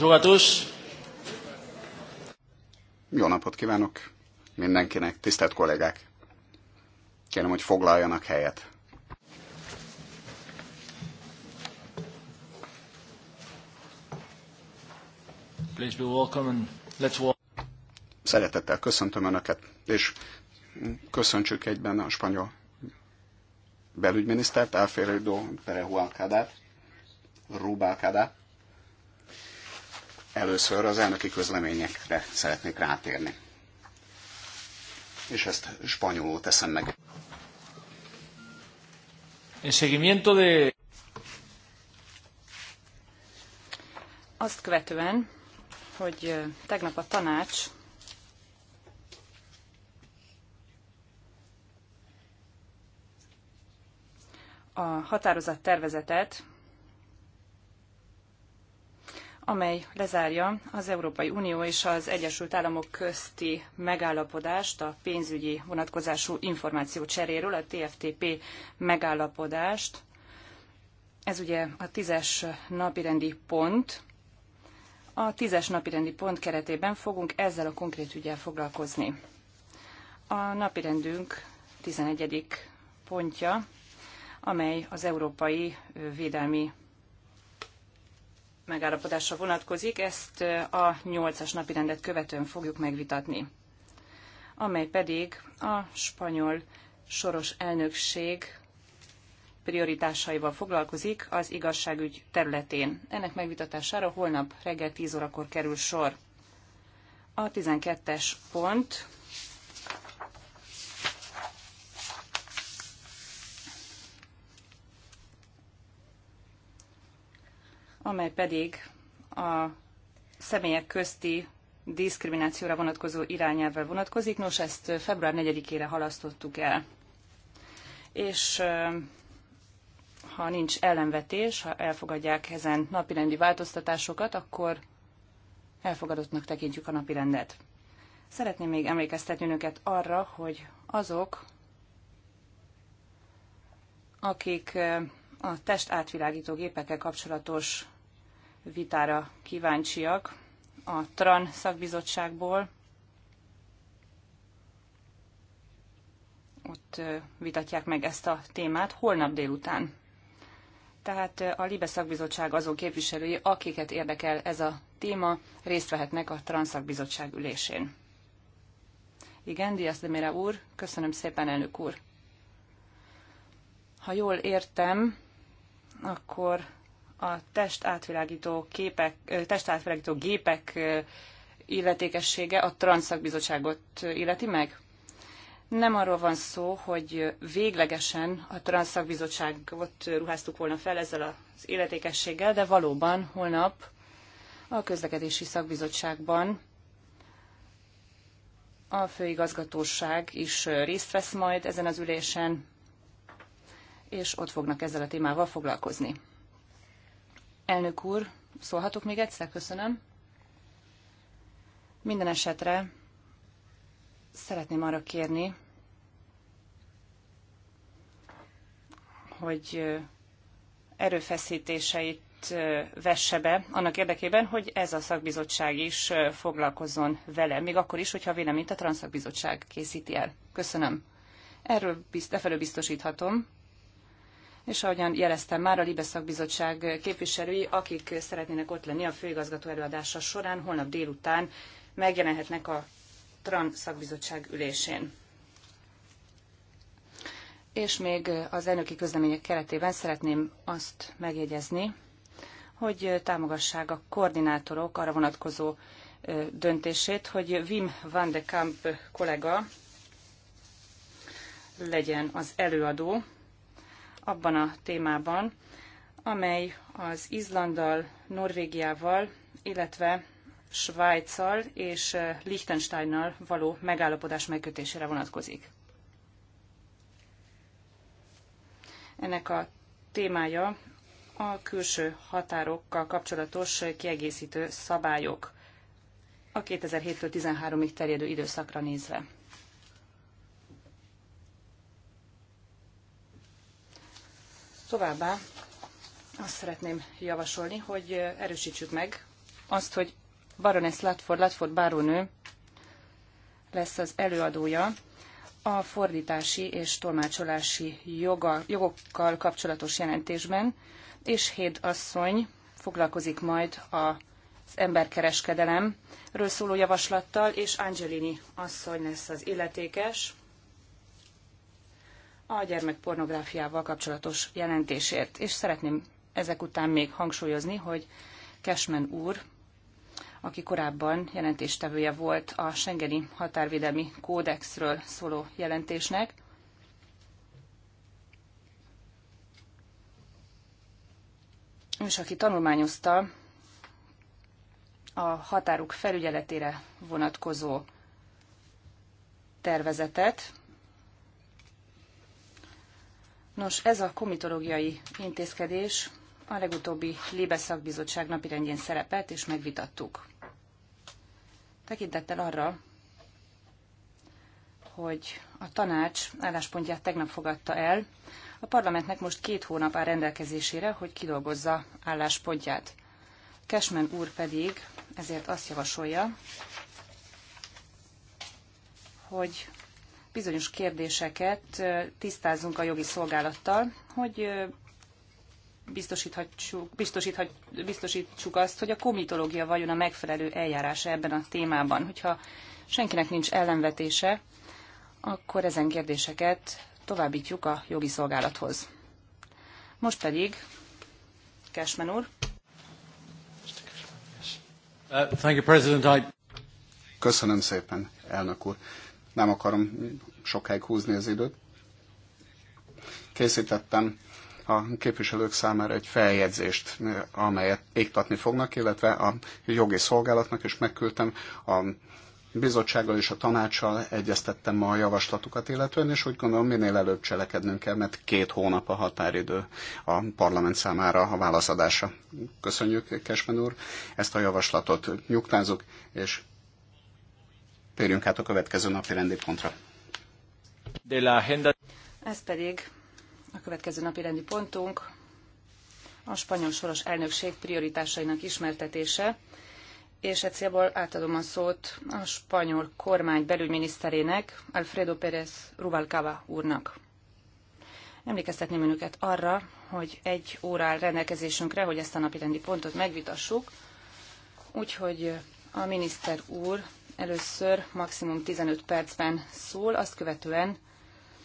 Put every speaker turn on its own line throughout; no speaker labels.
Zsugatus! Jó napot kívánok mindenkinek, tisztelt kollégák! Kérem, hogy foglaljanak helyet.
Please be welcome and
let's walk. Szeretettel köszöntöm Önöket, és köszöntsük egyben a spanyol belügyminisztert, Alfredo Perejualcádát, Rubalcadát, Először az elnöki közleményekre szeretnék rátérni. És ezt spanyolul teszem meg.
En seguimiento de...
Azt követően, hogy tegnap a tanács a határozat tervezetet amely lezárja az Európai Unió és az Egyesült Államok közti megállapodást a pénzügyi vonatkozású információ cseréről, a TFTP megállapodást. Ez ugye a tízes napirendi pont. A tízes napirendi pont keretében fogunk ezzel a konkrét ügyel foglalkozni. A napirendünk 11. pontja, amely az Európai Védelmi megállapodásra vonatkozik, ezt a 8-as napi rendet követően fogjuk megvitatni, amely pedig a spanyol soros elnökség prioritásaival foglalkozik az igazságügy területén. Ennek megvitatására holnap reggel 10 órakor kerül sor. A 12-es pont amely pedig a személyek közti diszkriminációra vonatkozó irányelvvel vonatkozik. Nos, ezt február 4-ére halasztottuk el. És ha nincs ellenvetés, ha elfogadják ezen napirendi változtatásokat, akkor elfogadottnak tekintjük a napirendet. Szeretném még emlékeztetni önöket arra, hogy azok, akik a test átvilágító gépekkel kapcsolatos vitára kíváncsiak a TRAN szakbizottságból. Ott vitatják meg ezt a témát holnap délután. Tehát a LIBE szakbizottság azon képviselői, akiket érdekel ez a téma, részt vehetnek a TRAN szakbizottság ülésén. Igen, Diaz de Mera úr, köszönöm szépen, elnök úr. Ha jól értem, akkor a testátvilágító, képek, testátvilágító gépek illetékessége a Transzakbizottságot illeti meg? Nem arról van szó, hogy véglegesen a Transzakbizottságot ruháztuk volna fel ezzel az illetékességgel, de valóban holnap a közlekedési szakbizottságban a főigazgatóság is részt vesz majd ezen az ülésen, és ott fognak ezzel a témával foglalkozni. Elnök úr, szólhatok még egyszer? Köszönöm. Minden esetre szeretném arra kérni, hogy erőfeszítéseit vesse be annak érdekében, hogy ez a szakbizottság is foglalkozzon vele, még akkor is, hogyha véleményt a Transzakbizottság készíti el. Köszönöm. Erről bizt, biztosíthatom, és ahogyan jeleztem már, a Libe Szakbizottság képviselői, akik szeretnének ott lenni a főigazgató előadása során, holnap délután megjelenhetnek a TRAN szakbizottság ülésén. És még az elnöki közlemények keretében szeretném azt megjegyezni, hogy támogassák a koordinátorok arra vonatkozó döntését, hogy Wim van de Kamp kollega legyen az előadó abban a témában, amely az Izlanddal, Norvégiával, illetve Svájccal és eh, Liechtensteinnal való megállapodás megkötésére vonatkozik. Ennek a témája a külső határokkal kapcsolatos kiegészítő szabályok a 2007-től 13-ig terjedő időszakra nézve. Továbbá azt szeretném javasolni, hogy erősítsük meg azt, hogy Baroness Latford, Latford bárónő lesz az előadója a fordítási és tolmácsolási joga, jogokkal kapcsolatos jelentésben, és Héd asszony foglalkozik majd a az emberkereskedelemről szóló javaslattal, és Angelini asszony lesz az illetékes a gyermekpornográfiával kapcsolatos jelentésért. És szeretném ezek után még hangsúlyozni, hogy Cashman úr, aki korábban jelentéstevője volt a Schengeni Határvédelmi Kódexről szóló jelentésnek, és aki tanulmányozta a határok felügyeletére vonatkozó tervezetet, Nos, ez a komitológiai intézkedés a legutóbbi Libe szakbizottság napirendjén szerepelt, és megvitattuk. Tekintettel arra, hogy a tanács álláspontját tegnap fogadta el, a parlamentnek most két hónap áll rendelkezésére, hogy kidolgozza álláspontját. Kesmen úr pedig ezért azt javasolja, hogy bizonyos kérdéseket tisztázunk a jogi szolgálattal, hogy biztosíthatjuk, biztosíthat, biztosítsuk azt, hogy a komitológia vajon a megfelelő eljárása ebben a témában. Hogyha senkinek nincs ellenvetése, akkor ezen kérdéseket továbbítjuk a jogi szolgálathoz. Most pedig, Kesmen úr.
Uh, Köszönöm szépen, elnök úr nem akarom sokáig húzni az időt. Készítettem a képviselők számára egy feljegyzést, amelyet égtatni fognak, illetve a jogi szolgálatnak is megküldtem a bizottsággal és a tanácssal egyeztettem ma a javaslatukat illetően, és úgy gondolom minél előbb cselekednünk kell, mert két hónap a határidő a parlament számára a válaszadása. Köszönjük, Kesmen úr, ezt a javaslatot nyugtázunk, és Térjünk át a következő napi rendi pontra.
De la agenda...
Ez pedig a következő napi rendi pontunk a spanyol soros elnökség prioritásainak ismertetése, és egyszerűen átadom a szót a spanyol kormány belügyminiszterének, Alfredo Pérez Rubalcaba úrnak. Emlékeztetném önöket arra, hogy egy órá rendelkezésünkre, hogy ezt a napi rendi pontot megvitassuk, úgyhogy a miniszter úr Először maximum 15 percben szól, azt követően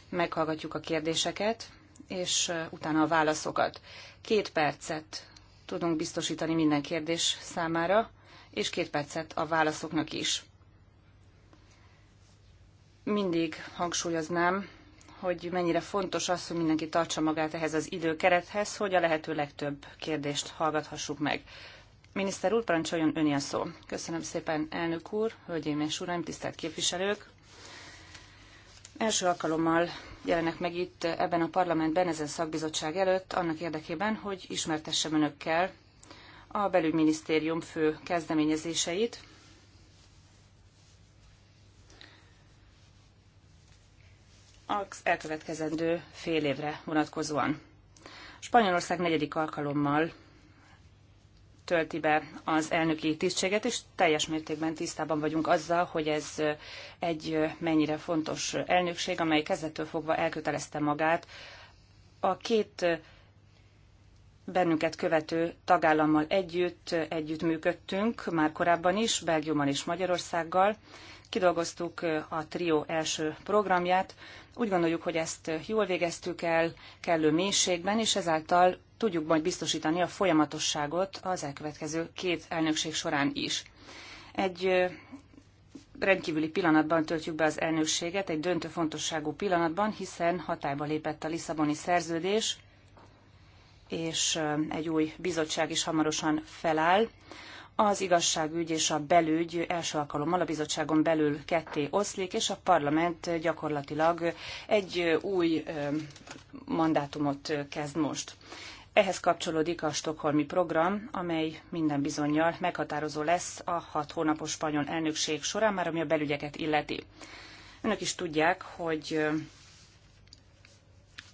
meghallgatjuk a kérdéseket, és utána a válaszokat. Két percet tudunk biztosítani minden kérdés számára, és két percet a válaszoknak is. Mindig hangsúlyoznám, hogy mennyire fontos az, hogy mindenki tartsa magát ehhez az időkerethez, hogy a lehető legtöbb kérdést hallgathassuk meg. Miniszter úr, parancsoljon öné a szó. Köszönöm szépen, elnök úr, hölgyeim és uraim, tisztelt képviselők. Első alkalommal jelenek meg itt ebben a parlamentben, ezen szakbizottság előtt, annak érdekében, hogy ismertessem önökkel a belügyminisztérium fő kezdeményezéseit, az elkövetkezendő fél évre vonatkozóan. Spanyolország negyedik alkalommal tölti be az elnöki tisztséget, és teljes mértékben tisztában vagyunk azzal, hogy ez egy mennyire fontos elnökség, amely kezdettől fogva elkötelezte magát a két bennünket követő tagállammal együtt, együtt működtünk már korábban is, Belgiummal és Magyarországgal. Kidolgoztuk a trió első programját. Úgy gondoljuk, hogy ezt jól végeztük el kellő mélységben, és ezáltal tudjuk majd biztosítani a folyamatosságot az elkövetkező két elnökség során is. Egy rendkívüli pillanatban töltjük be az elnökséget, egy döntő fontosságú pillanatban, hiszen hatályba lépett a Lisszaboni szerződés, és egy új bizottság is hamarosan feláll. Az igazságügy és a belügy első alkalommal a bizottságon belül ketté oszlik, és a parlament gyakorlatilag egy új mandátumot kezd most. Ehhez kapcsolódik a Stokholmi program, amely minden bizonyal meghatározó lesz a hat hónapos spanyol elnökség során, már ami a belügyeket illeti. Önök is tudják, hogy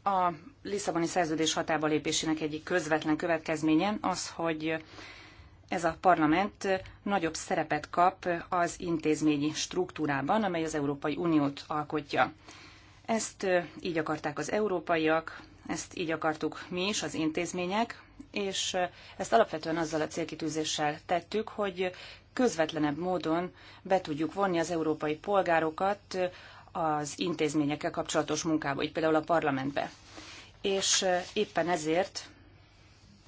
a Lisszaboni szerződés hatába lépésének egyik közvetlen következménye az, hogy ez a parlament nagyobb szerepet kap az intézményi struktúrában, amely az Európai Uniót alkotja. Ezt így akarták az európaiak, ezt így akartuk mi is, az intézmények, és ezt alapvetően azzal a célkitűzéssel tettük, hogy közvetlenebb módon be tudjuk vonni az európai polgárokat az intézményekkel kapcsolatos munkába, így például a parlamentbe. És éppen ezért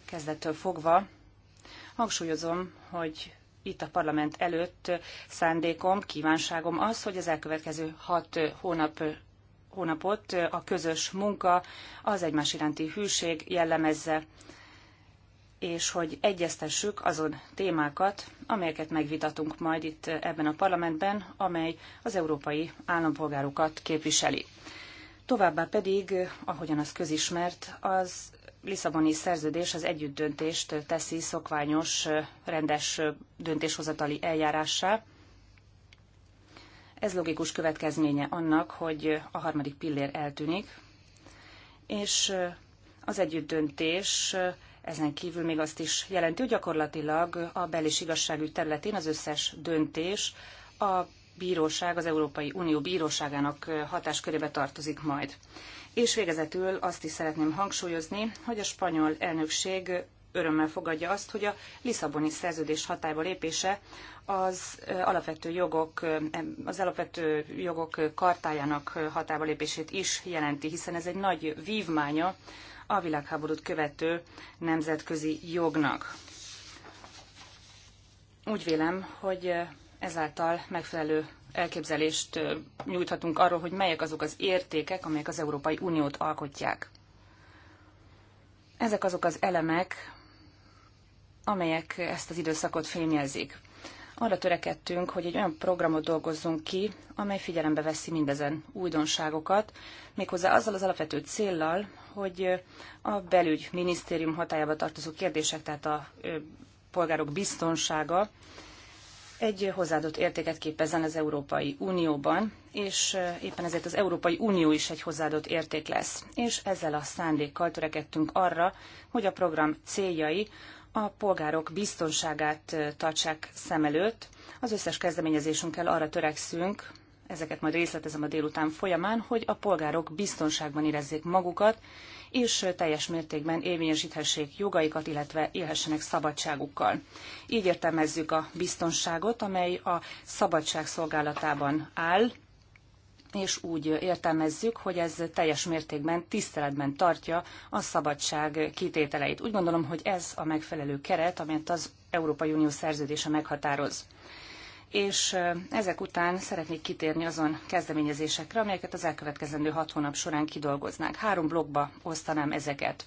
kezdettől fogva hangsúlyozom, hogy itt a parlament előtt szándékom, kívánságom az, hogy az elkövetkező hat hónap hónapot a közös munka, az egymás iránti hűség jellemezze, és hogy egyeztessük azon témákat, amelyeket megvitatunk majd itt ebben a parlamentben, amely az európai állampolgárokat képviseli. Továbbá pedig, ahogyan az közismert, az Lisszaboni szerződés az együttdöntést teszi szokványos, rendes döntéshozatali eljárássá, ez logikus következménye annak, hogy a harmadik pillér eltűnik, és az együttdöntés ezen kívül még azt is jelenti, hogy gyakorlatilag a bel- és igazságügy területén az összes döntés a bíróság, az Európai Unió bíróságának hatáskörébe tartozik majd. És végezetül azt is szeretném hangsúlyozni, hogy a spanyol elnökség örömmel fogadja azt, hogy a Lisszaboni szerződés hatályba lépése az alapvető jogok, az alapvető jogok kartájának hatályba lépését is jelenti, hiszen ez egy nagy vívmánya a világháborút követő nemzetközi jognak. Úgy vélem, hogy ezáltal megfelelő elképzelést nyújthatunk arról, hogy melyek azok az értékek, amelyek az Európai Uniót alkotják. Ezek azok az elemek, amelyek ezt az időszakot fémjelzik. Arra törekedtünk, hogy egy olyan programot dolgozzunk ki, amely figyelembe veszi mindezen újdonságokat, méghozzá azzal az alapvető céllal, hogy a belügy minisztérium hatájába tartozó kérdések, tehát a polgárok biztonsága egy hozzáadott értéket képezzen az Európai Unióban, és éppen ezért az Európai Unió is egy hozzáadott érték lesz. És ezzel a szándékkal törekedtünk arra, hogy a program céljai a polgárok biztonságát tartsák szem előtt. Az összes kezdeményezésünkkel arra törekszünk, ezeket majd részletezem a délután folyamán, hogy a polgárok biztonságban érezzék magukat, és teljes mértékben érvényesíthessék jogaikat, illetve élhessenek szabadságukkal. Így értelmezzük a biztonságot, amely a szabadság szolgálatában áll, és úgy értelmezzük, hogy ez teljes mértékben tiszteletben tartja a szabadság kitételeit. Úgy gondolom, hogy ez a megfelelő keret, amelyet az Európai Unió szerződése meghatároz. És eh, ezek után szeretnék kitérni azon kezdeményezésekre, amelyeket az elkövetkezendő hat hónap során kidolgoznánk. Három blokkba osztanám ezeket.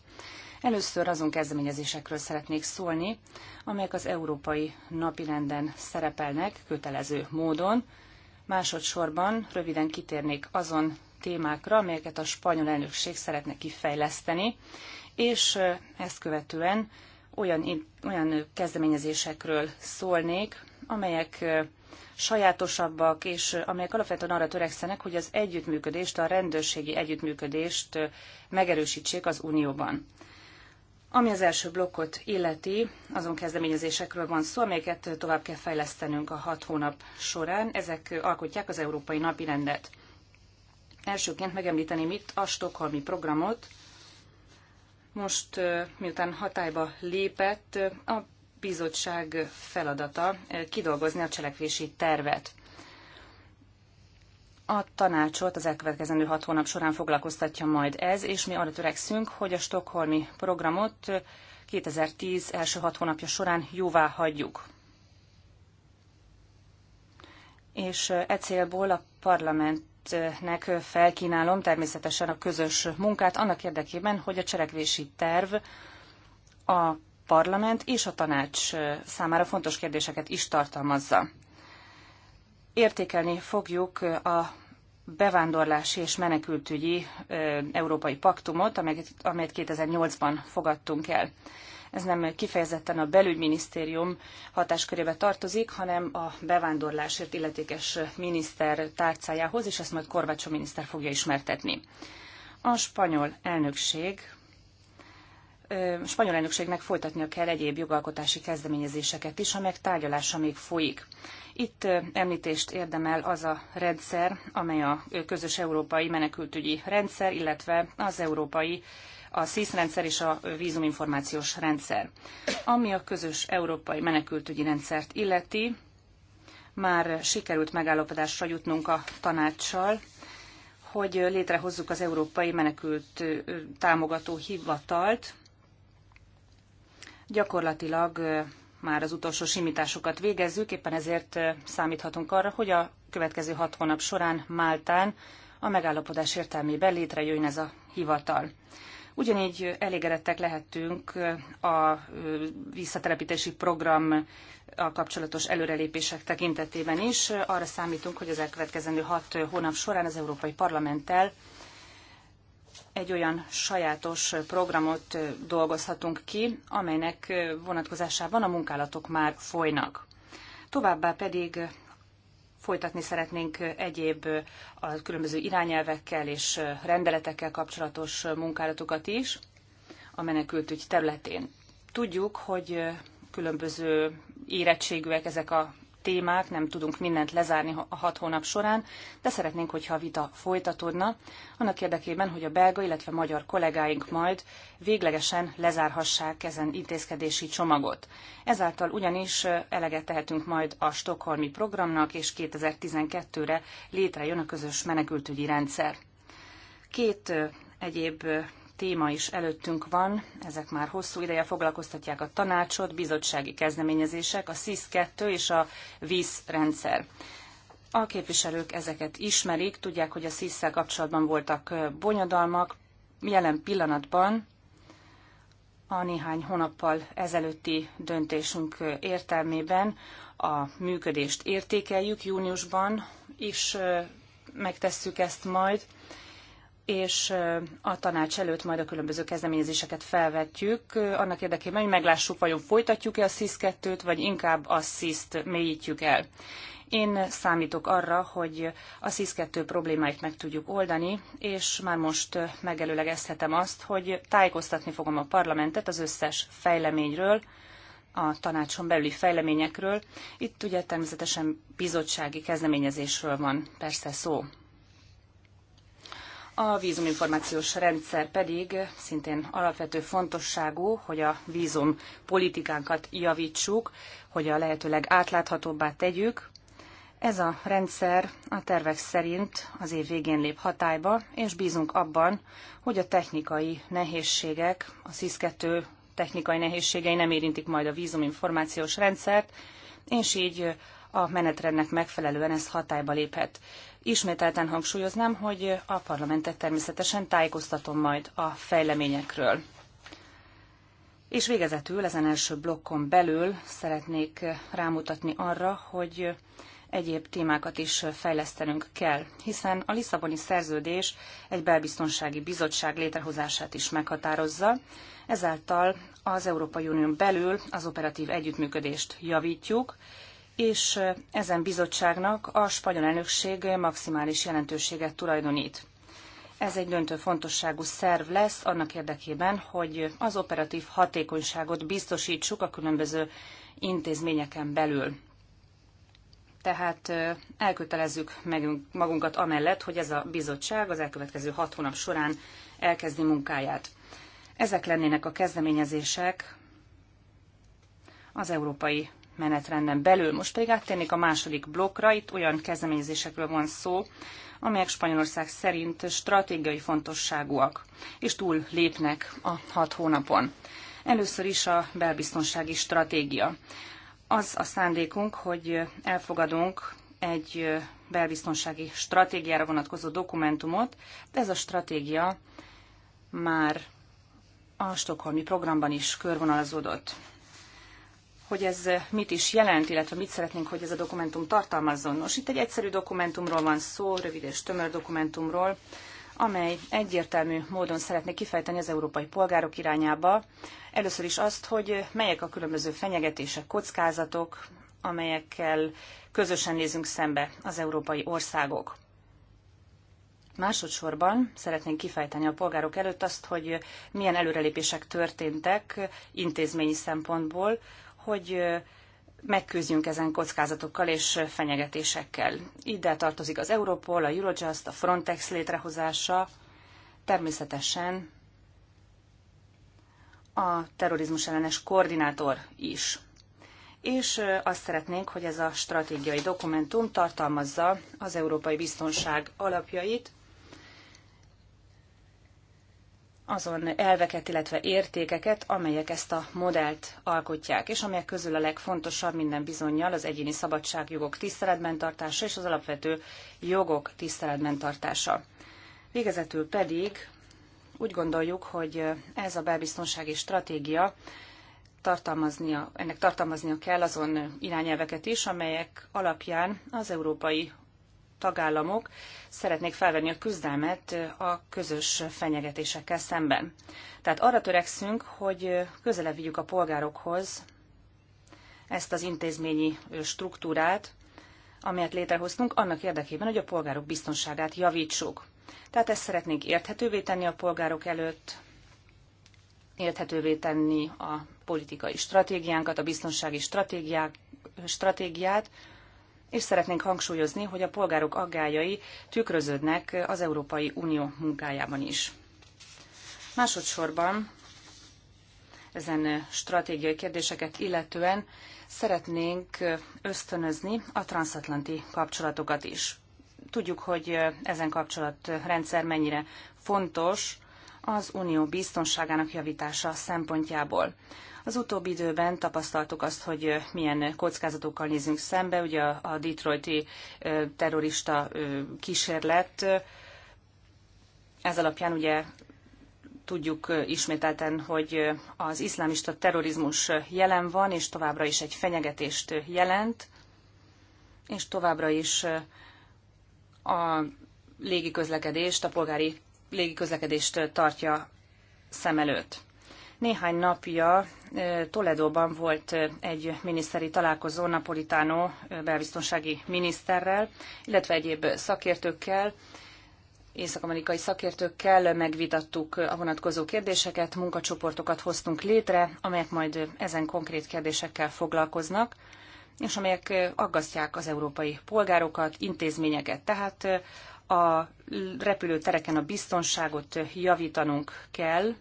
Először azon kezdeményezésekről szeretnék szólni, amelyek az európai napirenden szerepelnek kötelező módon, Másodszorban röviden kitérnék azon témákra, amelyeket a spanyol elnökség szeretne kifejleszteni, és eh, ezt követően olyan, olyan kezdeményezésekről szólnék, amelyek eh, sajátosabbak, és eh, amelyek alapvetően arra törekszenek, hogy az együttműködést, a rendőrségi együttműködést megerősítsék az Unióban. Ami az első blokkot illeti, azon kezdeményezésekről van szó, amelyeket tovább kell fejlesztenünk a hat hónap során. Ezek alkotják az európai napirendet. Elsőként megemlíteném itt a stokholmi programot. Most, miután hatályba lépett, a bizottság feladata kidolgozni a cselekvési tervet a tanácsot az elkövetkezendő hat hónap során foglalkoztatja majd ez, és mi arra törekszünk, hogy a stokholmi programot 2010 első hat hónapja során jóvá hagyjuk. És e célból a parlamentnek felkínálom természetesen a közös munkát annak érdekében, hogy a cselekvési terv a parlament és a tanács számára fontos kérdéseket is tartalmazza értékelni fogjuk a bevándorlási és menekültügyi európai paktumot, amelyet 2008-ban fogadtunk el. Ez nem kifejezetten a belügyminisztérium hatáskörébe tartozik, hanem a bevándorlásért illetékes miniszter tárcájához, és ezt majd Korvácsó miniszter fogja ismertetni. A spanyol elnökség a spanyol elnökségnek folytatnia kell egyéb jogalkotási kezdeményezéseket is, amelyek tárgyalása még folyik. Itt említést érdemel az a rendszer, amely a közös európai menekültügyi rendszer, illetve az európai a SZISZ rendszer és a vízuminformációs rendszer. Ami a közös európai menekültügyi rendszert illeti, már sikerült megállapodásra jutnunk a tanácssal, hogy létrehozzuk az Európai Menekült Támogató Hivatalt. Gyakorlatilag már az utolsó simításokat végezzük, éppen ezért számíthatunk arra, hogy a következő hat hónap során Máltán a megállapodás értelmében létrejöjjön ez a hivatal. Ugyanígy elégedettek lehetünk a visszatelepítési program a kapcsolatos előrelépések tekintetében is. Arra számítunk, hogy az elkövetkezendő hat hónap során az Európai Parlamenttel egy olyan sajátos programot dolgozhatunk ki, amelynek vonatkozásában a munkálatok már folynak. Továbbá pedig folytatni szeretnénk egyéb a különböző irányelvekkel és rendeletekkel kapcsolatos munkálatokat is a menekültügy területén. Tudjuk, hogy különböző érettségűek ezek a témák, nem tudunk mindent lezárni a hat hónap során, de szeretnénk, hogyha a vita folytatódna, annak érdekében, hogy a belga, illetve magyar kollégáink majd véglegesen lezárhassák ezen intézkedési csomagot. Ezáltal ugyanis eleget tehetünk majd a stokholmi programnak, és 2012-re létrejön a közös menekültügyi rendszer. Két egyéb téma is előttünk van, ezek már hosszú ideje foglalkoztatják a tanácsot, bizottsági kezdeményezések, a SZIS-2 és a vízrendszer. A képviselők ezeket ismerik, tudják, hogy a sis kapcsolatban voltak bonyodalmak. Jelen pillanatban a néhány hónappal ezelőtti döntésünk értelmében a működést értékeljük júniusban, és megtesszük ezt majd és a tanács előtt majd a különböző kezdeményezéseket felvetjük, annak érdekében, hogy meglássuk, vajon folytatjuk-e a sis 2-t, vagy inkább a sis t mélyítjük el. Én számítok arra, hogy a SZISZ 2 problémáit meg tudjuk oldani, és már most megelőlegezhetem azt, hogy tájékoztatni fogom a parlamentet az összes fejleményről, a tanácson belüli fejleményekről. Itt ugye természetesen bizottsági kezdeményezésről van persze szó. A vízuminformációs rendszer pedig szintén alapvető fontosságú, hogy a vízum politikánkat javítsuk, hogy a lehetőleg átláthatóbbá tegyük. Ez a rendszer a tervek szerint az év végén lép hatályba, és bízunk abban, hogy a technikai nehézségek, a SZIS-2 technikai nehézségei nem érintik majd a vízuminformációs rendszert, és így a menetrendnek megfelelően ez hatályba léphet. Ismételten hangsúlyoznám, hogy a parlamentet természetesen tájékoztatom majd a fejleményekről. És végezetül ezen első blokkon belül szeretnék rámutatni arra, hogy egyéb témákat is fejlesztenünk kell, hiszen a Lisszaboni szerződés egy belbiztonsági bizottság létrehozását is meghatározza, ezáltal az Európai Unión belül az operatív együttműködést javítjuk, és ezen bizottságnak a spanyol elnökség maximális jelentőséget tulajdonít. Ez egy döntő fontosságú szerv lesz annak érdekében, hogy az operatív hatékonyságot biztosítsuk a különböző intézményeken belül. Tehát elkötelezzük magunkat amellett, hogy ez a bizottság az elkövetkező hat hónap során elkezdi munkáját. Ezek lennének a kezdeményezések az Európai menetrenden belül. Most pedig áttérnék a második blokkra, itt olyan kezdeményezésekről van szó, amelyek Spanyolország szerint stratégiai fontosságúak, és túl lépnek a hat hónapon. Először is a belbiztonsági stratégia. Az a szándékunk, hogy elfogadunk egy belbiztonsági stratégiára vonatkozó dokumentumot, de ez a stratégia már a stokholmi programban is körvonalazódott hogy ez mit is jelent, illetve mit szeretnénk, hogy ez a dokumentum tartalmazzon. Nos, itt egy egyszerű dokumentumról van szó, rövid és tömör dokumentumról, amely egyértelmű módon szeretné kifejteni az európai polgárok irányába. Először is azt, hogy melyek a különböző fenyegetések, kockázatok, amelyekkel közösen nézünk szembe az európai országok. Másodszorban szeretnénk kifejteni a polgárok előtt azt, hogy milyen előrelépések történtek intézményi szempontból hogy megküzdjünk ezen kockázatokkal és fenyegetésekkel. Ide tartozik az Europol, a Eurojust, a Frontex létrehozása, természetesen a terrorizmus ellenes koordinátor is. És azt szeretnénk, hogy ez a stratégiai dokumentum tartalmazza az európai biztonság alapjait, azon elveket, illetve értékeket, amelyek ezt a modellt alkotják, és amelyek közül a legfontosabb minden bizonyal az egyéni szabadságjogok tiszteletben tartása és az alapvető jogok tiszteletben tartása. Végezetül pedig úgy gondoljuk, hogy ez a belbiztonsági stratégia tartalmaznia, ennek tartalmaznia kell azon irányelveket is, amelyek alapján az Európai tagállamok szeretnék felvenni a küzdelmet a közös fenyegetésekkel szemben. Tehát arra törekszünk, hogy közelebb vigyük a polgárokhoz ezt az intézményi struktúrát, amelyet létrehoztunk annak érdekében, hogy a polgárok biztonságát javítsuk. Tehát ezt szeretnénk érthetővé tenni a polgárok előtt, érthetővé tenni a politikai stratégiánkat, a biztonsági stratégiát, és szeretnénk hangsúlyozni, hogy a polgárok aggályai tükröződnek az Európai Unió munkájában is. Másodszorban ezen stratégiai kérdéseket illetően szeretnénk ösztönözni a transatlanti kapcsolatokat is. Tudjuk, hogy ezen kapcsolatrendszer mennyire fontos az unió biztonságának javítása szempontjából. Az utóbbi időben tapasztaltuk azt, hogy milyen kockázatokkal nézünk szembe. Ugye a detroiti terrorista kísérlet, ez alapján ugye tudjuk ismételten, hogy az iszlámista terrorizmus jelen van, és továbbra is egy fenyegetést jelent, és továbbra is a légiközlekedést, a polgári légiközlekedést tartja szem előtt. Néhány napja Toledóban volt egy miniszteri találkozó Napolitano belbiztonsági miniszterrel, illetve egyéb szakértőkkel, észak-amerikai szakértőkkel megvitattuk a vonatkozó kérdéseket, munkacsoportokat hoztunk létre, amelyek majd ezen konkrét kérdésekkel foglalkoznak, és amelyek aggasztják az európai polgárokat, intézményeket. Tehát a repülőtereken a biztonságot javítanunk kell,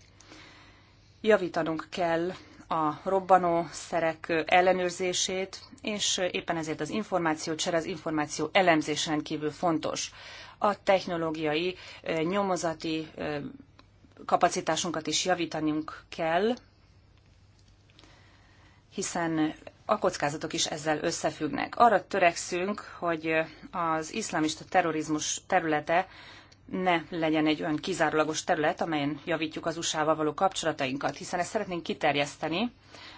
Javítanunk kell a robbanó szerek ellenőrzését, és éppen ezért az információcsere, az információ elemzés rendkívül fontos. A technológiai, nyomozati kapacitásunkat is javítanunk kell, hiszen a kockázatok is ezzel összefüggnek. Arra törekszünk, hogy az iszlamista terrorizmus területe ne legyen egy olyan kizárólagos terület, amelyen javítjuk az USA-val való kapcsolatainkat, hiszen ezt szeretnénk kiterjeszteni,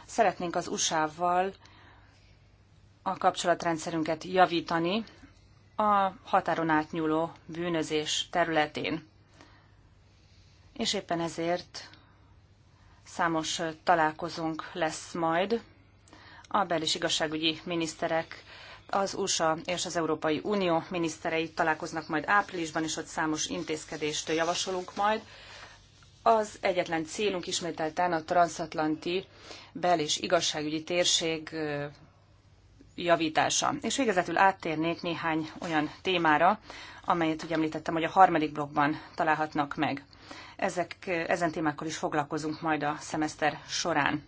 szeretnénk az USA-val a kapcsolatrendszerünket javítani a határon átnyúló bűnözés területén. És éppen ezért számos találkozónk lesz majd a bel- és igazságügyi miniszterek az USA és az Európai Unió miniszterei találkoznak majd áprilisban, és ott számos intézkedést javasolunk majd. Az egyetlen célunk ismételten a transatlanti bel- és igazságügyi térség javítása. És végezetül áttérnék néhány olyan témára, amelyet ugye említettem, hogy a harmadik blokkban találhatnak meg. Ezek, ezen témákkal is foglalkozunk majd a szemeszter során.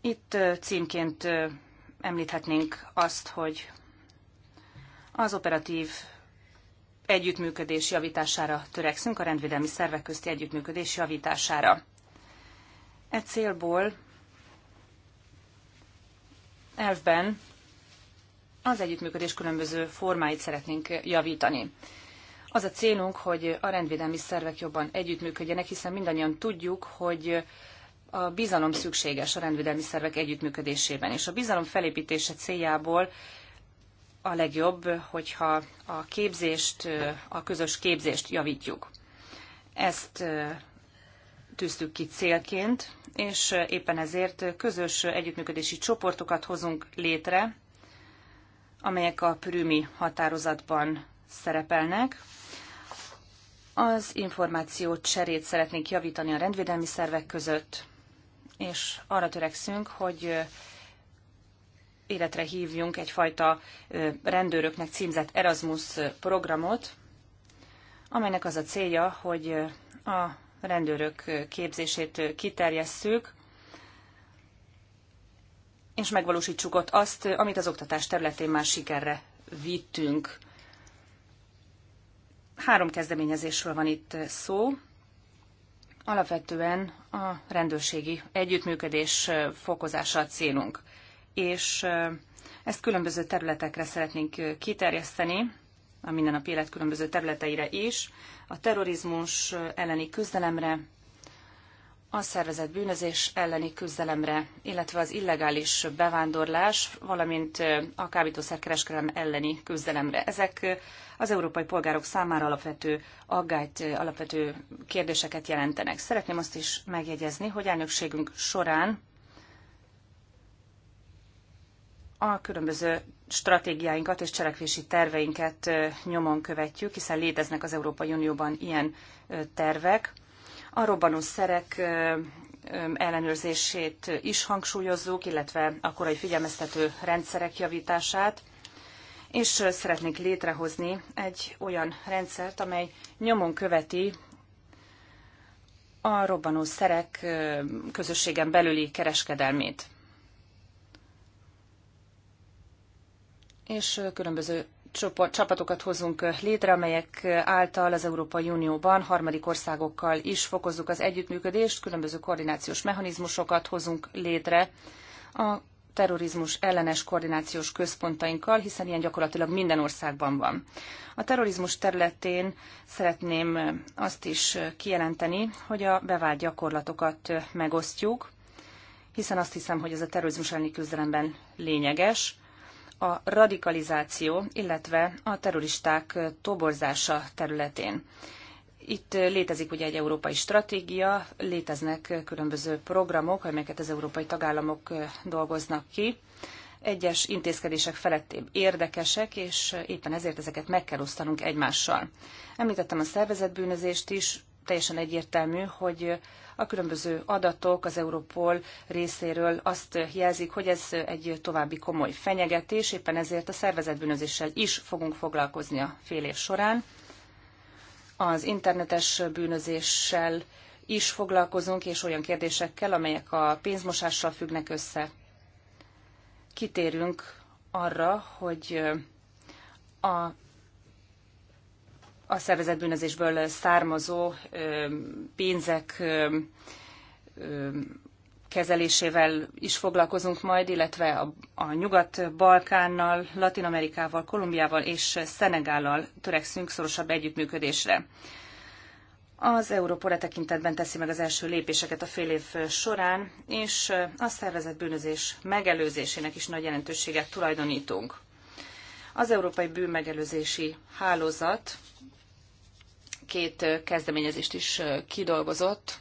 Itt címként említhetnénk azt, hogy az operatív együttműködés javítására törekszünk, a rendvédelmi szervek közti együttműködés javítására. E célból elvben az együttműködés különböző formáit szeretnénk javítani. Az a célunk, hogy a rendvédelmi szervek jobban együttműködjenek, hiszen mindannyian tudjuk, hogy a bizalom szükséges a rendvédelmi szervek együttműködésében, és a bizalom felépítése céljából a legjobb, hogyha a képzést, a közös képzést javítjuk. Ezt tűztük ki célként, és éppen ezért közös együttműködési csoportokat hozunk létre, amelyek a prümi határozatban szerepelnek. Az információ cserét szeretnénk javítani a rendvédelmi szervek között, és arra törekszünk, hogy életre hívjunk egyfajta rendőröknek címzett Erasmus programot, amelynek az a célja, hogy a rendőrök képzését kiterjesszük, és megvalósítsuk ott azt, amit az oktatás területén már sikerre vittünk. Három kezdeményezésről van itt szó alapvetően a rendőrségi együttműködés fokozása a célunk. És ezt különböző területekre szeretnénk kiterjeszteni, a mindennapi élet különböző területeire is, a terrorizmus elleni küzdelemre, a szervezett bűnözés elleni küzdelemre, illetve az illegális bevándorlás, valamint a kábítószerkereskedelem elleni küzdelemre. Ezek az európai polgárok számára alapvető aggályt, alapvető kérdéseket jelentenek. Szeretném azt is megjegyezni, hogy elnökségünk során a különböző stratégiáinkat és cselekvési terveinket nyomon követjük, hiszen léteznek az Európai Unióban ilyen tervek, a robbanószerek ellenőrzését is hangsúlyozzuk, illetve a korai figyelmeztető rendszerek javítását, és szeretnék létrehozni egy olyan rendszert, amely nyomon követi a robbanószerek közösségen belüli kereskedelmét. És különböző csapatokat hozunk eh, létre, amelyek eh, által az Európai Unióban harmadik országokkal is fokozzuk az együttműködést, különböző koordinációs mechanizmusokat hozunk létre a terrorizmus ellenes koordinációs központainkkal, hiszen ilyen gyakorlatilag minden országban van. A terrorizmus területén szeretném eh, azt is kijelenteni, hogy a bevált gyakorlatokat megosztjuk, hiszen azt hiszem, hogy ez a terrorizmus elleni küzdelemben lényeges a radikalizáció, illetve a terroristák toborzása területén. Itt létezik ugye egy európai stratégia, léteznek különböző programok, amelyeket az európai tagállamok dolgoznak ki. Egyes intézkedések felettébb érdekesek, és éppen ezért ezeket meg kell osztanunk egymással. Említettem a szervezetbűnözést is, teljesen egyértelmű, hogy a különböző adatok az Europol részéről azt jelzik, hogy ez egy további komoly fenyegetés, éppen ezért a szervezetbűnözéssel is fogunk foglalkozni a fél év során. Az internetes bűnözéssel is foglalkozunk, és olyan kérdésekkel, amelyek a pénzmosással függnek össze. Kitérünk arra, hogy a a szervezetbűnözésből származó pénzek kezelésével is foglalkozunk majd, illetve a, a Nyugat-Balkánnal, Latin-Amerikával, Kolumbiával és Szenegállal törekszünk szorosabb együttműködésre. Az Európa e tekintetben teszi meg az első lépéseket a fél év során, és a szervezett bűnözés megelőzésének is nagy jelentőséget tulajdonítunk. Az Európai Bűnmegelőzési Hálózat két kezdeményezést is kidolgozott.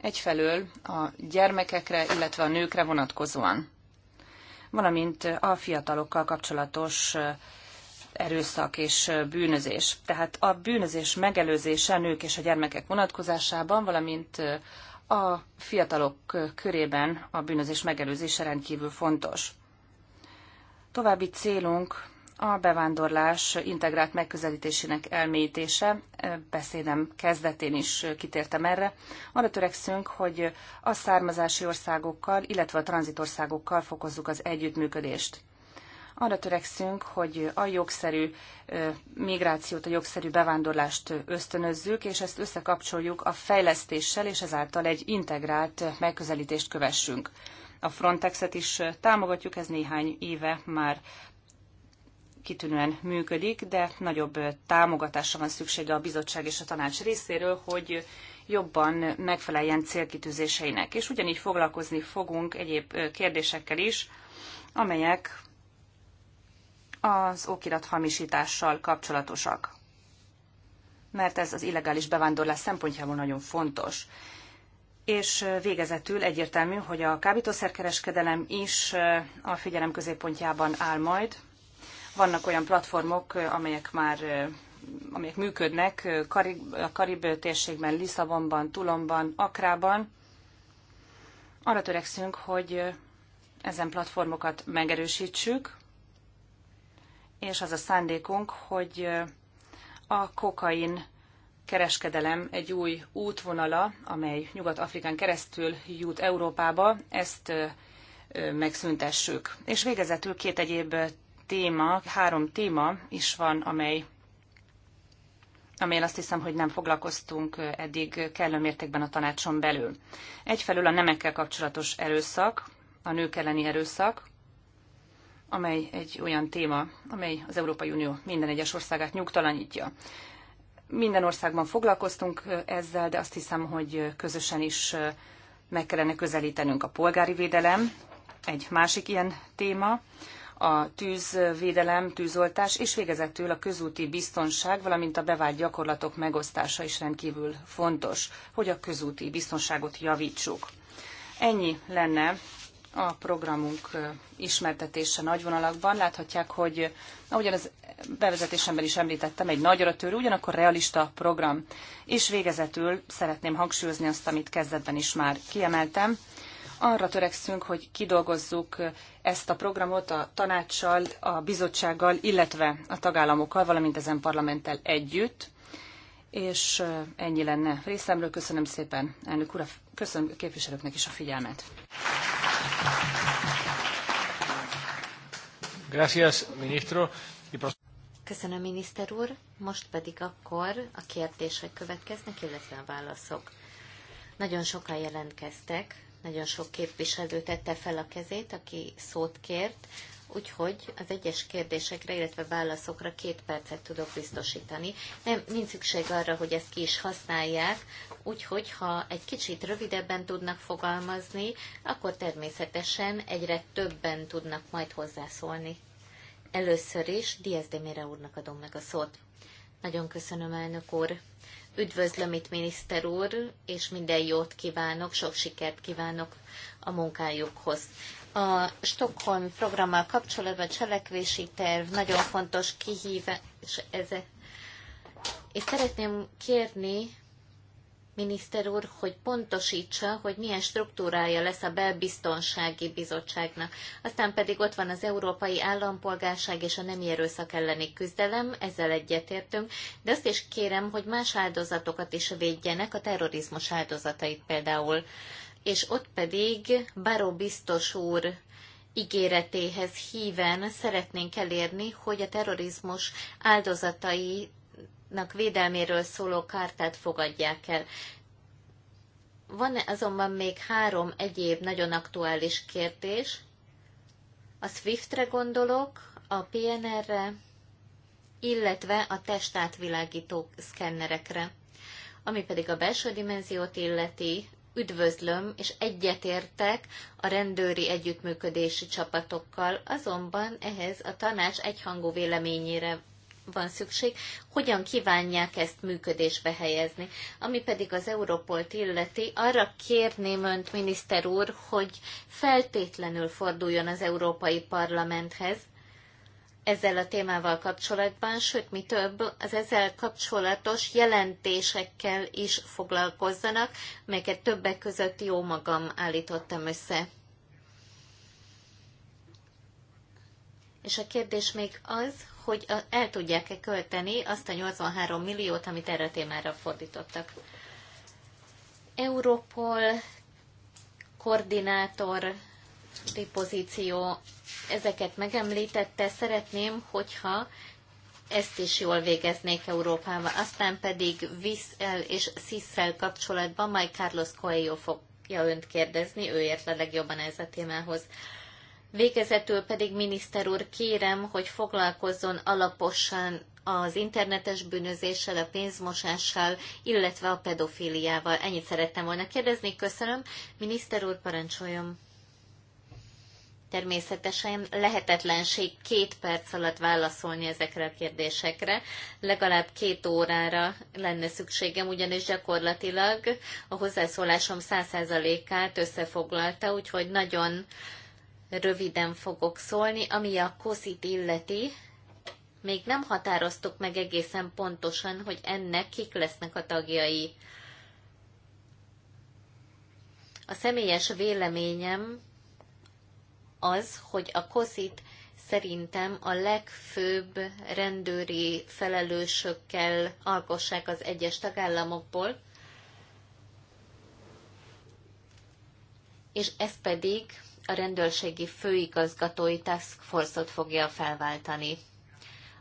Egyfelől a gyermekekre, illetve a nőkre vonatkozóan, valamint a fiatalokkal kapcsolatos erőszak és bűnözés. Tehát a bűnözés megelőzése a nők és a gyermekek vonatkozásában, valamint a fiatalok körében a bűnözés megelőzése rendkívül fontos. További célunk a bevándorlás integrált megközelítésének elmélyítése, beszédem kezdetén is kitértem erre. Arra törekszünk, hogy a származási országokkal, illetve a tranzitországokkal fokozzuk az együttműködést. Arra törekszünk, hogy a jogszerű migrációt, a jogszerű bevándorlást ösztönözzük, és ezt összekapcsoljuk a fejlesztéssel, és ezáltal egy integrált megközelítést kövessünk. A Frontexet is támogatjuk, ez néhány éve már kitűnően működik, de nagyobb támogatásra van szüksége a bizottság és a tanács részéről, hogy jobban megfeleljen célkitűzéseinek. És ugyanígy foglalkozni fogunk egyéb kérdésekkel is, amelyek az okirat hamisítással kapcsolatosak. Mert ez az illegális bevándorlás szempontjából nagyon fontos. És végezetül egyértelmű, hogy a kábítószerkereskedelem is a figyelem középpontjában áll majd, vannak olyan platformok, amelyek már amelyek működnek a Karib térségben, Lisszabonban, Tulomban, Akrában. Arra törekszünk, hogy ezen platformokat megerősítsük, és az a szándékunk, hogy a kokain kereskedelem egy új útvonala, amely Nyugat-Afrikán keresztül jut Európába, ezt megszüntessük. És végezetül két egyéb téma, három téma is van, amely amelyen azt hiszem, hogy nem foglalkoztunk eddig kellő mértékben a tanácson belül. Egyfelől a nemekkel kapcsolatos erőszak, a nők elleni erőszak, amely egy olyan téma, amely az Európai Unió minden egyes országát nyugtalanítja. Minden országban foglalkoztunk ezzel, de azt hiszem, hogy közösen is meg kellene közelítenünk a polgári védelem, egy másik ilyen téma, a tűzvédelem, tűzoltás és végezetül a közúti biztonság, valamint a bevált gyakorlatok megosztása is rendkívül fontos, hogy a közúti biztonságot javítsuk. Ennyi lenne a programunk ismertetése nagy vonalakban. Láthatják, hogy ahogyan az bevezetésemben is említettem, egy nagyra törő, ugyanakkor realista program. És végezetül szeretném hangsúlyozni azt, amit kezdetben is már kiemeltem, arra törekszünk, hogy kidolgozzuk ezt a programot a tanácssal, a bizottsággal, illetve a tagállamokkal, valamint ezen parlamenttel együtt. És ennyi lenne részemről. Köszönöm szépen, elnök ura,
köszönöm a képviselőknek is a figyelmet.
Gracias, ministro.
Köszönöm, miniszter úr. Most pedig akkor a kérdések következnek, illetve a válaszok. Nagyon sokan jelentkeztek, nagyon sok képviselő tette fel a kezét, aki szót kért, úgyhogy az egyes kérdésekre, illetve válaszokra két percet tudok biztosítani. Nem, nincs szükség arra, hogy ezt ki is használják, úgyhogy ha egy kicsit rövidebben tudnak fogalmazni, akkor természetesen egyre többen tudnak majd hozzászólni. Először is Diaz de Mére úrnak adom meg a szót. Nagyon köszönöm, elnök úr. Üdvözlöm itt, miniszter úr, és minden jót kívánok, sok sikert kívánok a munkájukhoz. A Stockholm programmal kapcsolatban cselekvési terv nagyon fontos kihívás ez. És szeretném kérni, miniszter úr, hogy pontosítsa, hogy milyen struktúrája lesz a Belbiztonsági Bizottságnak. Aztán pedig ott van az Európai Állampolgárság és a nemi erőszak elleni küzdelem, ezzel egyetértünk, de azt is kérem, hogy más áldozatokat is védjenek, a terrorizmus áldozatait például. És ott pedig Baró biztos úr ígéretéhez híven szeretnénk elérni, hogy a terrorizmus áldozatai nak védelméről szóló kártát fogadják el. Van azonban még három egyéb nagyon aktuális kérdés. A SWIFT-re gondolok, a PNR-re, illetve a testátvilágító szkennerekre. Ami pedig a belső dimenziót illeti, üdvözlöm és egyetértek a rendőri együttműködési csapatokkal, azonban ehhez a tanács egyhangú véleményére van szükség, hogyan kívánják ezt működésbe helyezni. Ami pedig az Európolt illeti, arra kérném önt, miniszter úr, hogy feltétlenül forduljon az Európai Parlamenthez, ezzel a témával kapcsolatban, sőt, mi több, az ezzel kapcsolatos jelentésekkel is foglalkozzanak, melyeket többek között jó magam állítottam össze. És a kérdés még az, hogy el tudják-e költeni azt a 83 milliót, amit erre a témára fordítottak. Europol koordinátor pozíció, ezeket megemlítette, szeretném, hogyha ezt is jól végeznék Európával. Aztán pedig Visszel és Szisszel kapcsolatban majd Carlos Coelho fogja önt kérdezni, ő ért le legjobban ez a témához. Végezetül pedig, miniszter úr, kérem, hogy foglalkozzon alaposan az internetes bűnözéssel, a pénzmosással, illetve a pedofíliával. Ennyit szerettem volna kérdezni. Köszönöm. Miniszter úr, parancsoljon. Természetesen lehetetlenség két perc alatt válaszolni ezekre a kérdésekre. Legalább két órára lenne szükségem, ugyanis gyakorlatilag a hozzászólásom 100%-át összefoglalta, úgyhogy nagyon röviden fogok szólni, ami a koszit illeti. Még nem határoztuk meg egészen pontosan, hogy ennek kik lesznek a tagjai. A személyes véleményem az, hogy a koszit szerintem a legfőbb rendőri felelősökkel alkossák az egyes tagállamokból, és ez pedig a rendőrségi főigazgatói task force-ot fogja felváltani.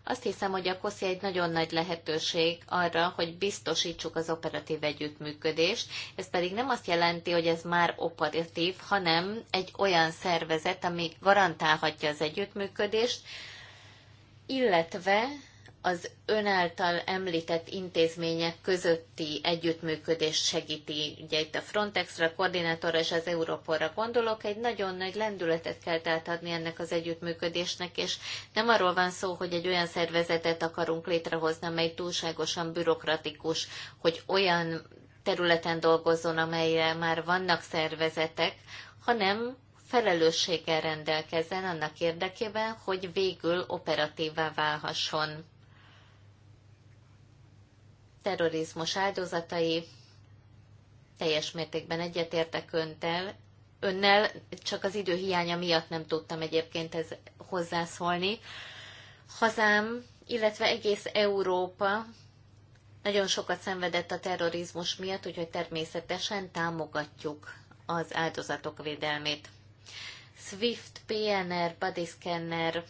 Azt hiszem, hogy a COSZI egy nagyon nagy lehetőség arra, hogy biztosítsuk az operatív együttműködést. Ez pedig nem azt jelenti, hogy ez már operatív, hanem egy olyan szervezet, ami garantálhatja az együttműködést, illetve az önáltal említett intézmények közötti együttműködést segíti. Ugye itt a Frontexra, a koordinátorra és az Európolra gondolok, egy nagyon nagy lendületet kell átadni ennek az együttműködésnek, és nem arról van szó, hogy egy olyan szervezetet akarunk létrehozni, amely túlságosan bürokratikus, hogy olyan területen dolgozzon, amelyre már vannak szervezetek, hanem felelősséggel rendelkezzen annak érdekében, hogy végül operatívá válhasson terrorizmus áldozatai. Teljes mértékben egyetértek öntel, önnel, csak az idő hiánya miatt nem tudtam egyébként ez hozzászólni. Hazám, illetve egész Európa nagyon sokat szenvedett a terrorizmus miatt, úgyhogy természetesen támogatjuk az áldozatok védelmét. SWIFT, PNR, Bodyscanner,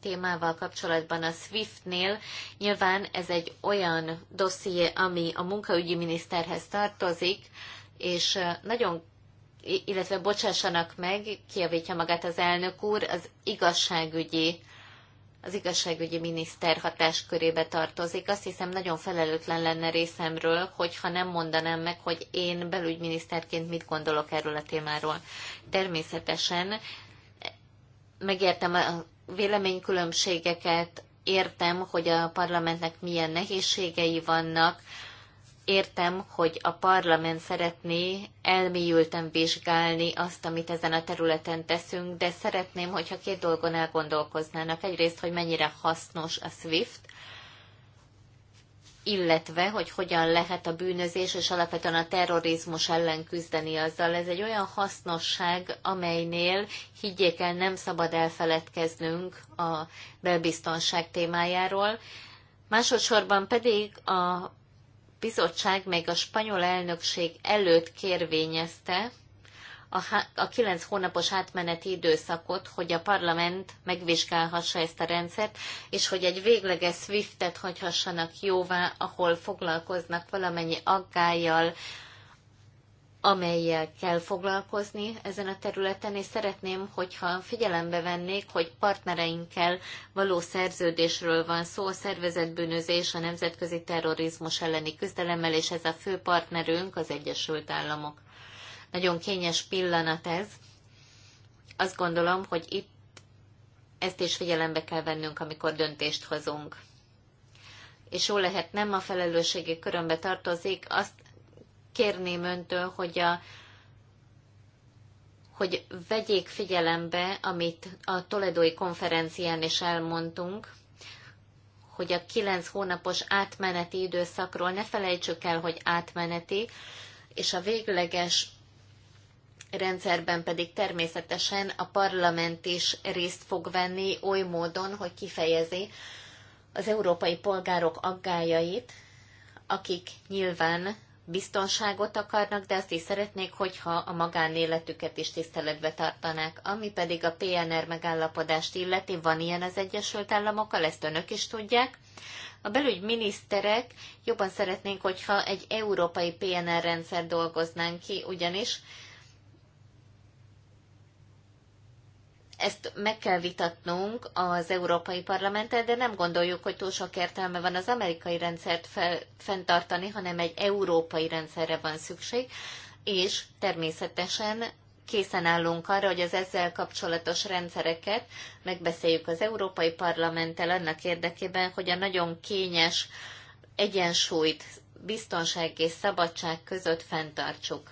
témával kapcsolatban a SWIFT-nél. Nyilván ez egy olyan dosszié, ami a munkaügyi miniszterhez tartozik, és nagyon illetve bocsássanak meg, kiavítja magát az elnök úr, az igazságügyi az igazságügyi miniszter hatáskörébe tartozik. Azt hiszem, nagyon felelőtlen lenne részemről, hogyha nem mondanám meg, hogy én belügyminiszterként mit gondolok erről a témáról. Természetesen megértem a véleménykülönbségeket, értem, hogy a parlamentnek milyen nehézségei vannak, értem, hogy a parlament szeretné elmélyülten vizsgálni azt, amit ezen a területen teszünk, de szeretném, hogyha két dolgon elgondolkoznának. Egyrészt, hogy mennyire hasznos a SWIFT, illetve hogy hogyan lehet a bűnözés és alapvetően a terrorizmus ellen küzdeni azzal. Ez egy olyan hasznosság, amelynél higgyék el, nem szabad elfeledkeznünk a belbiztonság témájáról. Másodszorban pedig a bizottság még a spanyol elnökség előtt kérvényezte, a, a hónapos átmeneti időszakot, hogy a parlament megvizsgálhassa ezt a rendszert, és hogy egy végleges SWIFT-et hagyhassanak jóvá, ahol foglalkoznak valamennyi aggájjal, amelyel kell foglalkozni ezen a területen, és szeretném, hogyha figyelembe vennék, hogy partnereinkkel való szerződésről van szó, a szervezetbűnözés, a nemzetközi terrorizmus elleni küzdelemmel, és ez a fő partnerünk az Egyesült Államok. Nagyon kényes pillanat ez. Azt gondolom, hogy itt ezt is figyelembe kell vennünk, amikor döntést hozunk. És jó lehet, nem a felelősségi körömbe tartozik, azt kérném öntől, hogy a hogy vegyék figyelembe, amit a Toledói konferencián is elmondtunk, hogy a kilenc hónapos átmeneti időszakról ne felejtsük el, hogy átmeneti, és a végleges rendszerben pedig természetesen a parlament is részt fog venni oly módon, hogy kifejezi az európai polgárok aggájait, akik nyilván biztonságot akarnak, de azt is szeretnék, hogyha a magánéletüket is tiszteletbe tartanák. Ami pedig a PNR megállapodást illeti, van ilyen az Egyesült Államokkal, ezt önök is tudják. A belügyminiszterek jobban szeretnénk, hogyha egy európai PNR rendszer dolgoznánk ki, ugyanis ezt meg kell vitatnunk az Európai Parlamenttel, de nem gondoljuk, hogy túl sok értelme van az amerikai rendszert fel, fenntartani, hanem egy európai rendszerre van szükség, és természetesen készen állunk arra, hogy az ezzel kapcsolatos rendszereket megbeszéljük az Európai Parlamenttel annak érdekében, hogy a nagyon kényes egyensúlyt biztonság és szabadság között fenntartsuk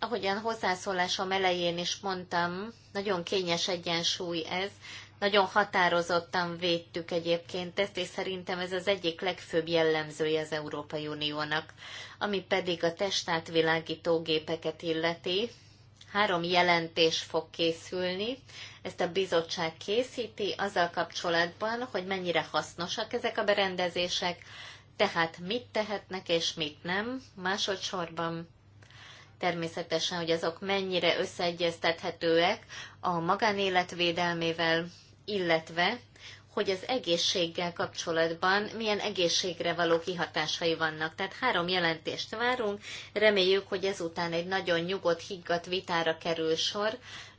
ahogyan hozzászólásom elején is mondtam, nagyon kényes egyensúly ez, nagyon határozottan védtük egyébként ezt, és szerintem ez az egyik legfőbb jellemzője az Európai Uniónak, ami pedig a testátvilágító gépeket illeti. Három jelentés fog készülni, ezt a bizottság készíti azzal kapcsolatban, hogy mennyire hasznosak ezek a berendezések, tehát mit tehetnek és mit nem, másodszorban természetesen, hogy azok mennyire összeegyeztethetőek a magánélet védelmével, illetve hogy az egészséggel kapcsolatban milyen egészségre való kihatásai vannak. Tehát három jelentést várunk, reméljük, hogy ezután egy nagyon nyugodt, higgadt vitára kerül sor,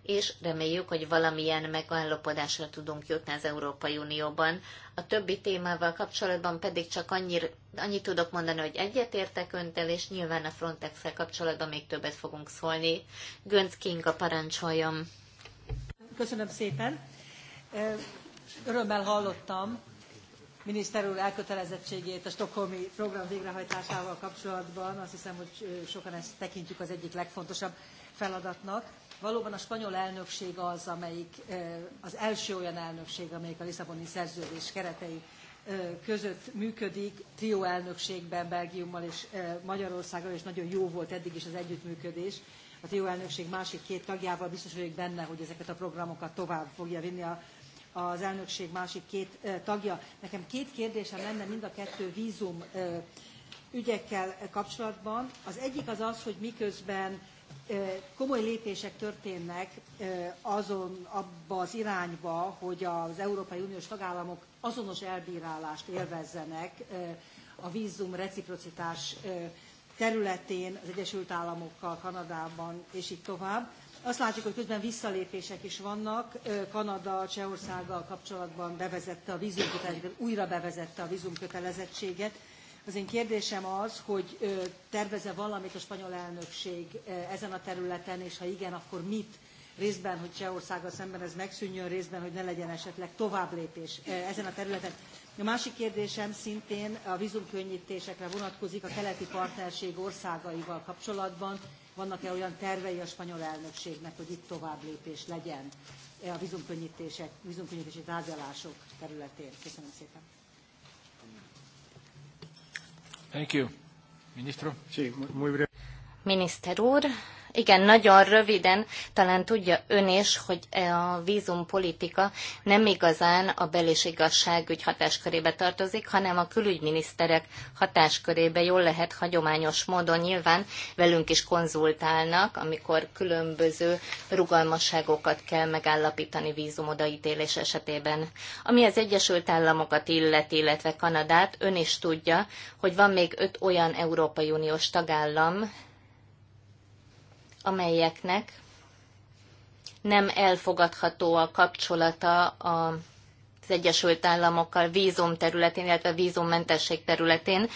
és reméljük, hogy valamilyen megállapodásra tudunk jutni az Európai Unióban. A többi témával kapcsolatban pedig csak annyir, annyit tudok mondani, hogy egyetértek öntel, és nyilván a frontex kapcsolatban még többet fogunk szólni. Gönc a parancsoljon. Köszönöm szépen. Örömmel hallottam
miniszter úr elkötelezettségét a stokholmi program végrehajtásával kapcsolatban. Azt hiszem, hogy sokan ezt tekintjük az egyik legfontosabb feladatnak Valóban a spanyol elnökség az, amelyik az első olyan elnökség, amelyik a Lisszaboni szerződés keretei között működik, trió elnökségben Belgiummal és Magyarországgal, és nagyon jó volt eddig is az együttműködés. A trió elnökség másik két tagjával biztos vagyok benne, hogy ezeket a programokat tovább fogja vinni a, az elnökség másik két tagja. Nekem két kérdésem lenne mind a kettő vízum ügyekkel kapcsolatban. Az egyik az az, hogy miközben komoly lépések történnek azon abba az irányba, hogy az Európai Uniós tagállamok azonos elbírálást élvezzenek a vízum reciprocitás területén az Egyesült Államokkal, Kanadában és így tovább. Azt látjuk, hogy közben visszalépések is vannak. Kanada Csehországgal kapcsolatban bevezette a vízumkötelezettséget, újra bevezette a vízumkötelezettséget, az én kérdésem az, hogy terveze valamit a spanyol elnökség ezen a területen, és ha igen, akkor mit részben, hogy Csehországgal szemben ez megszűnjön, részben, hogy ne legyen esetleg továbblépés ezen a területen. A másik kérdésem szintén a vízumkönnyítésekre vonatkozik a keleti partnerség országaival kapcsolatban. Vannak-e olyan tervei a spanyol elnökségnek, hogy itt továbblépés legyen a vízumkönnyítések, vízumkönnyítési tárgyalások területén? Köszönöm szépen.
Thank you. Ministro. Sí,
muy breve.
Miniszter úr, igen, nagyon röviden, talán tudja ön is, hogy e a vízumpolitika nem igazán a bel- és igazságügy hatáskörébe tartozik, hanem a külügyminiszterek hatáskörébe jól lehet hagyományos módon nyilván velünk is konzultálnak, amikor különböző rugalmasságokat kell megállapítani vízumodaítélés esetében. Ami az Egyesült Államokat illeti, illetve Kanadát, ön is tudja, hogy van még öt olyan Európai Uniós tagállam, amelyeknek nem elfogadható a kapcsolata a az Egyesült Államokkal vízum területén, illetve vízummentesség területén.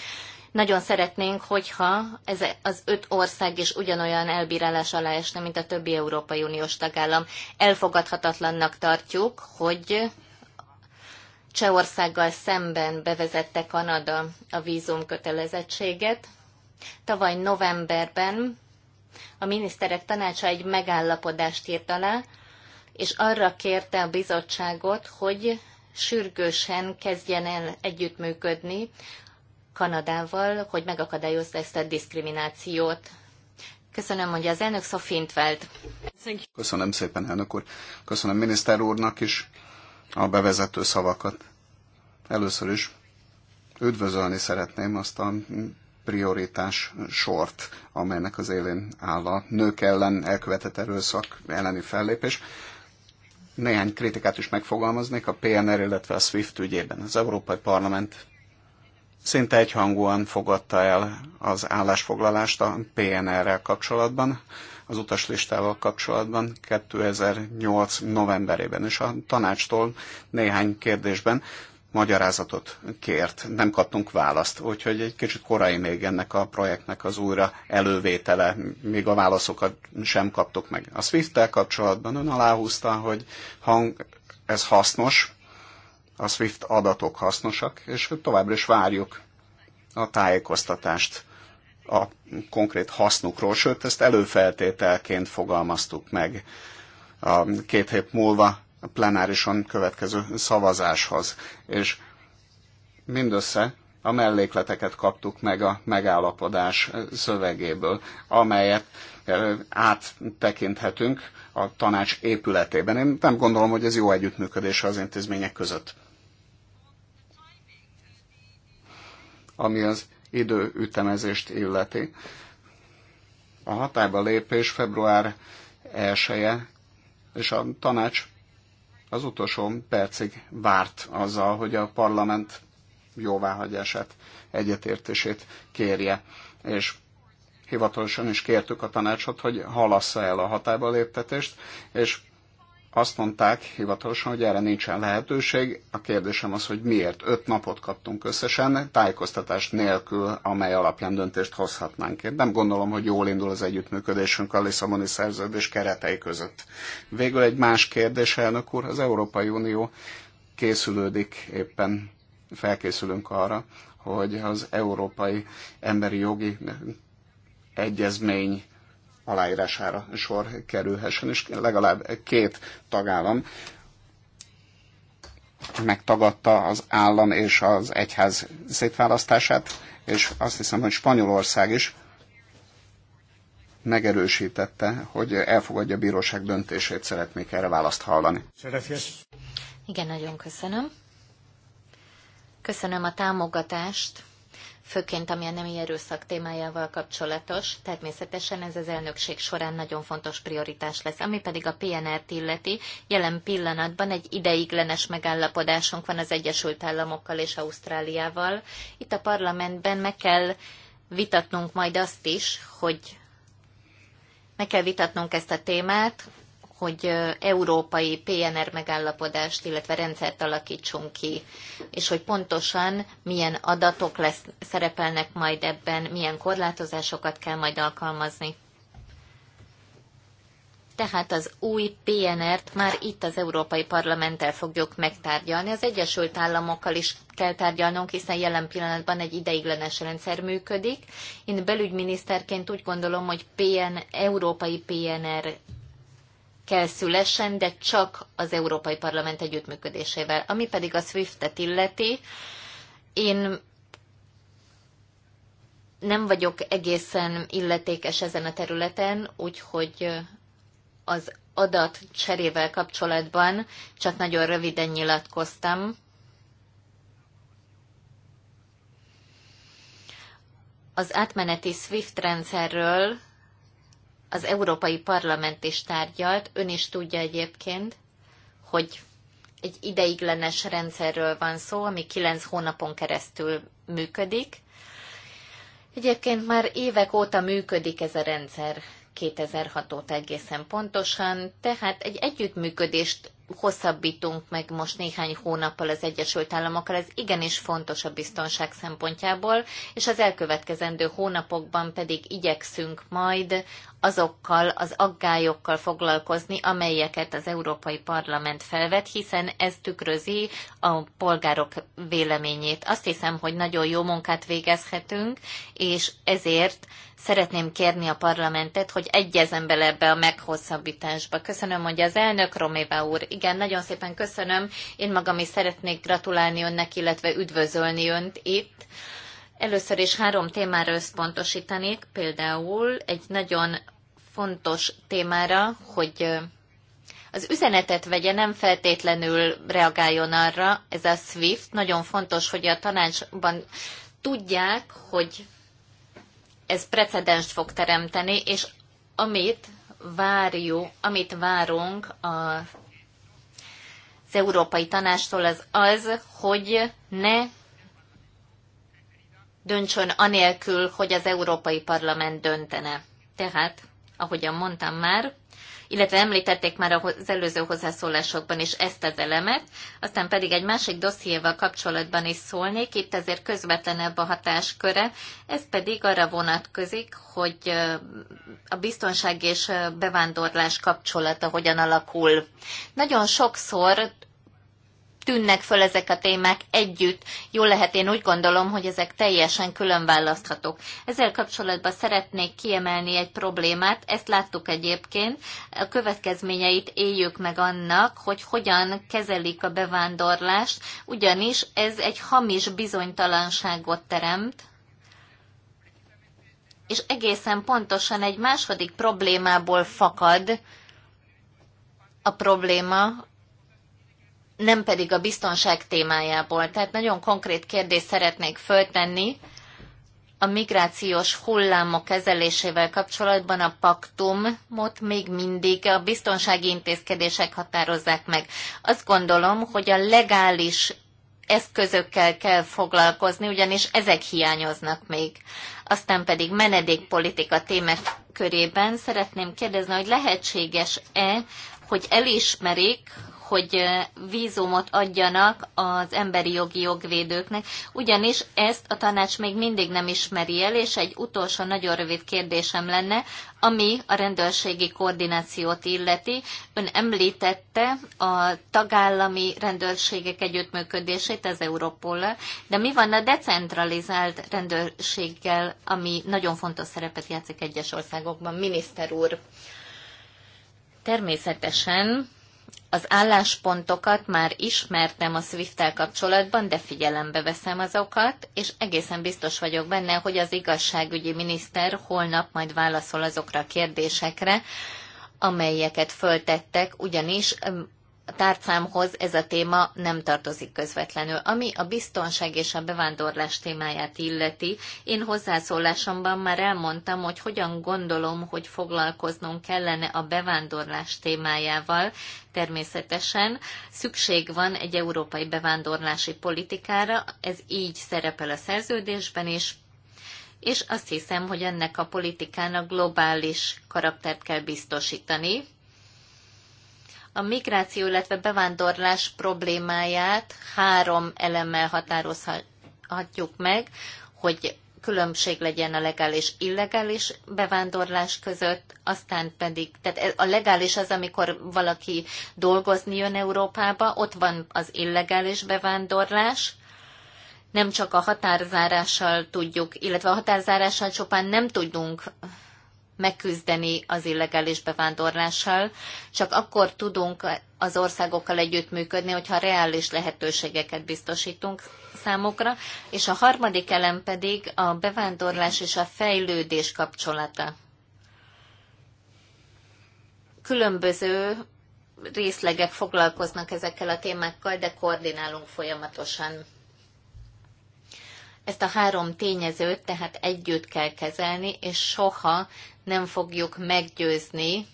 Nagyon szeretnénk, hogyha ez az öt ország is ugyanolyan elbírálás alá esne, mint a többi Európai Uniós tagállam. Elfogadhatatlannak tartjuk, hogy Csehországgal szemben bevezette Kanada a vízum kötelezettséget. Tavaly novemberben a miniszterek tanácsa egy megállapodást írt alá, és arra kérte a bizottságot, hogy sürgősen kezdjen el együttműködni Kanadával, hogy megakadályozza ezt a diszkriminációt. Köszönöm, hogy az elnök Szofintveld.
Köszönöm szépen, elnök úr. Köszönöm miniszter úrnak is a bevezető szavakat. Először is üdvözölni szeretném azt a prioritás sort, amelynek az élén áll a nők ellen elkövetett erőszak elleni fellépés. Néhány kritikát is megfogalmaznék a PNR, illetve a SWIFT ügyében. Az Európai Parlament szinte egyhangúan fogadta el az állásfoglalást a PNR-rel kapcsolatban, az utaslistával kapcsolatban 2008. novemberében, és a tanácstól néhány kérdésben magyarázatot kért, nem kaptunk választ, úgyhogy egy kicsit korai még ennek a projektnek az újra elővétele, még a válaszokat sem kaptuk meg. A Swift-tel kapcsolatban ön aláhúzta, hogy hang, ez hasznos, a Swift adatok hasznosak, és továbbra is várjuk a tájékoztatást a konkrét hasznukról, sőt, ezt előfeltételként fogalmaztuk meg. A két hét múlva a plenárison következő szavazáshoz. És mindössze a mellékleteket kaptuk meg a megállapodás szövegéből, amelyet eh, áttekinthetünk a tanács épületében. Én nem gondolom, hogy ez jó együttműködés az intézmények között. Ami az időütemezést illeti. A hatályba lépés február 1 -e, és a tanács az utolsó percig várt azzal, hogy a parlament jóváhagyását, egyetértését kérje. És hivatalosan is kértük a tanácsot, hogy halassza el a hatába léptetést, és azt mondták hivatalosan, hogy erre nincsen lehetőség. A kérdésem az, hogy miért öt napot kaptunk összesen, tájékoztatás nélkül, amely alapján döntést hozhatnánk. Én nem gondolom, hogy jól indul az együttműködésünk a Lisszaboni szerződés keretei között. Végül egy más kérdés, elnök úr, az Európai Unió készülődik éppen, felkészülünk arra, hogy az Európai Emberi Jogi Egyezmény aláírására sor kerülhessen, és legalább két tagállam megtagadta az állam és az egyház szétválasztását, és azt hiszem, hogy Spanyolország is megerősítette, hogy elfogadja a bíróság döntését, szeretnék erre választ hallani.
Igen, nagyon köszönöm. Köszönöm a támogatást főként ami a nemi erőszak témájával kapcsolatos. Természetesen ez az elnökség során nagyon fontos prioritás lesz. Ami pedig a PNR-t illeti, jelen pillanatban egy ideiglenes megállapodásunk van az Egyesült Államokkal és Ausztráliával. Itt a parlamentben meg kell vitatnunk majd azt is, hogy meg kell vitatnunk ezt a témát, hogy európai PNR megállapodást, illetve rendszert alakítsunk ki, és hogy pontosan milyen adatok lesz, szerepelnek majd ebben, milyen korlátozásokat kell majd alkalmazni. Tehát az új PNR-t már itt az Európai Parlamenttel fogjuk megtárgyalni. Az Egyesült Államokkal is kell tárgyalnunk, hiszen jelen pillanatban egy ideiglenes rendszer működik. Én belügyminiszterként úgy gondolom, hogy PN, európai PNR kell szülessen, de csak az Európai Parlament együttműködésével. Ami pedig a SWIFT-et illeti, én nem vagyok egészen illetékes ezen a területen, úgyhogy az adat cserével kapcsolatban csak nagyon röviden nyilatkoztam. Az átmeneti SWIFT rendszerről az Európai Parlament is tárgyalt, ön is tudja egyébként, hogy egy ideiglenes rendszerről van szó, ami kilenc hónapon keresztül működik. Egyébként már évek óta működik ez a rendszer, 2006 óta egészen pontosan, tehát egy együttműködést hosszabbítunk meg most néhány hónappal az Egyesült Államokkal, ez igenis fontos a biztonság szempontjából, és az elkövetkezendő hónapokban pedig igyekszünk majd azokkal az aggályokkal foglalkozni, amelyeket az Európai Parlament felvet, hiszen ez tükrözi a polgárok véleményét. Azt hiszem, hogy nagyon jó munkát végezhetünk, és ezért szeretném kérni a parlamentet, hogy egyezzen bele ebbe a meghosszabbításba. Köszönöm, hogy az elnök Roméva úr, igen, igen, nagyon szépen köszönöm. Én magam is szeretnék gratulálni önnek, illetve üdvözölni önt itt. Először is három témára összpontosítanék, például egy nagyon fontos témára, hogy az üzenetet vegye, nem feltétlenül reagáljon arra, ez a SWIFT. Nagyon fontos, hogy a tanácsban tudják, hogy ez precedenst fog teremteni, és amit várjuk, amit várunk a Európai Tanástól az az, hogy ne döntsön anélkül, hogy az Európai Parlament döntene. Tehát, ahogyan mondtam már, illetve említették már az előző hozzászólásokban is ezt az elemet, aztán pedig egy másik dossziéval kapcsolatban is szólnék, itt ezért közvetlenebb a hatásköre, ez pedig arra vonatkozik, hogy a biztonság és bevándorlás kapcsolata hogyan alakul. Nagyon sokszor tűnnek föl ezek a témák együtt. Jó lehet, én úgy gondolom, hogy ezek teljesen külön választhatók. Ezzel kapcsolatban szeretnék kiemelni egy problémát, ezt láttuk egyébként, a következményeit éljük meg annak, hogy hogyan kezelik a bevándorlást, ugyanis ez egy hamis bizonytalanságot teremt, és egészen pontosan egy második problémából fakad a probléma, nem pedig a biztonság témájából. Tehát nagyon konkrét kérdést szeretnék föltenni a migrációs hullámok kezelésével kapcsolatban a paktumot még mindig a biztonsági intézkedések határozzák meg. Azt gondolom, hogy a legális eszközökkel kell foglalkozni, ugyanis ezek hiányoznak még. Aztán pedig menedékpolitika témakörében szeretném kérdezni, hogy lehetséges-e, hogy elismerik, hogy vízumot adjanak az emberi jogi jogvédőknek, ugyanis ezt a tanács még mindig nem ismeri el, és egy utolsó nagyon rövid kérdésem lenne, ami a rendőrségi koordinációt illeti. Ön említette a tagállami rendőrségek együttműködését az Európol, de mi van a decentralizált rendőrséggel, ami nagyon fontos szerepet játszik egyes országokban? Miniszter úr, természetesen az álláspontokat már ismertem a Swift-tel kapcsolatban, de figyelembe veszem azokat, és egészen biztos vagyok benne, hogy az igazságügyi miniszter holnap majd válaszol azokra a kérdésekre, amelyeket föltettek, ugyanis a tárcámhoz ez a téma nem tartozik közvetlenül. Ami a biztonság és a bevándorlás témáját illeti, én hozzászólásomban már elmondtam, hogy hogyan gondolom, hogy foglalkoznunk kellene a bevándorlás témájával. Természetesen szükség van egy európai bevándorlási politikára, ez így szerepel a szerződésben is, és azt hiszem, hogy ennek a politikának globális karaktert kell biztosítani, a migráció, illetve bevándorlás problémáját három elemmel határozhatjuk meg, hogy különbség legyen a legális illegális bevándorlás között, aztán pedig, tehát a legális az, amikor valaki dolgozni jön Európába, ott van az illegális bevándorlás, nem csak a határzárással tudjuk, illetve a határzárással csupán nem tudunk megküzdeni az illegális bevándorlással, csak akkor tudunk az országokkal együttműködni, hogyha reális lehetőségeket biztosítunk számukra, és a harmadik elem pedig a bevándorlás és a fejlődés kapcsolata. Különböző részlegek foglalkoznak ezekkel a témákkal, de koordinálunk folyamatosan. Ezt a három tényezőt tehát együtt kell kezelni, és soha nem fogjuk meggyőzni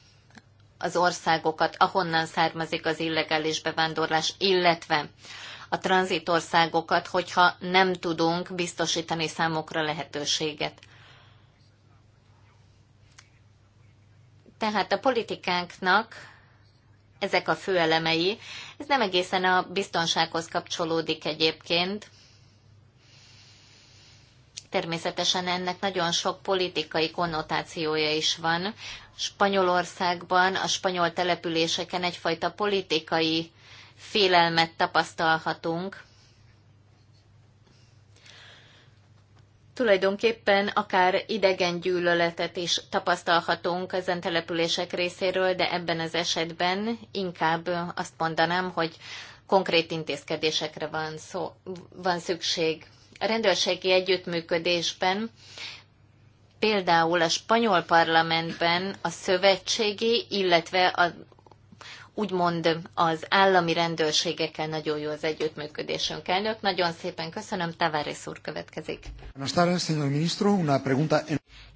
az országokat, ahonnan származik az illegális bevándorlás, illetve a tranzitországokat, hogyha nem tudunk biztosítani számokra lehetőséget. Tehát a politikánknak ezek a fő elemei, ez nem egészen a biztonsághoz kapcsolódik egyébként, Természetesen ennek nagyon sok politikai konnotációja is van. Spanyolországban, a spanyol településeken egyfajta politikai félelmet tapasztalhatunk. Tulajdonképpen akár idegen gyűlöletet is tapasztalhatunk ezen települések részéről, de ebben az esetben inkább azt mondanám, hogy konkrét intézkedésekre van, szó, van szükség rendőrségi együttműködésben például a spanyol parlamentben a szövetségi, illetve a, úgymond az állami rendőrségekkel nagyon jó az együttműködésünk. Elnök, nagyon szépen köszönöm, Tavares úr következik.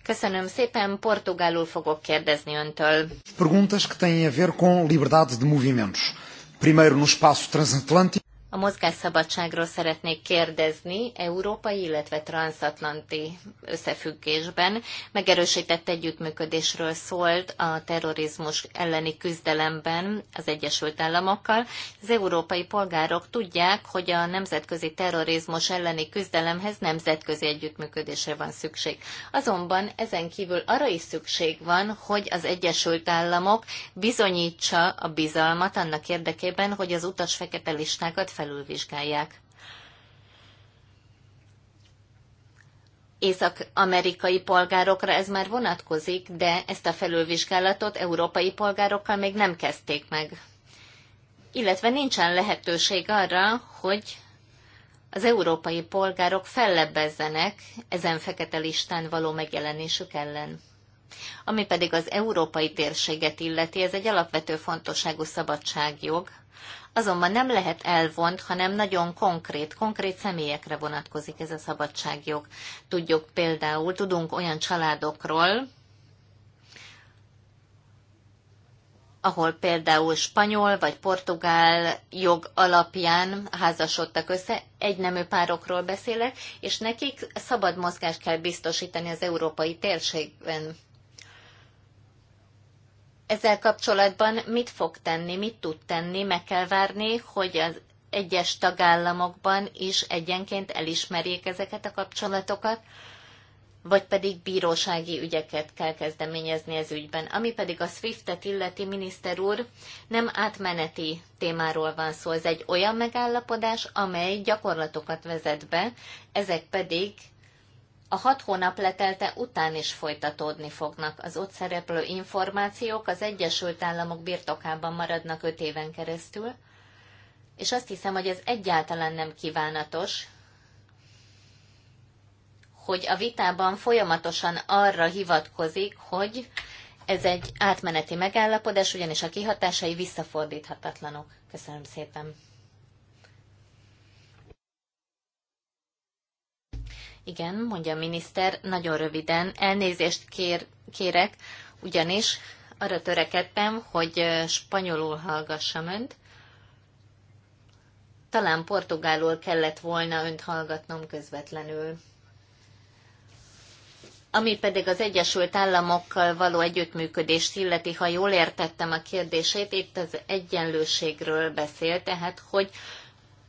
Köszönöm szépen, portugálul fogok kérdezni öntől.
Perguntas que têm a ver com liberdade de movimentos. Primeiro no espaço transatlântico.
A mozgásszabadságról szeretnék kérdezni, európai, illetve transatlanti összefüggésben. Megerősített együttműködésről szólt a terrorizmus elleni küzdelemben az Egyesült Államokkal. Az európai polgárok tudják, hogy a nemzetközi terrorizmus elleni küzdelemhez nemzetközi együttműködésre van szükség. Azonban ezen kívül arra is szükség van, hogy az Egyesült Államok bizonyítsa a bizalmat annak érdekében, hogy az utas fekete listákat fel felülvizsgálják. Észak-amerikai polgárokra ez már vonatkozik, de ezt a felülvizsgálatot európai polgárokkal még nem kezdték meg. Illetve nincsen lehetőség arra, hogy az európai polgárok fellebbezzenek ezen fekete listán való megjelenésük ellen. Ami pedig az európai térséget illeti, ez egy alapvető fontosságú szabadságjog, azonban nem lehet elvont, hanem nagyon konkrét, konkrét személyekre vonatkozik ez a szabadságjog. Tudjuk például, tudunk olyan családokról, ahol például spanyol vagy portugál jog alapján házasodtak össze, egy nemű párokról beszélek, és nekik szabad mozgást kell biztosítani az európai térségben ezzel kapcsolatban mit fog tenni, mit tud tenni, meg kell várni, hogy az egyes tagállamokban is egyenként elismerjék ezeket a kapcsolatokat, vagy pedig bírósági ügyeket kell kezdeményezni ez ügyben. Ami pedig a SWIFT-et illeti, miniszter úr, nem átmeneti témáról van szó. Ez egy olyan megállapodás, amely gyakorlatokat vezet be, ezek pedig a hat hónap letelte után is folytatódni fognak. Az ott szereplő információk az Egyesült Államok birtokában maradnak öt éven keresztül, és azt hiszem, hogy ez egyáltalán nem kívánatos, hogy a vitában folyamatosan arra hivatkozik, hogy ez egy átmeneti megállapodás, ugyanis a kihatásai visszafordíthatatlanok. Köszönöm szépen. Igen, mondja a miniszter, nagyon röviden. Elnézést kér, kérek, ugyanis arra törekedtem, hogy spanyolul hallgassam önt. Talán portugálul kellett volna önt hallgatnom közvetlenül. Ami pedig az Egyesült Államokkal való együttműködést illeti, ha jól értettem a kérdését, itt az egyenlőségről beszél, tehát hogy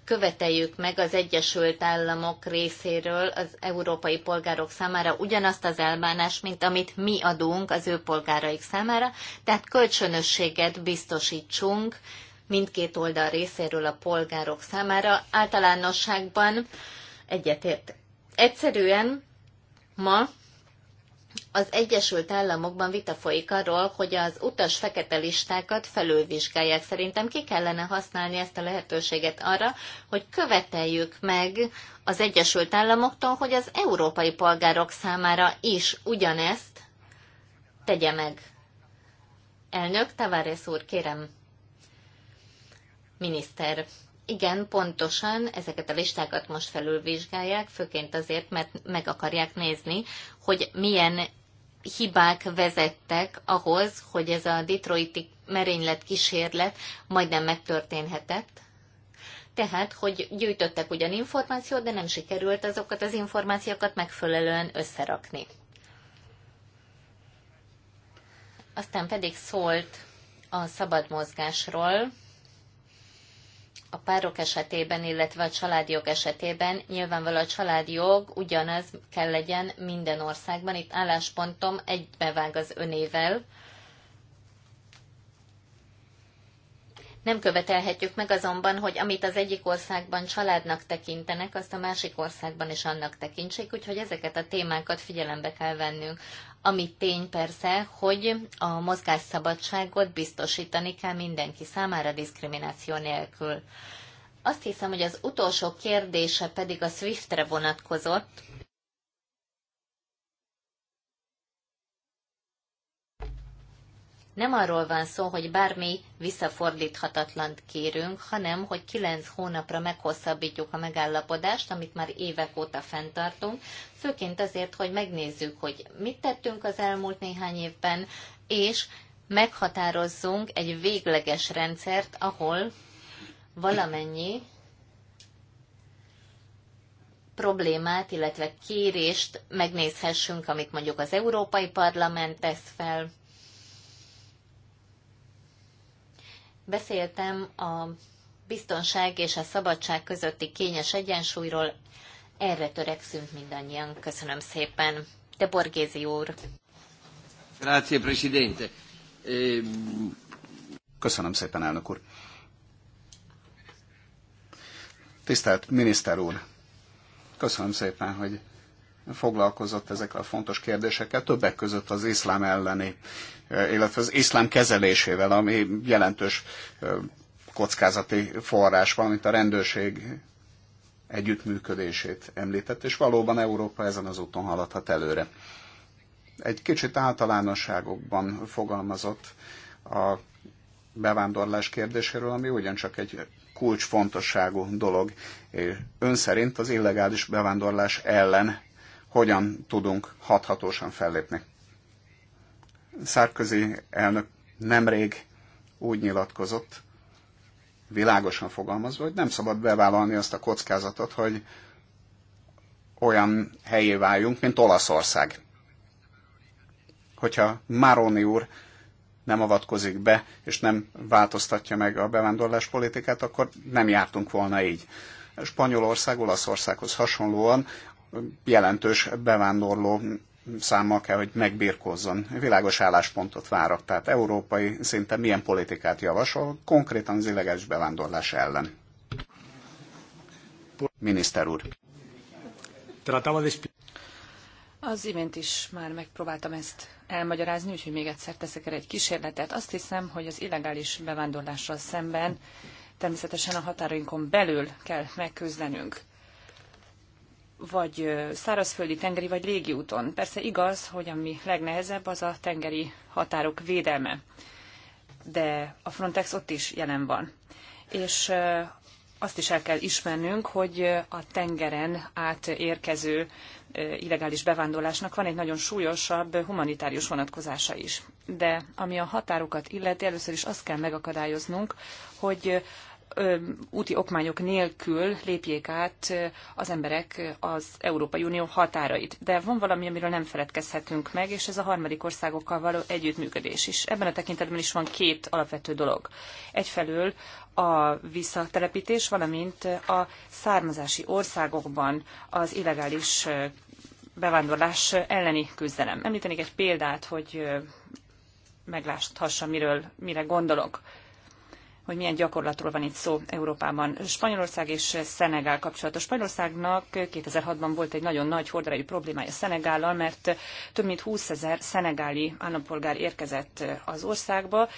követeljük meg az Egyesült Államok részéről az európai polgárok számára ugyanazt az elbánást, mint amit mi adunk az ő polgáraik számára, tehát kölcsönösséget biztosítsunk mindkét oldal részéről a polgárok számára. Általánosságban egyetért. Egyszerűen ma az Egyesült Államokban vita folyik arról, hogy az utas fekete listákat felülvizsgálják. Szerintem ki kellene használni ezt a lehetőséget arra, hogy követeljük meg az Egyesült Államoktól, hogy az európai polgárok számára is ugyanezt tegye meg. Elnök Tavares úr, kérem. Miniszter igen, pontosan ezeket a listákat most felülvizsgálják, főként azért, mert meg akarják nézni, hogy milyen hibák vezettek ahhoz, hogy ez a detroiti merénylet kísérlet majdnem megtörténhetett. Tehát, hogy gyűjtöttek ugyan információt, de nem sikerült azokat az információkat megfelelően összerakni. Aztán pedig szólt a szabad mozgásról, a párok esetében, illetve a családjog esetében nyilvánvaló a családjog ugyanaz kell legyen minden országban. Itt álláspontom egybevág az önével. Nem követelhetjük meg azonban, hogy amit az egyik országban családnak tekintenek, azt a másik országban is annak tekintsék, úgyhogy ezeket a témákat figyelembe kell vennünk. Ami tény persze, hogy a mozgásszabadságot biztosítani kell mindenki számára diszkrimináció nélkül. Azt hiszem, hogy az utolsó kérdése pedig a SWIFT-re vonatkozott, Nem arról van szó, hogy bármi visszafordíthatatlant kérünk, hanem hogy kilenc hónapra meghosszabbítjuk a megállapodást, amit már évek óta fenntartunk, főként azért, hogy megnézzük, hogy mit tettünk az elmúlt néhány évben, és meghatározzunk egy végleges rendszert, ahol valamennyi problémát, illetve kérést megnézhessünk, amit mondjuk az Európai Parlament tesz fel, Beszéltem a biztonság és a szabadság közötti kényes egyensúlyról. Erre törekszünk mindannyian. Köszönöm szépen. De Borgézi úr.
Grazie, Presidente. Ehm, köszönöm szépen, elnök úr. Tisztelt miniszter úr, köszönöm szépen, hogy foglalkozott ezekkel a fontos kérdésekkel, többek között az iszlám elleni, illetve az iszlám kezelésével, ami jelentős kockázati forrás, valamint a rendőrség együttműködését említett, és valóban Európa ezen az úton haladhat előre. Egy kicsit általánosságokban fogalmazott a bevándorlás kérdéséről, ami ugyancsak egy kulcsfontosságú dolog. Ön szerint az illegális bevándorlás ellen hogyan tudunk hathatósan fellépni. Szárközi elnök nemrég úgy nyilatkozott, világosan fogalmazva, hogy nem szabad bevállalni azt a kockázatot, hogy olyan helyé váljunk, mint Olaszország. Hogyha Maroni úr nem avatkozik be, és nem változtatja meg a bevándorlás politikát, akkor nem jártunk volna így. Spanyolország Olaszországhoz hasonlóan jelentős bevándorló számmal kell, hogy megbírkozzon. Világos álláspontot várok. tehát európai szinten milyen politikát javasol, konkrétan az illegális bevándorlás ellen. Miniszter úr.
Az imént is már megpróbáltam ezt elmagyarázni, úgyhogy még egyszer teszek erre egy kísérletet. Azt hiszem, hogy az illegális bevándorlással szemben természetesen a határainkon belül kell megküzdenünk vagy szárazföldi, tengeri, vagy légi úton. Persze igaz, hogy ami legnehezebb, az a tengeri határok védelme. De a Frontex ott is jelen van. És azt is el kell ismernünk, hogy a tengeren átérkező illegális bevándorlásnak van egy nagyon súlyosabb humanitárius vonatkozása is. De ami a határokat illeti, először is azt kell megakadályoznunk, hogy úti okmányok nélkül lépjék át az emberek az Európai Unió határait. De van valami, amiről nem feledkezhetünk meg, és ez a harmadik országokkal való együttműködés is. Ebben a tekintetben is van két alapvető dolog. Egyfelől a visszatelepítés, valamint a származási országokban az illegális bevándorlás elleni küzdelem. Említenék egy példát, hogy megláthassam, miről, mire gondolok hogy milyen gyakorlatról van itt szó Európában. Spanyolország és Szenegál kapcsolatos. Spanyolországnak 2006-ban volt egy nagyon nagy horderejű problémája Szenegállal, mert több mint 20 ezer szenegáli állampolgár érkezett az országba,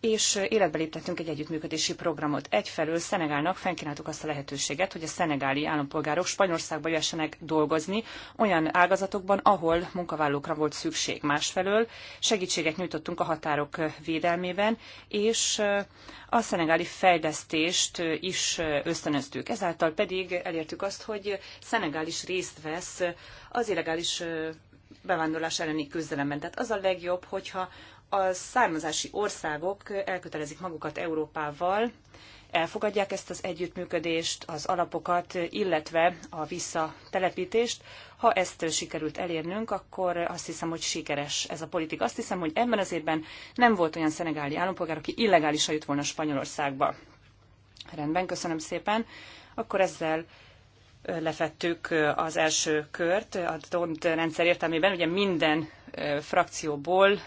és életbe léptettünk egy együttműködési programot. Egyfelől Szenegálnak fennkínáltuk azt a lehetőséget, hogy a szenegáli állampolgárok Spanyolországba jössenek dolgozni olyan ágazatokban, ahol munkavállalókra volt szükség. Másfelől segítséget nyújtottunk a határok védelmében, és a szenegáli fejlesztést is ösztönöztük. Ezáltal pedig elértük azt, hogy Szenegál is részt vesz az illegális bevándorlás elleni küzdelemben. Tehát az a legjobb, hogyha a származási országok elkötelezik magukat Európával, elfogadják ezt az együttműködést, az alapokat, illetve a visszatelepítést. Ha ezt sikerült elérnünk, akkor azt hiszem, hogy sikeres ez a politika. Azt hiszem, hogy ebben az évben nem volt olyan szenegáli állampolgár, aki illegálisan jut volna Spanyolországba. Rendben, köszönöm szépen. Akkor ezzel lefettük az első kört a DONT rendszer értelmében. Ugye minden frakcióból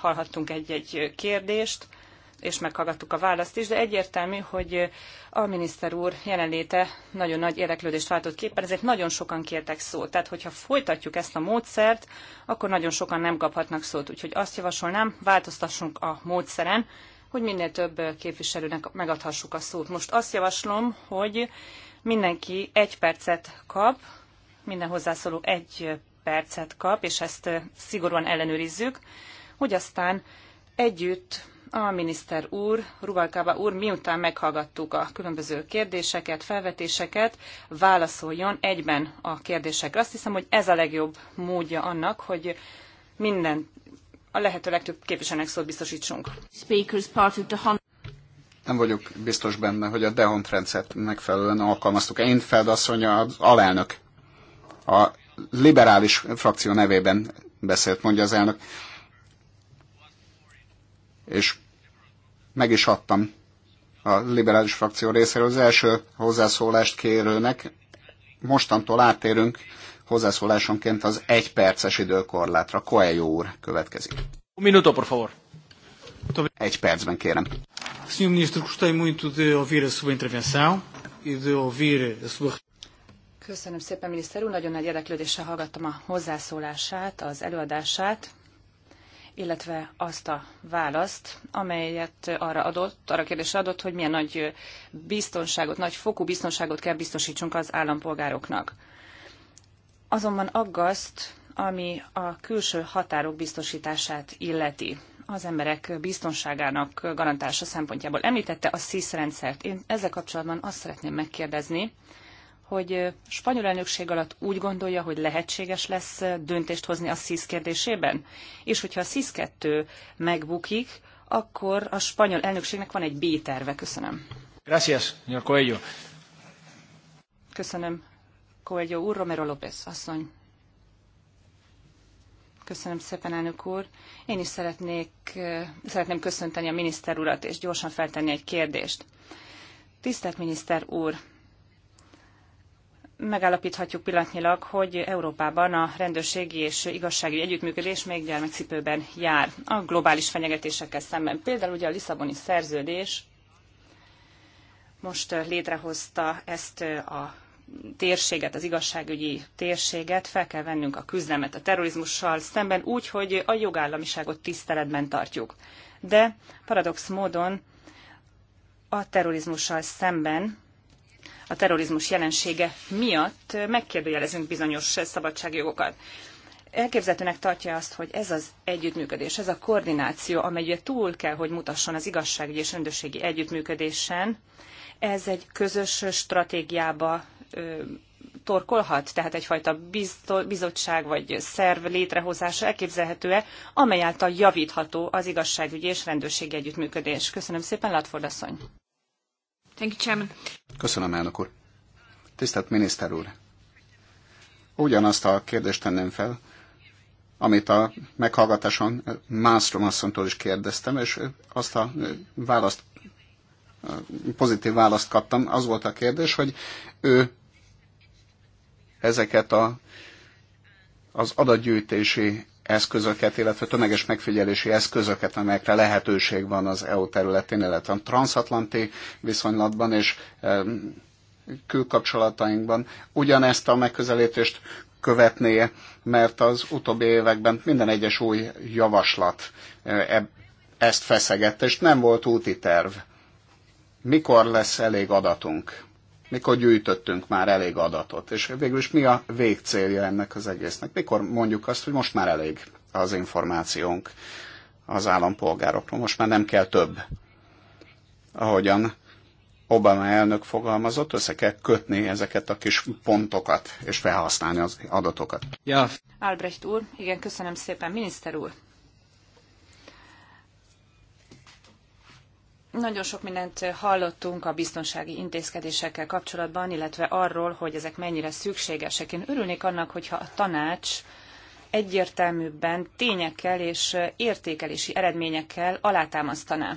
hallhattunk egy-egy kérdést és meghallgattuk a választ is, de egyértelmű, hogy a miniszter úr jelenléte nagyon nagy érdeklődést váltott képen, ezért nagyon sokan kértek szót. Tehát, hogyha folytatjuk ezt a módszert, akkor nagyon sokan nem kaphatnak szót. Úgyhogy azt javasolnám, változtassunk a módszeren, hogy minél több képviselőnek megadhassuk a szót. Most azt javaslom, hogy mindenki egy percet kap, minden hozzászóló egy percet kap, és ezt szigorúan ellenőrizzük, hogy aztán együtt a miniszter úr, Rubalkába úr, miután meghallgattuk a különböző kérdéseket, felvetéseket, válaszoljon egyben a kérdésekre. Azt hiszem, hogy ez a legjobb módja annak, hogy minden, a lehető legtöbb képviselőnek szót biztosítsunk.
Nem vagyok biztos benne, hogy a Dehont rendszert megfelelően alkalmaztuk. Én feldasszony az alelnök. A liberális frakció nevében beszélt, mondja az elnök és meg is adtam a liberális frakció részéről az első hozzászólást kérőnek. Mostantól átérünk hozzászólásonként az egy perces időkorlátra. Coelho úr következik. Un minuto, por favor. Egy percben kérem. Sr. Ministro, gostei muito de ouvir a sua intervenção e de ouvir a sua...
Köszönöm szépen, miniszter úr. Nagyon nagy érdeklődéssel hallgattam a hozzászólását, az előadását illetve azt a választ, amelyet arra adott, arra kérdésre adott, hogy milyen nagy biztonságot, nagy fokú biztonságot kell biztosítsunk az állampolgároknak. Azonban aggaszt, ami a külső határok biztosítását illeti az emberek biztonságának garantálása szempontjából. Említette a SZISZ rendszert. Én ezzel kapcsolatban azt szeretném megkérdezni, hogy a spanyol elnökség alatt úgy gondolja, hogy lehetséges lesz döntést hozni a SZISZ kérdésében? És hogyha a SZISZ 2 megbukik, akkor a spanyol elnökségnek van egy B-terve. Köszönöm.
Gracias, señor Coelho.
Köszönöm, Coelho úr, Romero López asszony. Köszönöm szépen, elnök úr. Én is szeretnék, szeretném köszönteni a miniszter urat, és gyorsan feltenni egy kérdést. Tisztelt miniszter úr, megállapíthatjuk pillanatnyilag, hogy Európában a rendőrségi és igazságügyi együttműködés még gyermekcipőben jár a globális fenyegetésekkel szemben. Például ugye a Lisszaboni szerződés most létrehozta ezt a térséget, az igazságügyi térséget, fel kell vennünk a küzdelmet a terrorizmussal szemben úgy, hogy a jogállamiságot tiszteletben tartjuk. De paradox módon a terrorizmussal szemben a terrorizmus jelensége miatt megkérdőjelezünk bizonyos szabadságjogokat. Elképzelhetőnek tartja azt, hogy ez az együttműködés, ez a koordináció, amelyet túl kell, hogy mutasson az igazságügyi és rendőrségi együttműködésen, ez egy közös stratégiába ö, torkolhat, tehát egyfajta bizottság vagy szerv létrehozása elképzelhető-e, amely által javítható az igazságügyi és rendőrségi együttműködés. Köszönöm szépen, Latford asszony! Thank you, Chairman.
Köszönöm, elnök úr. Tisztelt miniszter úr! Ugyanazt a kérdést tenném fel, amit a meghallgatáson Mászrom asszonytól is kérdeztem, és azt a választ, pozitív választ kaptam. Az volt a kérdés, hogy ő ezeket a, az adatgyűjtési eszközöket, illetve tömeges megfigyelési eszközöket, amelyekre lehetőség van az EU területén, illetve a transatlanti viszonylatban és külkapcsolatainkban ugyanezt a megközelítést követné, mert az utóbbi években minden egyes új javaslat e, e, ezt feszegett, és nem volt úti terv. Mikor lesz elég adatunk? mikor gyűjtöttünk már elég adatot, és végül is mi a végcélja ennek az egésznek, mikor mondjuk azt, hogy most már elég az információnk az állampolgárokról, most már nem kell több. Ahogyan Obama elnök fogalmazott, össze kell kötni ezeket a kis pontokat, és felhasználni az adatokat. Ja.
Albrecht úr, igen, köszönöm szépen, miniszter úr. Nagyon sok mindent hallottunk a biztonsági intézkedésekkel kapcsolatban, illetve arról, hogy ezek mennyire szükségesek. Én örülnék annak, hogyha a tanács egyértelműbben tényekkel és értékelési eredményekkel alátámasztaná.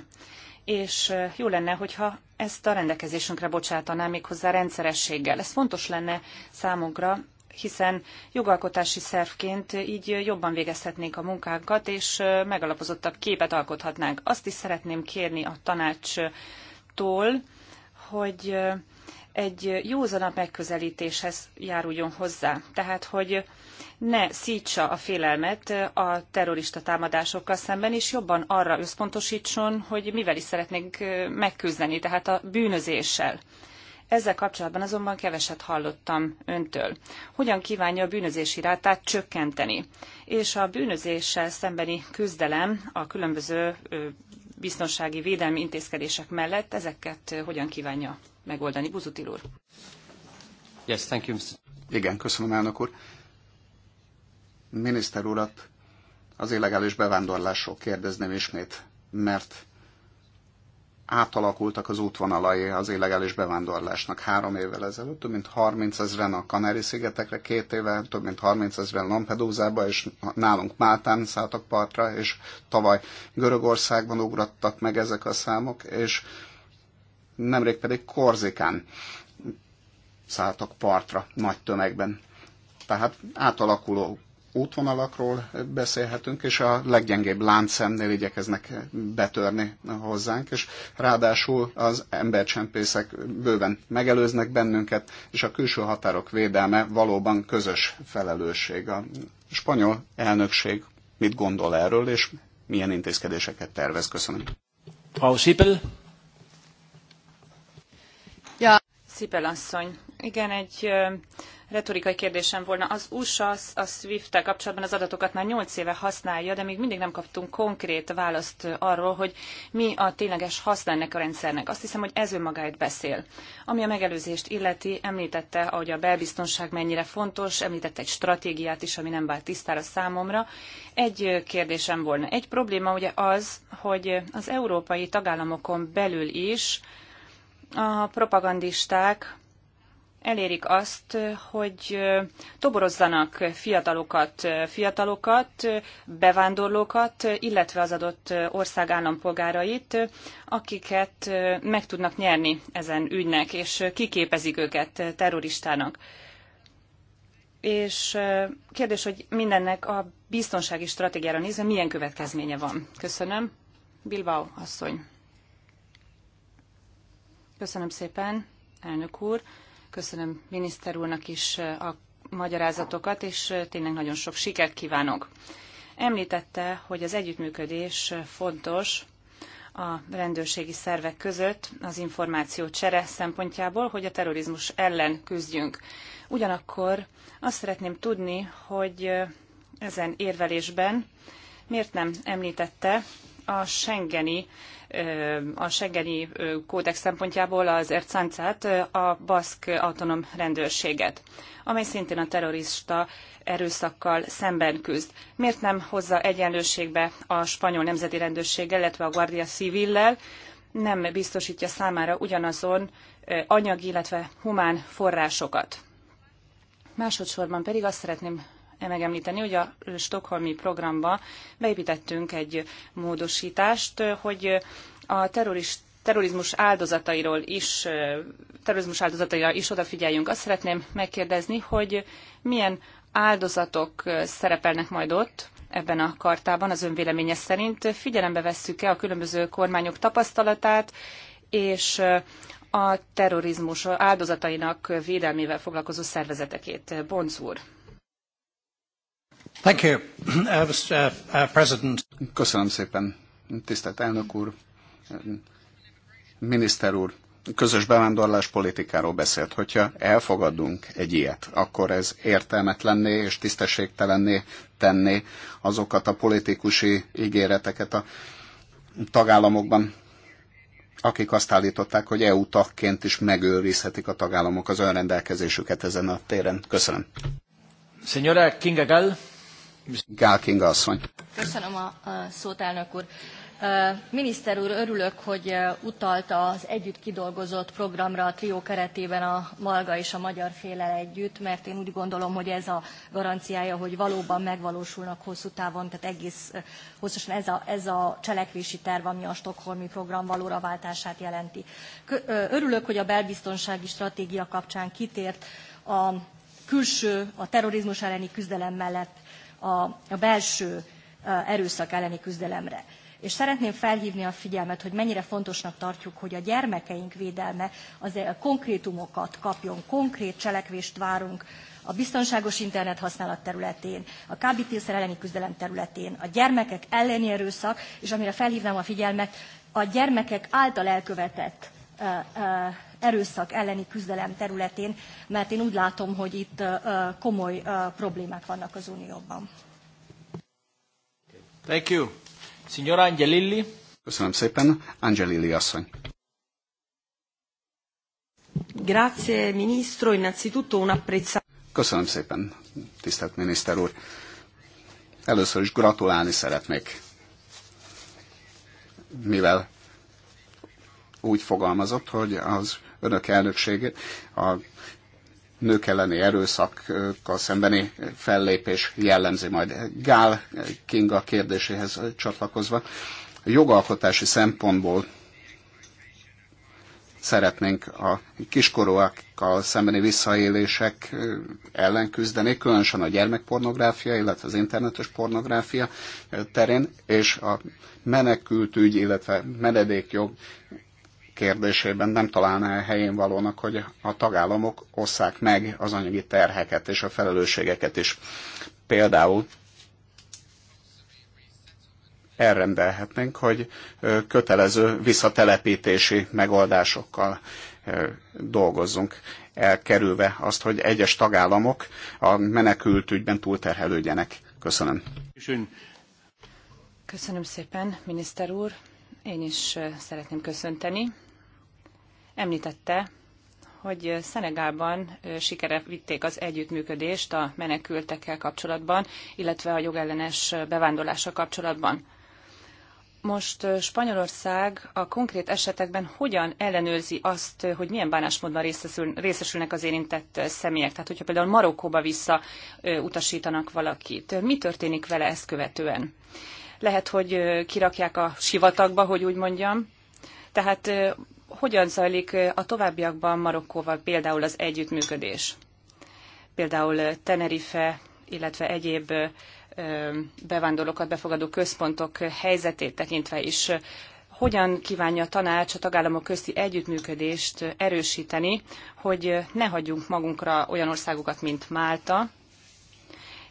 És jó lenne, hogyha ezt a rendelkezésünkre bocsátaná méghozzá rendszerességgel. Ez fontos lenne számunkra hiszen jogalkotási szervként így jobban végezhetnénk a munkákat, és megalapozottabb képet alkothatnánk. Azt is szeretném kérni a tanácstól, hogy egy józanabb megközelítéshez járuljon hozzá. Tehát, hogy ne szítsa a félelmet a terrorista támadásokkal szemben, és jobban arra összpontosítson, hogy mivel is szeretnénk megküzdeni, tehát a bűnözéssel. Ezzel kapcsolatban azonban keveset hallottam öntől. Hogyan kívánja a bűnözési rátát csökkenteni? És a bűnözéssel szembeni küzdelem a különböző biztonsági védelmi intézkedések mellett ezeket hogyan kívánja megoldani? Buzutil úr.
Yes, thank you, Mr. Igen, köszönöm, elnök úr. Miniszter urat az illegális bevándorlásról kérdezném ismét, mert átalakultak az útvonalai az illegális bevándorlásnak három évvel ezelőtt, több mint 30 ezeren a Kanári-szigetekre két éve, több mint 30 ezeren Lampedusába, és nálunk Máltán szálltak partra, és tavaly Görögországban ugrattak meg ezek a számok, és nemrég pedig Korzikán szálltak partra nagy tömegben. Tehát átalakuló útvonalakról beszélhetünk, és a leggyengébb láncszemnél igyekeznek betörni hozzánk, és ráadásul az embercsempészek bőven megelőznek bennünket, és a külső határok védelme valóban közös felelősség. A spanyol elnökség mit gondol erről, és milyen intézkedéseket tervez? Köszönöm. Frau Sipel.
Ja,
Sipel asszony, igen, egy retorikai kérdésem volna. Az USA a SWIFT-tel kapcsolatban az adatokat már 8 éve használja, de még mindig nem kaptunk konkrét választ arról, hogy mi a tényleges haszna ennek a rendszernek. Azt hiszem, hogy ez önmagáért beszél. Ami a megelőzést illeti, említette, hogy a belbiztonság mennyire fontos, említette egy stratégiát is, ami nem vált tisztára számomra. Egy kérdésem volna. Egy probléma ugye az, hogy az európai tagállamokon belül is a propagandisták elérik azt, hogy toborozzanak fiatalokat, fiatalokat, bevándorlókat, illetve az adott ország állampolgárait, akiket meg tudnak nyerni ezen ügynek, és kiképezik őket terroristának. És kérdés, hogy mindennek a biztonsági stratégiára nézve milyen következménye van? Köszönöm. Bilbao asszony. Köszönöm szépen, elnök úr. Köszönöm miniszter úrnak is a magyarázatokat, és tényleg nagyon sok sikert kívánok. Említette, hogy az együttműködés fontos a rendőrségi szervek között az információ csere szempontjából, hogy a terrorizmus ellen küzdjünk. Ugyanakkor azt szeretném tudni, hogy ezen érvelésben miért nem említette a Schengeni a Schengeni kódex szempontjából az Ercáncát, a baszk autonóm rendőrséget, amely szintén a terrorista erőszakkal szemben küzd. Miért nem hozza egyenlőségbe a spanyol nemzeti rendőrséggel, illetve a Guardia Civillel, nem biztosítja számára ugyanazon anyagi, illetve humán forrásokat. Másodszorban pedig azt szeretném megemlíteni, hogy a Stockholmi programba beépítettünk egy módosítást, hogy a terrorist terrorizmus áldozatairól is, terrorizmus áldozataira is odafigyeljünk. Azt szeretném megkérdezni, hogy milyen áldozatok szerepelnek majd ott ebben a kartában az önvéleménye szerint. Figyelembe vesszük-e a különböző kormányok tapasztalatát, és a terrorizmus áldozatainak védelmével foglalkozó szervezetekét. Bonc úr.
Thank you, uh, Mr. Uh, President. Köszönöm szépen, tisztelt elnök úr, miniszter úr. Közös bevándorlás politikáról beszélt. Hogyha elfogadunk egy ilyet, akkor ez értelmetlenné és tisztességtelenné tenné azokat a politikusi ígéreteket a tagállamokban, akik azt állították, hogy EU tagként is megőrizhetik a tagállamok az önrendelkezésüket ezen a téren. Köszönöm. Señora Kinga Gall. Gál Kinga asszony.
Köszönöm a, szót, elnök úr. Miniszter úr, örülök, hogy utalta az együtt kidolgozott programra a trió keretében a Malga és a Magyar Félel együtt, mert én úgy gondolom, hogy ez a garanciája, hogy valóban megvalósulnak hosszú távon, tehát egész hosszasan ez a, ez a cselekvési terv, ami a Stockholmi program valóra váltását jelenti. Örülök, hogy a belbiztonsági stratégia kapcsán kitért a külső, a terrorizmus elleni küzdelem mellett a, a belső erőszak elleni küzdelemre. És szeretném felhívni a figyelmet, hogy mennyire fontosnak tartjuk, hogy a gyermekeink védelme az e- konkrétumokat kapjon, konkrét cselekvést várunk a biztonságos internet használat területén, a kábítószer elleni küzdelem területén, a gyermekek elleni erőszak, és amire felhívnám a figyelmet, a gyermekek által elkövetett erőszak elleni küzdelem területén, mert én úgy látom, hogy itt komoly
problémák vannak az Unióban.
Thank
you. Signora Angelilli. Köszönöm szépen, Angelilli asszony.
Grazie, ministro, innanzitutto un
Köszönöm szépen, tisztelt miniszter úr. Először is gratulálni szeretnék, mivel úgy fogalmazott, hogy az önök elnökségét a nők elleni erőszakkal szembeni fellépés jellemzi majd. Gál Kinga kérdéséhez csatlakozva, a jogalkotási szempontból szeretnénk a kiskorúakkal szembeni visszaélések ellen küzdeni, különösen a gyermekpornográfia, illetve az internetes pornográfia terén, és a menekültügy, illetve menedékjog kérdésében nem találná helyén valónak, hogy a tagállamok osszák meg az anyagi terheket és a felelősségeket is. Például elrendelhetnénk, hogy kötelező visszatelepítési megoldásokkal dolgozzunk, elkerülve azt, hogy egyes tagállamok a menekült ügyben túlterhelődjenek. Köszönöm.
Köszönöm szépen, miniszter úr. Én is szeretném köszönteni Említette, hogy Szenegában sikere vitték az együttműködést a menekültekkel kapcsolatban, illetve a jogellenes bevándorlással kapcsolatban. Most Spanyolország a konkrét esetekben hogyan ellenőrzi azt, hogy milyen bánásmódban részesül, részesülnek az érintett személyek? Tehát, hogyha például Marokkóba vissza utasítanak valakit, mi történik vele ezt követően? Lehet, hogy kirakják a sivatagba, hogy úgy mondjam. Tehát hogyan zajlik a továbbiakban Marokkóval például az együttműködés? Például Tenerife, illetve egyéb bevándorlókat befogadó központok helyzetét tekintve is hogyan kívánja a tanács a tagállamok közti együttműködést erősíteni, hogy ne hagyjunk magunkra olyan országokat, mint Málta,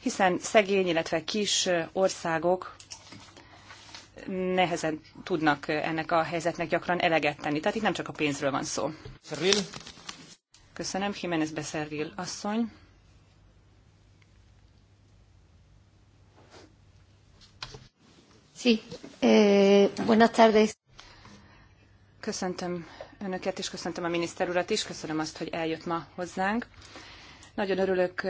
hiszen szegény, illetve kis országok nehezen tudnak ennek a helyzetnek gyakran eleget tenni. Tehát itt nem csak a pénzről van szó. Szervil. Köszönöm, Jiménez Beszervil asszony. Sí.
Eh, buenas tardes.
Köszöntöm Önöket, és köszöntöm a miniszter urat is, köszönöm azt, hogy eljött ma hozzánk. Nagyon örülök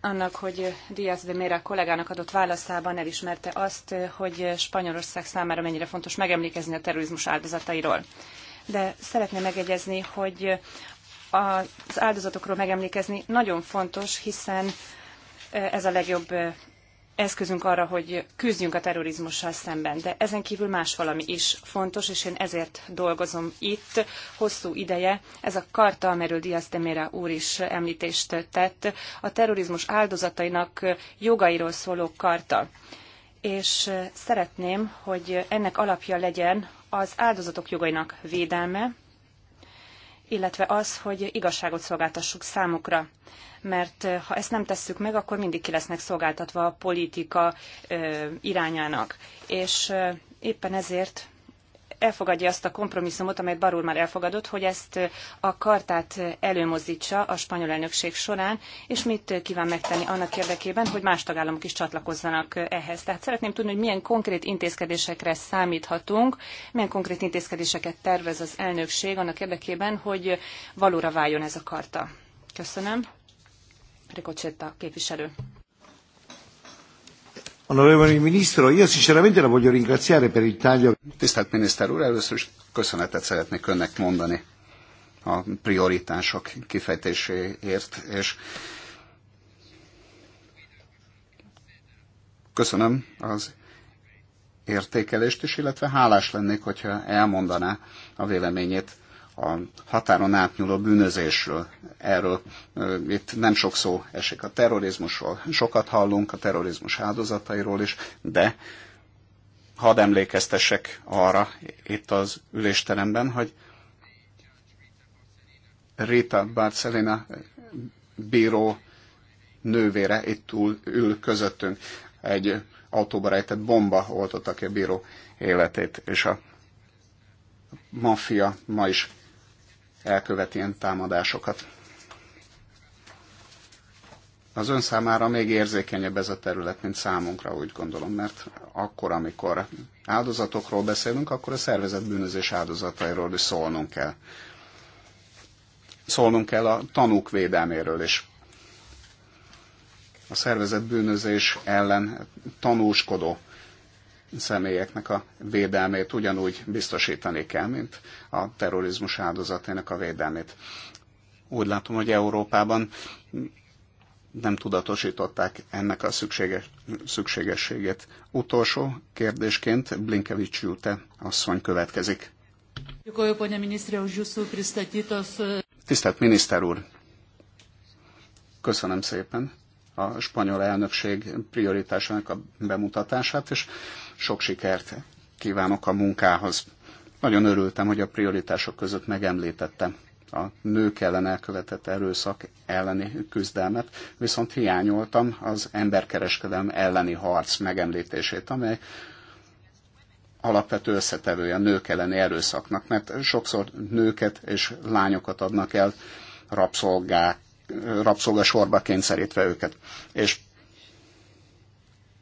annak, hogy Diaz de Mera kollégának adott válaszában elismerte azt, hogy Spanyolország számára mennyire fontos megemlékezni a terrorizmus áldozatairól. De szeretném megegyezni, hogy az áldozatokról megemlékezni nagyon fontos, hiszen ez a legjobb eszközünk arra, hogy küzdjünk a terrorizmussal szemben, de ezen kívül más valami is fontos, és én ezért dolgozom itt hosszú ideje. Ez a karta, amiről Diaz de Mera úr is említést tett, a terrorizmus áldozatainak jogairól szóló karta. És szeretném, hogy ennek alapja legyen az áldozatok jogainak védelme, illetve az, hogy igazságot szolgáltassuk számukra mert eh, ha ezt nem tesszük meg, akkor mindig ki lesznek szolgáltatva a politika eh, irányának. És eh, éppen ezért elfogadja azt a kompromisszumot, amelyet Barul már elfogadott, hogy ezt a kartát előmozdítsa a spanyol elnökség során, és mit kíván megtenni annak érdekében, hogy más tagállamok is csatlakozzanak ehhez. Tehát szeretném tudni, hogy milyen konkrét intézkedésekre számíthatunk, milyen konkrét intézkedéseket tervez az elnökség annak érdekében, hogy valóra váljon ez a karta. Köszönöm. Ricoccetta képviselő.
Ministro, io sinceramente la voglio ringraziare per il taglio. Tisztelt miniszter úr, először is köszönetet szeretnék önnek mondani a prioritások kifejtéséért, és köszönöm az értékelést is, illetve hálás lennék, hogyha elmondaná a véleményét a határon átnyúló bűnözésről. Erről itt nem sok szó esik a terrorizmusról, sokat hallunk a terrorizmus áldozatairól is, de hadd emlékeztessek arra itt az ülésteremben, hogy Rita Barcelina bíró nővére itt túl ül közöttünk. Egy autóba rejtett bomba oltotta ki a bíró életét, és a maffia ma is elkövet ilyen támadásokat. Az ön számára még érzékenyebb ez a terület, mint számunkra, úgy gondolom, mert akkor, amikor áldozatokról beszélünk, akkor a szervezet bűnözés áldozatairól is szólnunk kell. Szólnunk kell a tanúk védelméről is. A szervezet bűnözés ellen tanúskodó személyeknek a védelmét ugyanúgy biztosítani kell, mint a terrorizmus áldozatének a védelmét. Úgy látom, hogy Európában nem tudatosították ennek a szükséges, szükségességet. Utolsó kérdésként Blinkevics Jute asszony következik. Tisztelt miniszter úr! Köszönöm szépen a spanyol elnökség prioritásának a bemutatását, és sok sikert kívánok a munkához. Nagyon örültem, hogy a prioritások között megemlítettem a nők ellen elkövetett erőszak elleni küzdelmet, viszont hiányoltam az emberkereskedelem elleni harc megemlítését, amely alapvető összetevője a nők elleni erőszaknak, mert sokszor nőket és lányokat adnak el rabszolgák rabszolgasorba kényszerítve őket. És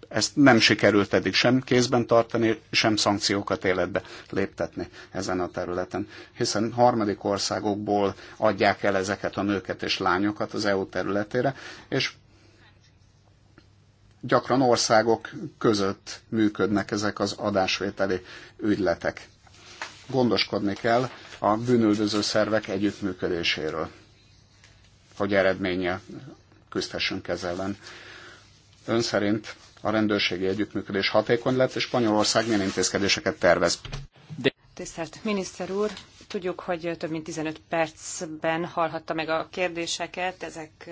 ezt nem sikerült eddig sem kézben tartani, sem szankciókat életbe léptetni ezen a területen. Hiszen harmadik országokból adják el ezeket a nőket és lányokat az EU területére, és gyakran országok között működnek ezek az adásvételi ügyletek. Gondoskodni kell a bűnöldöző szervek együttműködéséről hogy eredménye küzdhessünk ezzel Ön szerint a rendőrségi együttműködés hatékony lett, és Spanyolország milyen intézkedéseket tervez?
Tisztelt miniszter úr, tudjuk, hogy több mint 15 percben hallhatta meg a kérdéseket, ezek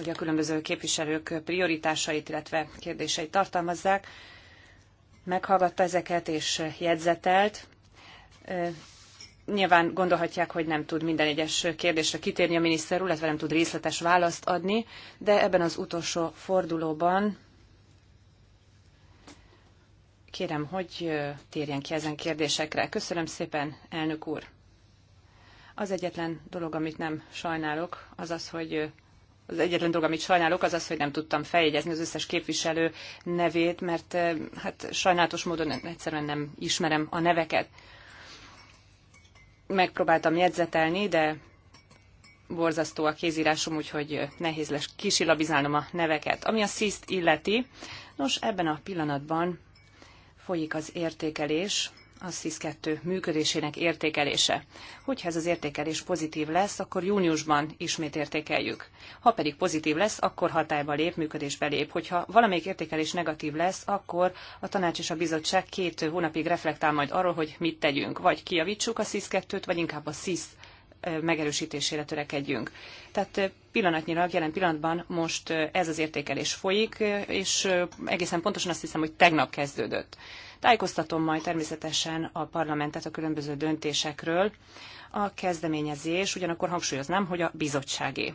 ugye a különböző képviselők prioritásait, illetve kérdéseit tartalmazzák. Meghallgatta ezeket és jegyzetelt. Nyilván gondolhatják, hogy nem tud minden egyes kérdésre kitérni a miniszter úr, illetve nem tud részletes választ adni, de ebben az utolsó fordulóban kérem, hogy térjen ki ezen kérdésekre. Köszönöm szépen, elnök úr! Az egyetlen dolog, amit nem sajnálok, az az, hogy az egyetlen dolog, amit sajnálok, az az, hogy nem tudtam feljegyezni az összes képviselő nevét, mert hát sajnálatos módon egyszerűen nem ismerem a neveket megpróbáltam jegyzetelni, de borzasztó a kézírásom, úgyhogy nehéz lesz kisilabizálnom a neveket. Ami a SZISZT illeti, nos, ebben a pillanatban folyik az értékelés a SZIS-2 működésének értékelése. Hogyha ez az értékelés pozitív lesz, akkor júniusban ismét értékeljük. Ha pedig pozitív lesz, akkor hatályba lép, működésbe lép. Hogyha valamelyik értékelés negatív lesz, akkor a tanács és a bizottság két hónapig reflektál majd arról, hogy mit tegyünk. Vagy kiavítsuk a SZIS-2-t, vagy inkább a SZIS megerősítésére törekedjünk. Tehát pillanatnyilag, jelen pillanatban most ez az értékelés folyik, és egészen pontosan azt hiszem, hogy tegnap kezdődött. Tájékoztatom majd természetesen a parlamentet a különböző döntésekről. A kezdeményezés ugyanakkor hangsúlyoznám, hogy a bizottságé.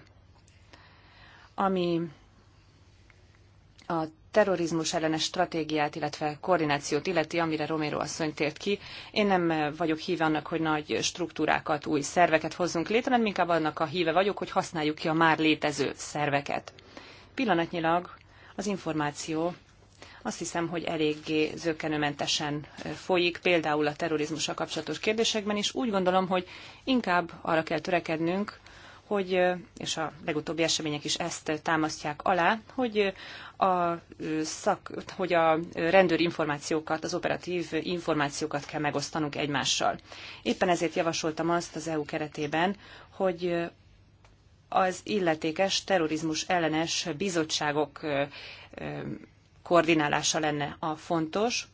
Ami a terrorizmus ellenes stratégiát, illetve koordinációt illeti, amire Romero asszony tért ki. Én nem vagyok híve annak, hogy nagy struktúrákat, új szerveket hozzunk létre, hanem inkább annak a híve vagyok, hogy használjuk ki a már létező szerveket. Pillanatnyilag az információ azt hiszem, hogy eléggé zökkenőmentesen folyik, például a terrorizmussal kapcsolatos kérdésekben, is úgy gondolom, hogy inkább arra kell törekednünk, hogy, és a legutóbbi események is ezt támasztják alá, hogy a, szak, hogy a rendőr információkat, az operatív információkat kell megosztanunk egymással. Éppen ezért javasoltam azt az EU keretében, hogy az illetékes terrorizmus ellenes bizottságok koordinálása lenne a fontos,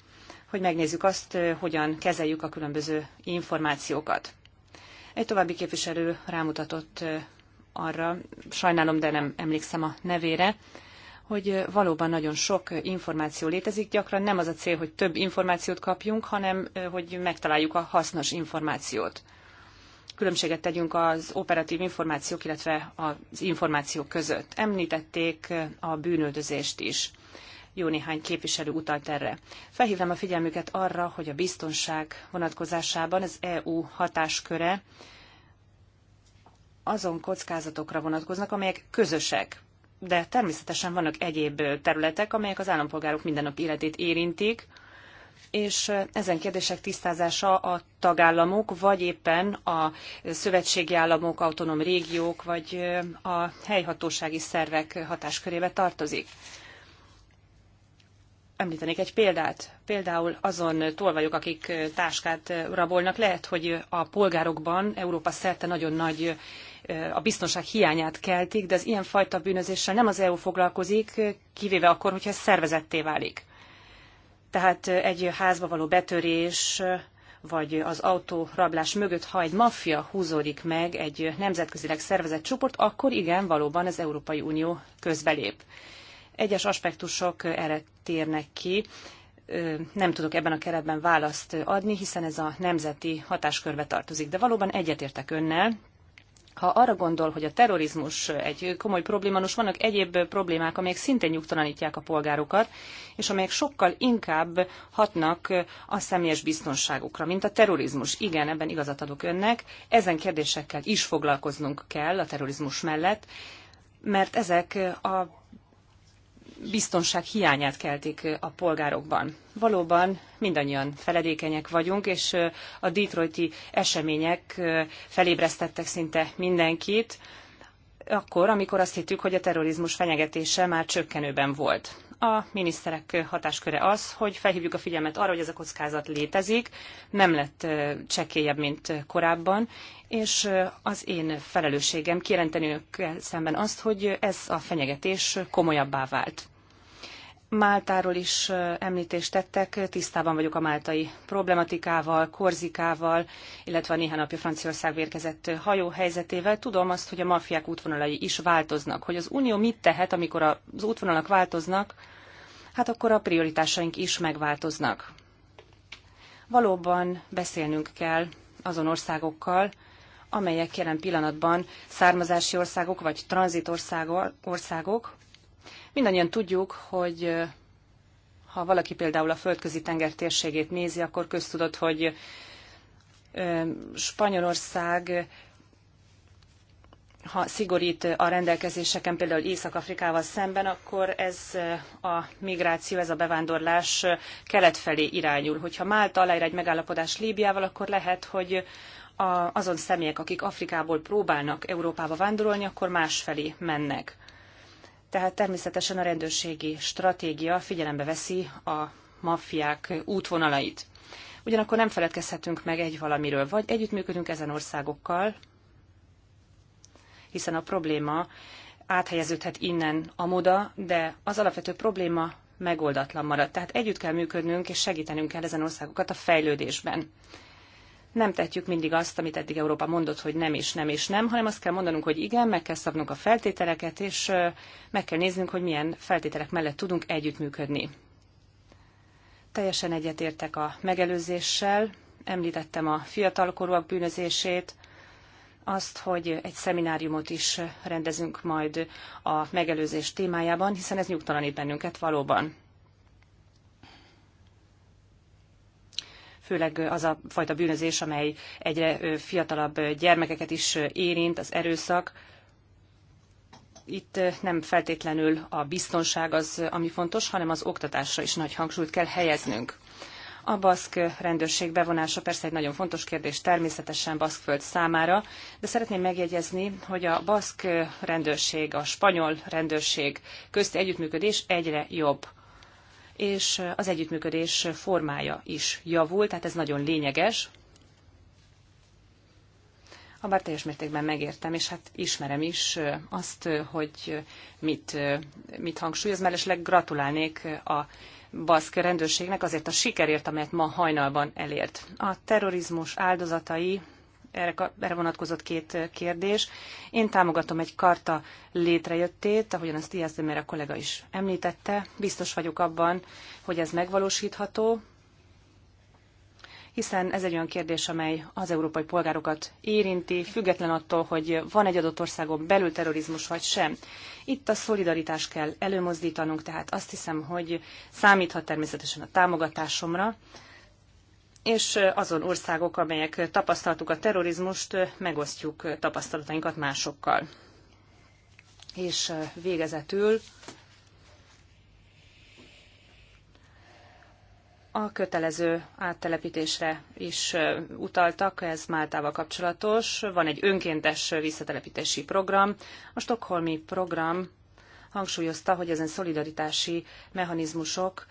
hogy megnézzük azt, hogyan kezeljük a különböző információkat. Egy további képviselő rámutatott arra, sajnálom, de nem emlékszem a nevére, hogy valóban nagyon sok információ létezik, gyakran nem az a cél, hogy több információt kapjunk, hanem hogy megtaláljuk a hasznos információt. Különbséget tegyünk az operatív információk, illetve az információk között. Említették a bűnöldözést is jó néhány képviselő utalt erre. Felhívnám a figyelmüket arra, hogy a biztonság vonatkozásában az EU hatásköre azon kockázatokra vonatkoznak, amelyek közösek. De természetesen vannak egyéb területek, amelyek az állampolgárok mindennapi életét érintik, és ezen kérdések tisztázása a tagállamok, vagy éppen a szövetségi államok, autonóm régiók, vagy a helyhatósági szervek hatáskörébe tartozik. Említenék egy példát. Például azon tolvajok, akik táskát rabolnak, lehet, hogy a polgárokban Európa szerte nagyon nagy eh, a biztonság hiányát keltik, de az ilyenfajta bűnözéssel nem az EU foglalkozik, kivéve akkor, hogyha ez szervezetté válik. Tehát eh, egy házba való betörés, eh, vagy az autórablás mögött, ha egy maffia húzódik meg egy nemzetközileg szervezett csoport, akkor igen, valóban az Európai Unió közbelép. Egyes aspektusok erre térnek ki. Nem tudok ebben a keretben választ adni, hiszen ez a nemzeti hatáskörbe tartozik. De valóban egyetértek önnel, ha arra gondol, hogy a terrorizmus egy komoly probléma, nos vannak egyéb problémák, amelyek szintén nyugtalanítják a polgárokat, és amelyek sokkal inkább hatnak a személyes biztonságukra, mint a terrorizmus. Igen, ebben igazat adok önnek. Ezen kérdésekkel is foglalkoznunk kell a terrorizmus mellett, mert ezek a biztonság hiányát keltik a polgárokban. Valóban mindannyian feledékenyek vagyunk, és a detroiti események felébresztettek szinte mindenkit, akkor, amikor azt hittük, hogy a terrorizmus fenyegetése már csökkenőben volt a miniszterek hatásköre az, hogy felhívjuk a figyelmet arra, hogy ez a kockázat létezik, nem lett csekélyebb, mint korábban, és az én felelősségem kijelenteni önökkel szemben azt, hogy ez a fenyegetés komolyabbá vált. Máltáról is említést tettek, tisztában vagyok a máltai problematikával, korzikával, illetve a néhány napja Franciaország vérkezett hajó helyzetével. Tudom azt, hogy a maffiák útvonalai is változnak. Hogy az Unió mit tehet, amikor az útvonalak változnak, hát akkor a prioritásaink is megváltoznak. Valóban beszélnünk kell azon országokkal, amelyek jelen pillanatban származási országok vagy tranzitországok, országok, Mindannyian tudjuk, hogy ha valaki például a földközi tenger térségét nézi, akkor köztudott, hogy Spanyolország ha szigorít a rendelkezéseken például Észak-Afrikával szemben, akkor ez a migráció, ez a bevándorlás kelet felé irányul. Hogyha Málta aláír egy megállapodás Líbiával, akkor lehet, hogy azon személyek, akik Afrikából próbálnak Európába vándorolni, akkor másfelé mennek. Tehát természetesen a rendőrségi stratégia figyelembe veszi a maffiák útvonalait. Ugyanakkor nem feledkezhetünk meg egy valamiről, vagy együttműködünk ezen országokkal, hiszen a probléma áthelyeződhet innen a moda, de az alapvető probléma megoldatlan maradt. Tehát együtt kell működnünk és segítenünk kell ezen országokat a fejlődésben nem tehetjük mindig azt, amit eddig Európa mondott, hogy nem és nem és nem, hanem azt kell mondanunk, hogy igen, meg kell szabnunk a feltételeket, és meg kell néznünk, hogy milyen feltételek mellett tudunk együttműködni. Teljesen egyetértek a megelőzéssel, említettem a fiatalkorúak bűnözését, azt, hogy egy szemináriumot is rendezünk majd a megelőzés témájában, hiszen ez nyugtalanít bennünket valóban. főleg az a fajta bűnözés, amely egyre fiatalabb gyermekeket is érint, az erőszak. Itt nem feltétlenül a biztonság az, ami fontos, hanem az oktatásra is nagy hangsúlyt kell helyeznünk. A baszk rendőrség bevonása persze egy nagyon fontos kérdés természetesen Baszkföld számára, de szeretném megjegyezni, hogy a baszk rendőrség, a spanyol rendőrség közti együttműködés egyre jobb és az együttműködés formája is javult, tehát ez nagyon lényeges. Habár teljes mértékben megértem, és hát ismerem is azt, hogy mit, mit hangsúlyoz, mellesleg gratulálnék a baszk rendőrségnek azért a sikerért, amelyet ma hajnalban elért. A terrorizmus áldozatai erre, erre vonatkozott két kérdés. Én támogatom egy karta létrejöttét, ahogyan ezt Diaz de a kollega is említette. Biztos vagyok abban, hogy ez megvalósítható, hiszen ez egy olyan kérdés, amely az európai polgárokat érinti, független attól, hogy van egy adott országon belül terrorizmus vagy sem. Itt a szolidaritást kell előmozdítanunk, tehát azt hiszem, hogy számíthat természetesen a támogatásomra, és azon országok, amelyek tapasztaltuk a terrorizmust, megosztjuk tapasztalatainkat másokkal. És végezetül a kötelező áttelepítésre is utaltak, ez Máltával kapcsolatos. Van egy önkéntes visszatelepítési program. A Stockholmi program hangsúlyozta, hogy ezen szolidaritási mechanizmusok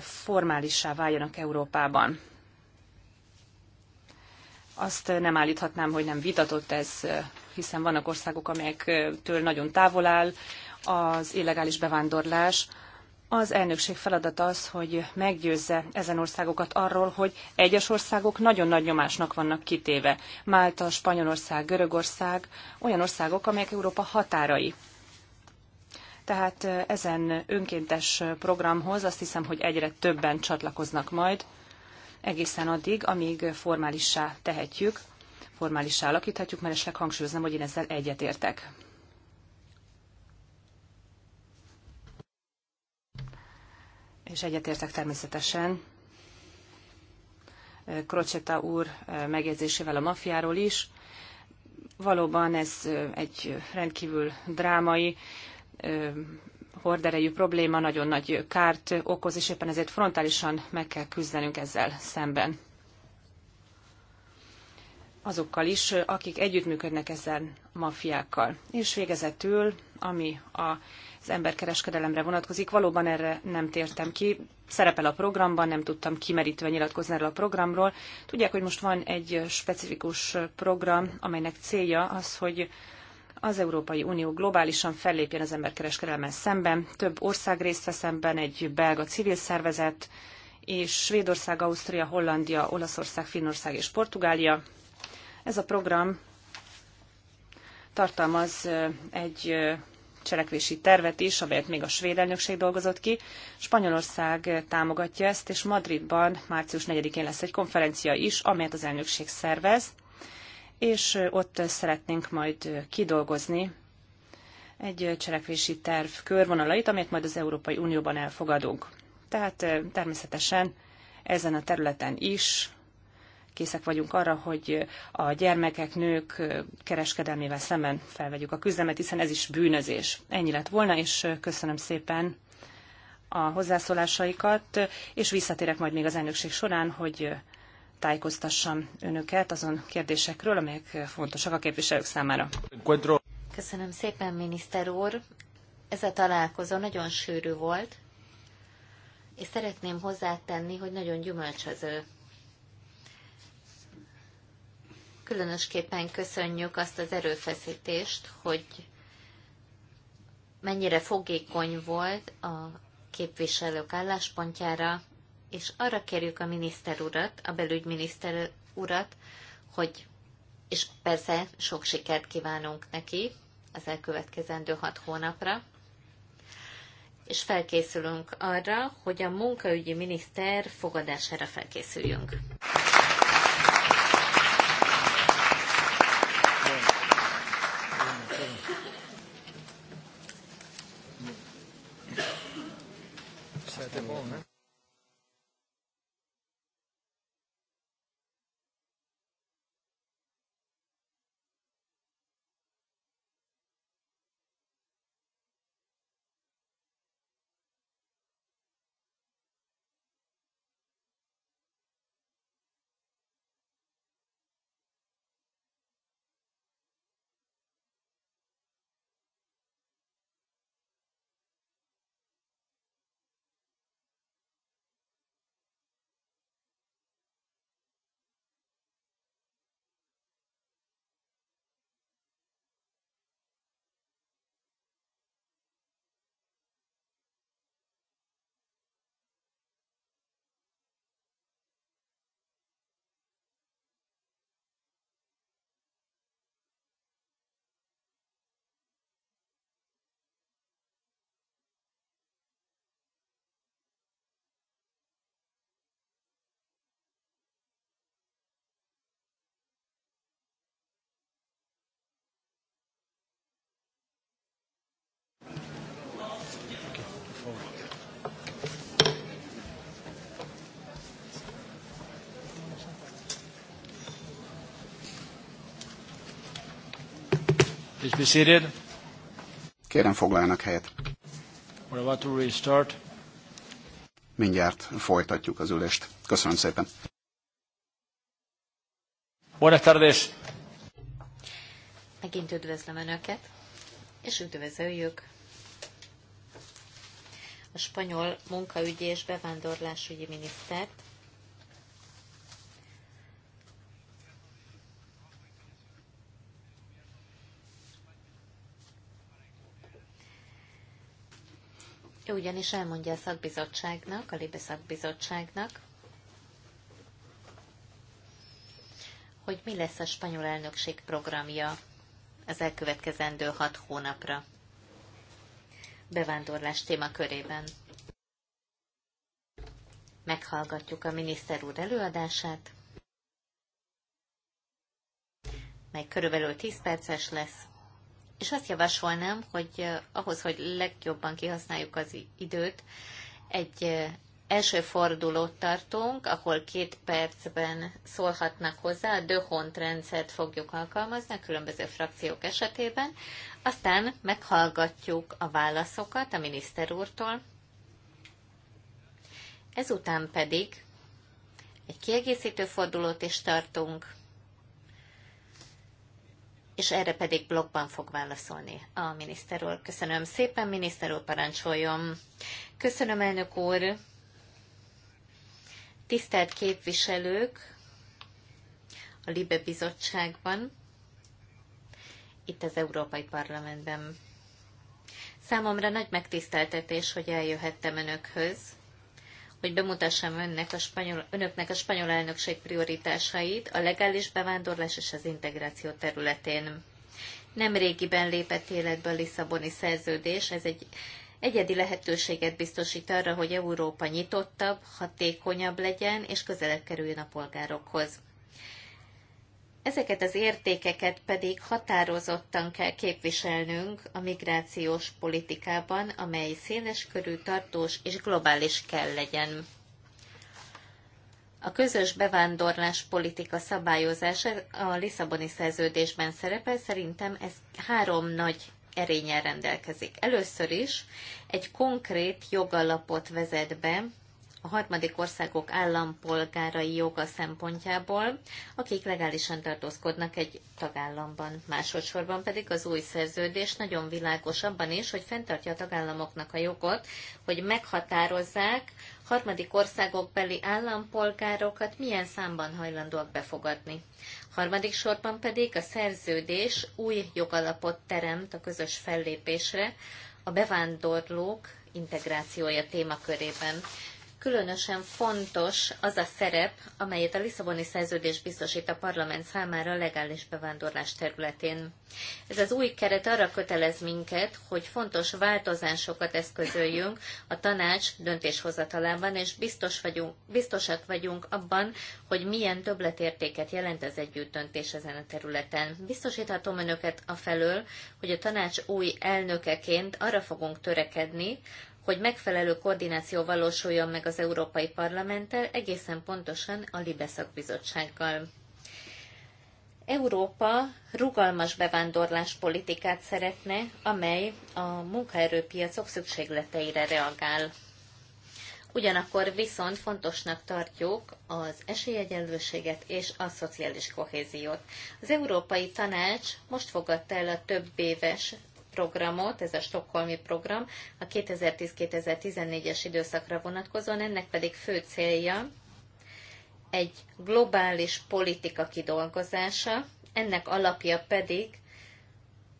formálissá váljanak Európában azt eh, nem állíthatnám, hogy nem vitatott ez, eh, hiszen vannak országok, amelyektől nagyon távol áll az illegális bevándorlás. Az elnökség feladata az, hogy meggyőzze ezen országokat arról, hogy egyes országok nagyon nagy nyomásnak vannak kitéve. Málta, Spanyolország, Görögország, olyan országok, amelyek Európa határai. Tehát eh, ezen önkéntes programhoz azt hiszem, hogy egyre többen csatlakoznak majd egészen addig, amíg formálissá tehetjük, formálissá alakíthatjuk, mert esetleg hangsúlyoznám, hogy én ezzel egyetértek. És egyetértek természetesen Krocseta eh, úr eh, megjegyzésével a mafiáról is. Valóban ez eh, egy rendkívül drámai horderejű probléma nagyon nagy kárt okoz, és éppen ezért frontálisan meg kell küzdenünk ezzel szemben. Azokkal is, akik együttműködnek ezzel mafiákkal. És végezetül, ami az emberkereskedelemre vonatkozik. Valóban erre nem tértem ki. Szerepel a programban, nem tudtam kimerítve nyilatkozni erről a programról. Tudják, hogy most van egy specifikus program, amelynek célja az, hogy az Európai Unió globálisan fellépjen az emberkereskedelmen szemben. Több ország részt vesz ebben, egy belga civil szervezet, és Svédország, Ausztria, Hollandia, Olaszország, Finnország és Portugália. Ez a program tartalmaz egy cselekvési tervet is, amelyet még a svéd elnökség dolgozott ki. Spanyolország támogatja ezt, és Madridban március 4-én lesz egy konferencia is, amelyet az elnökség szervez és ott szeretnénk majd kidolgozni egy cselekvési terv körvonalait, amelyet majd az Európai Unióban elfogadunk. Tehát természetesen ezen a területen is készek vagyunk arra, hogy a gyermekek, nők kereskedelmével szemben felvegyük a küzdelmet, hiszen ez is bűnözés. Ennyi lett volna, és köszönöm szépen a hozzászólásaikat, és visszatérek majd még az elnökség során, hogy tájékoztassam önöket azon kérdésekről, amelyek fontosak a képviselők számára.
Köszönöm szépen, miniszter úr. Ez a találkozó nagyon sűrű volt, és szeretném hozzátenni, hogy nagyon gyümölcsöző. Különösképpen köszönjük azt az erőfeszítést, hogy mennyire fogékony volt a képviselők álláspontjára, és arra kérjük a miniszter urat, a belügyminiszter urat, hogy, és persze sok sikert kívánunk neki az elkövetkezendő hat hónapra, és felkészülünk arra, hogy a munkaügyi miniszter fogadására felkészüljünk.
Please be seated. Kérem foglaljanak helyet.
We're about to restart.
Mindjárt folytatjuk az ülést. Köszönöm szépen.
Buenas tardes.
Megint üdvözlöm Önöket, és üdvözöljük a spanyol munkaügyi és bevándorlásügyi minisztert, Ő ugyanis elmondja a szakbizottságnak, a Libe szakbizottságnak, hogy mi lesz a spanyol elnökség programja az elkövetkezendő hat hónapra bevándorlás témakörében. Meghallgatjuk a miniszter úr előadását, mely körülbelül 10 perces lesz, és azt javasolnám, hogy ahhoz, hogy legjobban kihasználjuk az időt, egy első fordulót tartunk, ahol két percben szólhatnak hozzá, a Döhont rendszert fogjuk alkalmazni a különböző frakciók esetében, aztán meghallgatjuk a válaszokat a miniszter úrtól, ezután pedig egy kiegészítő fordulót is tartunk, és erre pedig blogban fog válaszolni a miniszter úr. Köszönöm szépen, miniszter úr, parancsoljon. Köszönöm, elnök úr. Tisztelt képviselők a Libe Bizottságban, itt az Európai Parlamentben. Számomra nagy megtiszteltetés, hogy eljöhettem önökhöz, hogy bemutassam önnek a spanyol, önöknek a spanyol elnökség prioritásait a legális bevándorlás és az integráció területén. Nemrégiben lépett életbe a Lisszaboni szerződés, ez egy egyedi lehetőséget biztosít arra, hogy Európa nyitottabb, hatékonyabb legyen és közelebb kerüljön a polgárokhoz. Ezeket az értékeket pedig határozottan kell képviselnünk a migrációs politikában, amely széleskörű, tartós és globális kell legyen. A közös bevándorlás politika szabályozása a Lisszaboni szerződésben szerepel, szerintem ez három nagy erényel rendelkezik. Először is egy konkrét jogalapot vezet be a harmadik országok állampolgárai joga szempontjából, akik legálisan tartózkodnak egy tagállamban. Másodszorban pedig az új szerződés nagyon világos abban is, hogy fenntartja a tagállamoknak a jogot, hogy meghatározzák harmadik országok beli állampolgárokat milyen számban hajlandóak befogadni. Harmadik sorban pedig a szerződés új jogalapot teremt a közös fellépésre a bevándorlók integrációja témakörében különösen fontos az a szerep, amelyet a Lisszaboni szerződés biztosít a parlament számára a legális bevándorlás területén. Ez az új keret arra kötelez minket, hogy fontos változásokat eszközöljünk a tanács döntéshozatalában, és biztos vagyunk, biztosak vagyunk abban, hogy milyen többletértéket jelent az együttdöntés ezen a területen. Biztosíthatom önöket afelől, hogy a tanács új elnökeként arra fogunk törekedni, hogy megfelelő koordináció valósuljon meg az Európai Parlamenttel, egészen pontosan a Libeszak Bizottsággal. Európa rugalmas bevándorlás politikát szeretne, amely a munkaerőpiacok szükségleteire reagál. Ugyanakkor viszont fontosnak tartjuk az esélyegyenlőséget és a szociális kohéziót. Az Európai Tanács most fogadta el a több éves programot, ez a Stockholmi program, a 2010-2014-es időszakra vonatkozóan, ennek pedig fő célja egy globális politika kidolgozása, ennek alapja pedig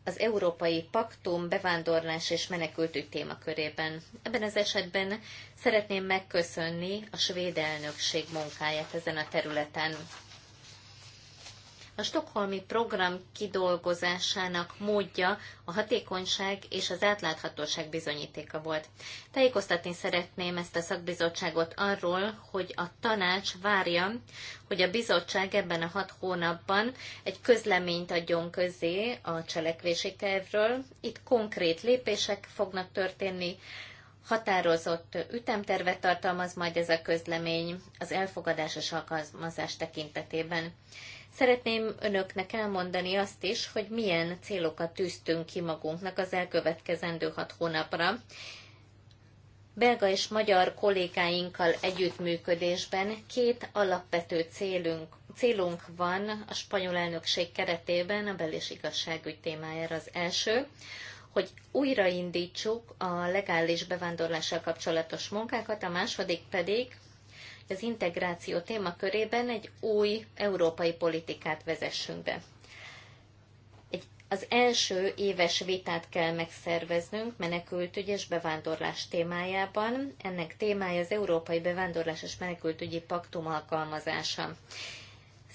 az Európai Paktum bevándorlás és menekültügy témakörében. Ebben az esetben szeretném megköszönni a svéd elnökség munkáját ezen a területen. A stokholmi program kidolgozásának módja a hatékonyság és az átláthatóság bizonyítéka volt. Tájékoztatni szeretném ezt a szakbizottságot arról, hogy a tanács várja, hogy a bizottság ebben a hat hónapban egy közleményt adjon közé a cselekvési tervről. Itt konkrét lépések fognak történni, határozott ütemtervet tartalmaz majd ez a közlemény az elfogadás és alkalmazás tekintetében. Szeretném önöknek elmondani azt is, hogy milyen célokat tűztünk ki magunknak az elkövetkezendő hat hónapra. Belga és magyar kollégáinkkal együttműködésben két alapvető célunk, célunk van a spanyol elnökség keretében a bel- és igazságügy témájára az első, hogy újraindítsuk a legális bevándorlással kapcsolatos munkákat, a második pedig, az integráció témakörében egy új európai politikát vezessünk be. Egy, az első éves vitát kell megszerveznünk menekültügy és bevándorlás témájában. Ennek témája az Európai Bevándorlás és Menekültügyi Paktum alkalmazása.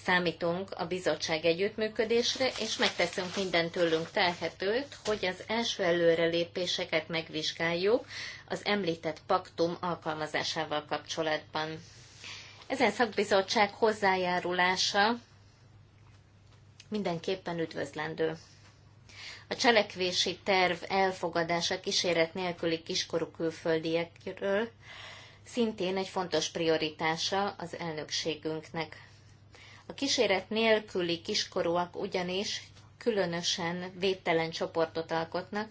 Számítunk a bizottság együttműködésre, és megteszünk minden tőlünk telhetőt, hogy az első előrelépéseket megvizsgáljuk az említett paktum alkalmazásával kapcsolatban. Ezen szakbizottság hozzájárulása mindenképpen üdvözlendő. A cselekvési terv elfogadása kíséret nélküli kiskorú külföldiekről szintén egy fontos prioritása az elnökségünknek. A kíséret nélküli kiskorúak ugyanis különösen védtelen csoportot alkotnak,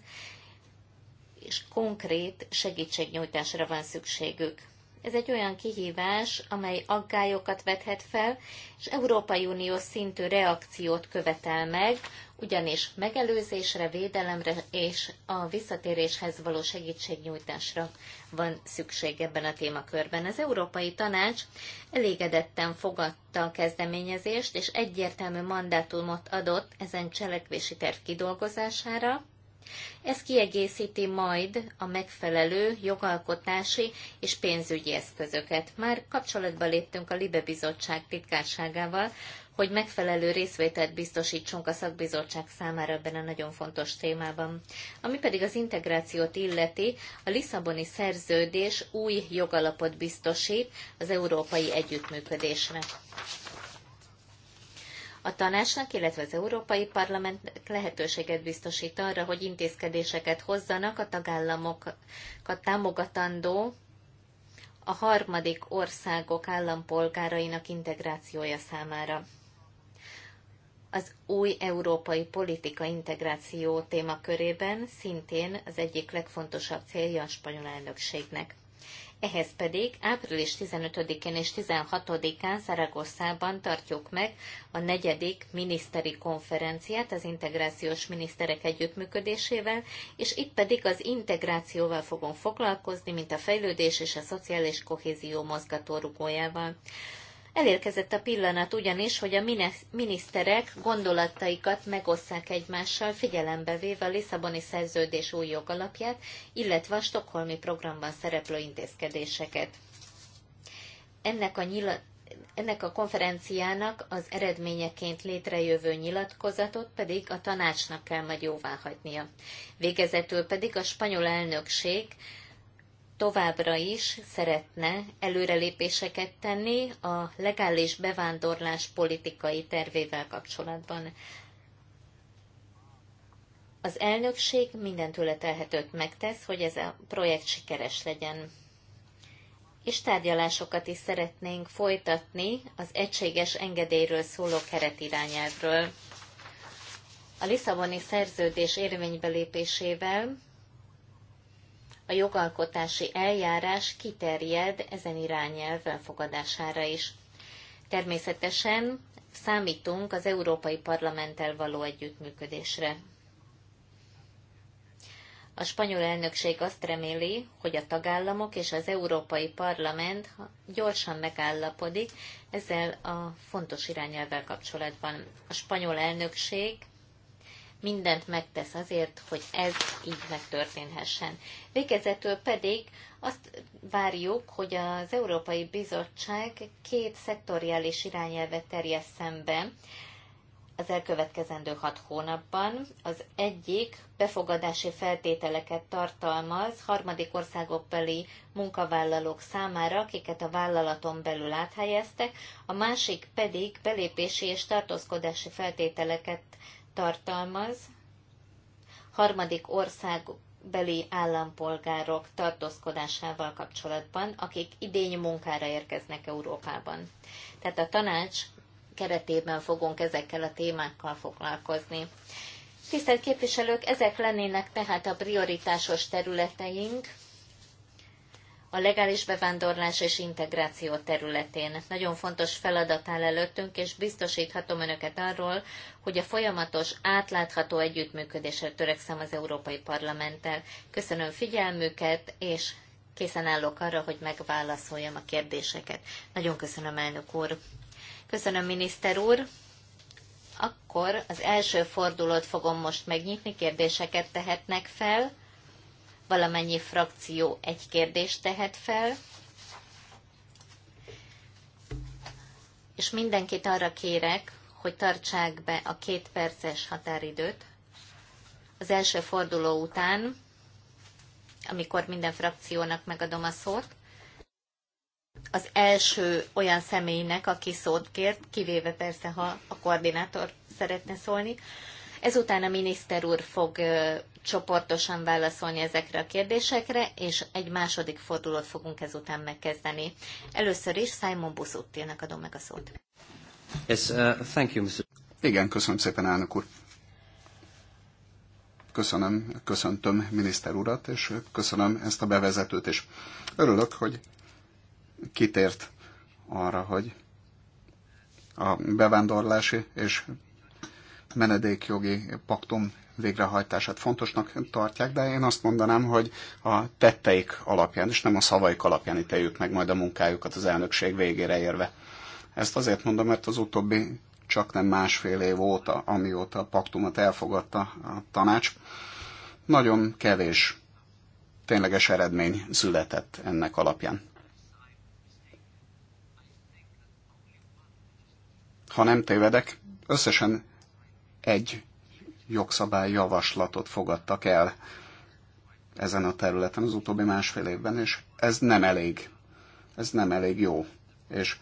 és konkrét segítségnyújtásra van szükségük. Ez egy olyan kihívás, amely aggályokat vethet fel, és Európai Unió szintű reakciót követel meg, ugyanis megelőzésre, védelemre és a visszatéréshez való segítségnyújtásra van szükség ebben a témakörben. Az Európai Tanács elégedetten fogadta a kezdeményezést, és egyértelmű mandátumot adott ezen cselekvési terv kidolgozására, ez kiegészíti majd a megfelelő jogalkotási és pénzügyi eszközöket. Már kapcsolatba léptünk a Libe Bizottság titkárságával, hogy megfelelő részvételt biztosítsunk a szakbizottság számára ebben a nagyon fontos témában. Ami pedig az integrációt illeti, a Lisszaboni szerződés új jogalapot biztosít az európai együttműködésnek a tanácsnak, illetve az Európai Parlamentnek lehetőséget biztosít arra, hogy intézkedéseket hozzanak a tagállamokat támogatandó a harmadik országok állampolgárainak integrációja számára. Az új európai politika integráció témakörében szintén az egyik legfontosabb célja a spanyol elnökségnek. Ehhez pedig április 15-én és 16-án Szaragosszában tartjuk meg a negyedik miniszteri konferenciát az integrációs miniszterek együttműködésével, és itt pedig az integrációval fogunk foglalkozni, mint a fejlődés és a szociális kohézió mozgatórugójával. Elérkezett a pillanat ugyanis, hogy a miniszterek gondolataikat megosszák egymással, figyelembe véve a Lisszaboni szerződés új jogalapját, illetve a Stockholmi programban szereplő intézkedéseket. Ennek a, nyila- ennek a konferenciának az eredményeként létrejövő nyilatkozatot pedig a tanácsnak kell majd jóváhagynia. Végezetül pedig a spanyol elnökség továbbra is szeretne előrelépéseket tenni a legális bevándorlás politikai tervével kapcsolatban. Az elnökség minden tőle telhetőt megtesz, hogy ez a projekt sikeres legyen. És tárgyalásokat is szeretnénk folytatni az egységes engedélyről szóló keretirányelvről. A Lisszaboni szerződés érvénybelépésével a jogalkotási eljárás kiterjed ezen irányelv elfogadására is. Természetesen számítunk az Európai Parlamenttel való együttműködésre. A spanyol elnökség azt reméli, hogy a tagállamok és az Európai Parlament gyorsan megállapodik ezzel a fontos irányelvvel kapcsolatban. A spanyol elnökség mindent megtesz azért, hogy ez így megtörténhessen. Végezetül pedig azt várjuk, hogy az Európai Bizottság két szektoriális irányelvet terjesszen be az elkövetkezendő hat hónapban. Az egyik befogadási feltételeket tartalmaz harmadik országokbeli munkavállalók számára, akiket a vállalaton belül áthelyeztek, a másik pedig belépési és tartózkodási feltételeket tartalmaz, harmadik országbeli állampolgárok tartózkodásával kapcsolatban, akik idény munkára érkeznek Európában. Tehát a tanács keretében fogunk ezekkel a témákkal foglalkozni. Tisztelt képviselők, ezek lennének tehát a prioritásos területeink, a legális bevándorlás és integráció területén. Nagyon fontos feladat áll előttünk, és biztosíthatom önöket arról, hogy a folyamatos, átlátható együttműködésre törekszem az Európai Parlamenttel. Köszönöm figyelmüket, és készen állok arra, hogy megválaszoljam a kérdéseket. Nagyon köszönöm, elnök úr. Köszönöm, miniszter úr. Akkor az első fordulót fogom most megnyitni, kérdéseket tehetnek fel valamennyi frakció egy kérdést tehet fel, és mindenkit arra kérek, hogy tartsák be a két perces határidőt. Az első forduló után, amikor minden frakciónak megadom a szót, az első olyan személynek, aki szót kért, kivéve persze, ha a koordinátor szeretne szólni, Ezután a miniszter úr fog csoportosan válaszolni ezekre a kérdésekre, és egy második fordulót fogunk ezután megkezdeni. Először is Simon Buszuttilnak adom meg a szót.
Yes, uh, thank you, Mr. Igen, köszönöm szépen, elnök úr. Köszönöm, köszöntöm miniszter urat, és köszönöm ezt a bevezetőt is. Örülök, hogy kitért arra, hogy a bevándorlási és menedékjogi paktum végrehajtását fontosnak tartják, de én azt mondanám, hogy a tetteik alapján, és nem a szavaik alapján ítéljük meg majd a munkájukat az elnökség végére érve. Ezt azért mondom, mert az utóbbi csak nem másfél év óta, amióta a paktumot elfogadta a tanács, nagyon kevés tényleges eredmény született ennek alapján. Ha nem tévedek, összesen egy jogszabályjavaslatot fogadtak el ezen a területen az utóbbi másfél évben, és ez nem elég. Ez nem elég jó. És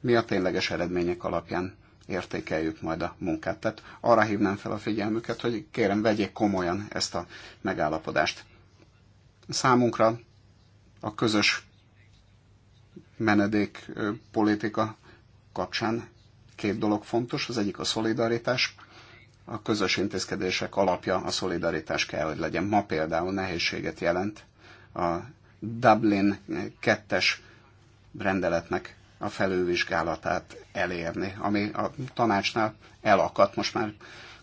mi a tényleges eredmények alapján értékeljük majd a munkát. Tehát arra hívnám fel a figyelmüket, hogy kérem, vegyék komolyan ezt a megállapodást. Számunkra a közös menedékpolitika kapcsán két dolog fontos, az egyik a szolidaritás, a közös intézkedések alapja a szolidaritás kell, hogy legyen. Ma például nehézséget jelent a Dublin 2-es rendeletnek a felővizsgálatát elérni, ami a tanácsnál elakadt most már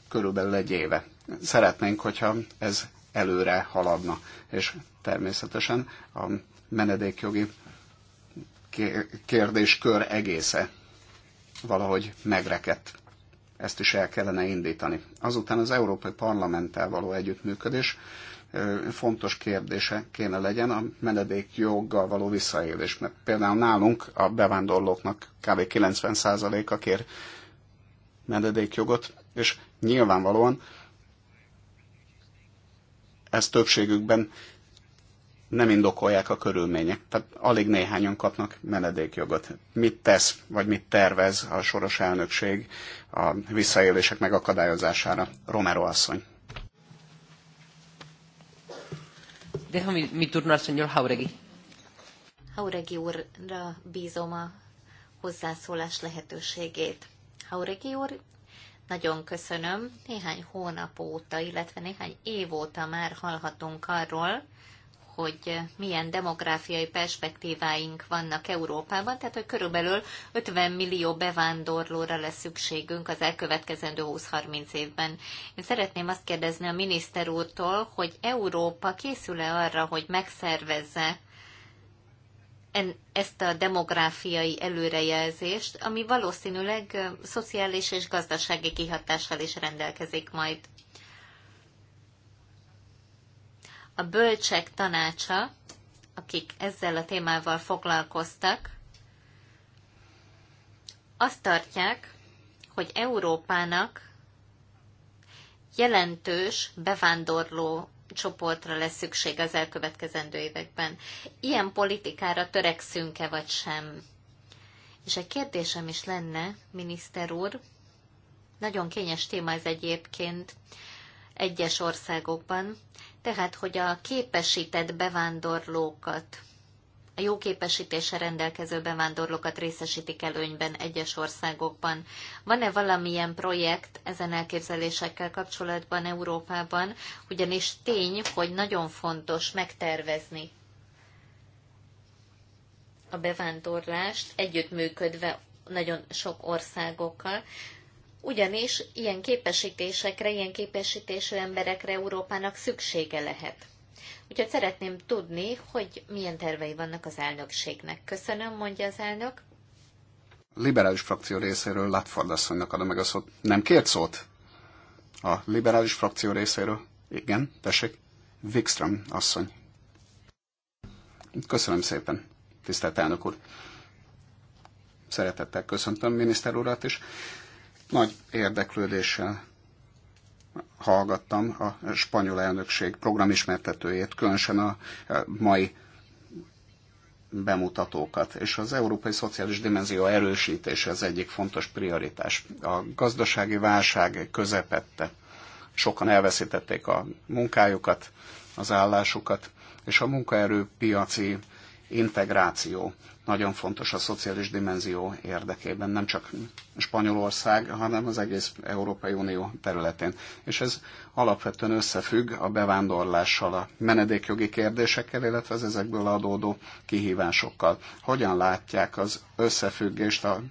körülbelül egy éve. Szeretnénk, hogyha ez előre haladna, és természetesen a menedékjogi kérdéskör egésze valahogy megrekedt. Ezt is el kellene indítani. Azután az Európai Parlamenttel való együttműködés fontos kérdése kéne legyen a menedék joggal való visszaélés. Mert például nálunk a bevándorlóknak kb. 90%-a kér menedékjogot, és nyilvánvalóan ez többségükben nem indokolják a körülmények. Tehát alig néhányan kapnak menedékjogot. Mit tesz, vagy mit tervez a soros elnökség a visszaélések megakadályozására? Romero asszony. Dejo mi, mi turno al señor Jauregui.
úrra bízom a hozzászólás lehetőségét. Hauregi úr, nagyon köszönöm. Néhány hónap óta, illetve néhány év óta már hallhatunk arról, hogy milyen demográfiai perspektíváink vannak Európában, tehát hogy körülbelül 50 millió bevándorlóra lesz szükségünk az elkövetkezendő 20-30 évben. Én szeretném azt kérdezni a miniszter úrtól, hogy Európa készül-e arra, hogy megszervezze ezt a demográfiai előrejelzést, ami valószínűleg szociális és gazdasági kihatással is rendelkezik majd. a bölcsek tanácsa, akik ezzel a témával foglalkoztak, azt tartják, hogy Európának jelentős bevándorló csoportra lesz szükség az elkövetkezendő években. Ilyen politikára törekszünk-e vagy sem? És egy kérdésem is lenne, miniszter úr, nagyon kényes téma ez egyébként egyes országokban. Tehát, hogy a képesített bevándorlókat, a jó képesítése rendelkező bevándorlókat részesítik előnyben egyes országokban. Van-e valamilyen projekt ezen elképzelésekkel kapcsolatban Európában, ugyanis tény, hogy nagyon fontos megtervezni a bevándorlást, együttműködve nagyon sok országokkal, ugyanis ilyen képesítésekre, ilyen képesítésű emberekre Európának szüksége lehet. Úgyhogy szeretném tudni, hogy milyen tervei vannak az elnökségnek. Köszönöm, mondja az elnök.
Liberális frakció részéről Látford asszonynak adom meg a szót. Nem két szót? A liberális frakció részéről? Igen, tessék. Wikström asszony. Köszönöm szépen, tisztelt elnök úr. Szeretettel köszöntöm miniszter urat, is. Nagy érdeklődéssel hallgattam a spanyol elnökség programismertetőjét, különösen a e, mai bemutatókat, és az európai szociális dimenzió erősítése az egyik fontos prioritás. A gazdasági válság közepette sokan elveszítették a munkájukat, az állásukat, és a munkaerőpiaci integráció nagyon fontos a szociális dimenzió érdekében, nem csak Spanyolország, hanem az egész Európai Unió területén. És ez alapvetően összefügg a bevándorlással, a menedékjogi kérdésekkel, illetve az ezekből adódó kihívásokkal. Hogyan látják az összefüggést a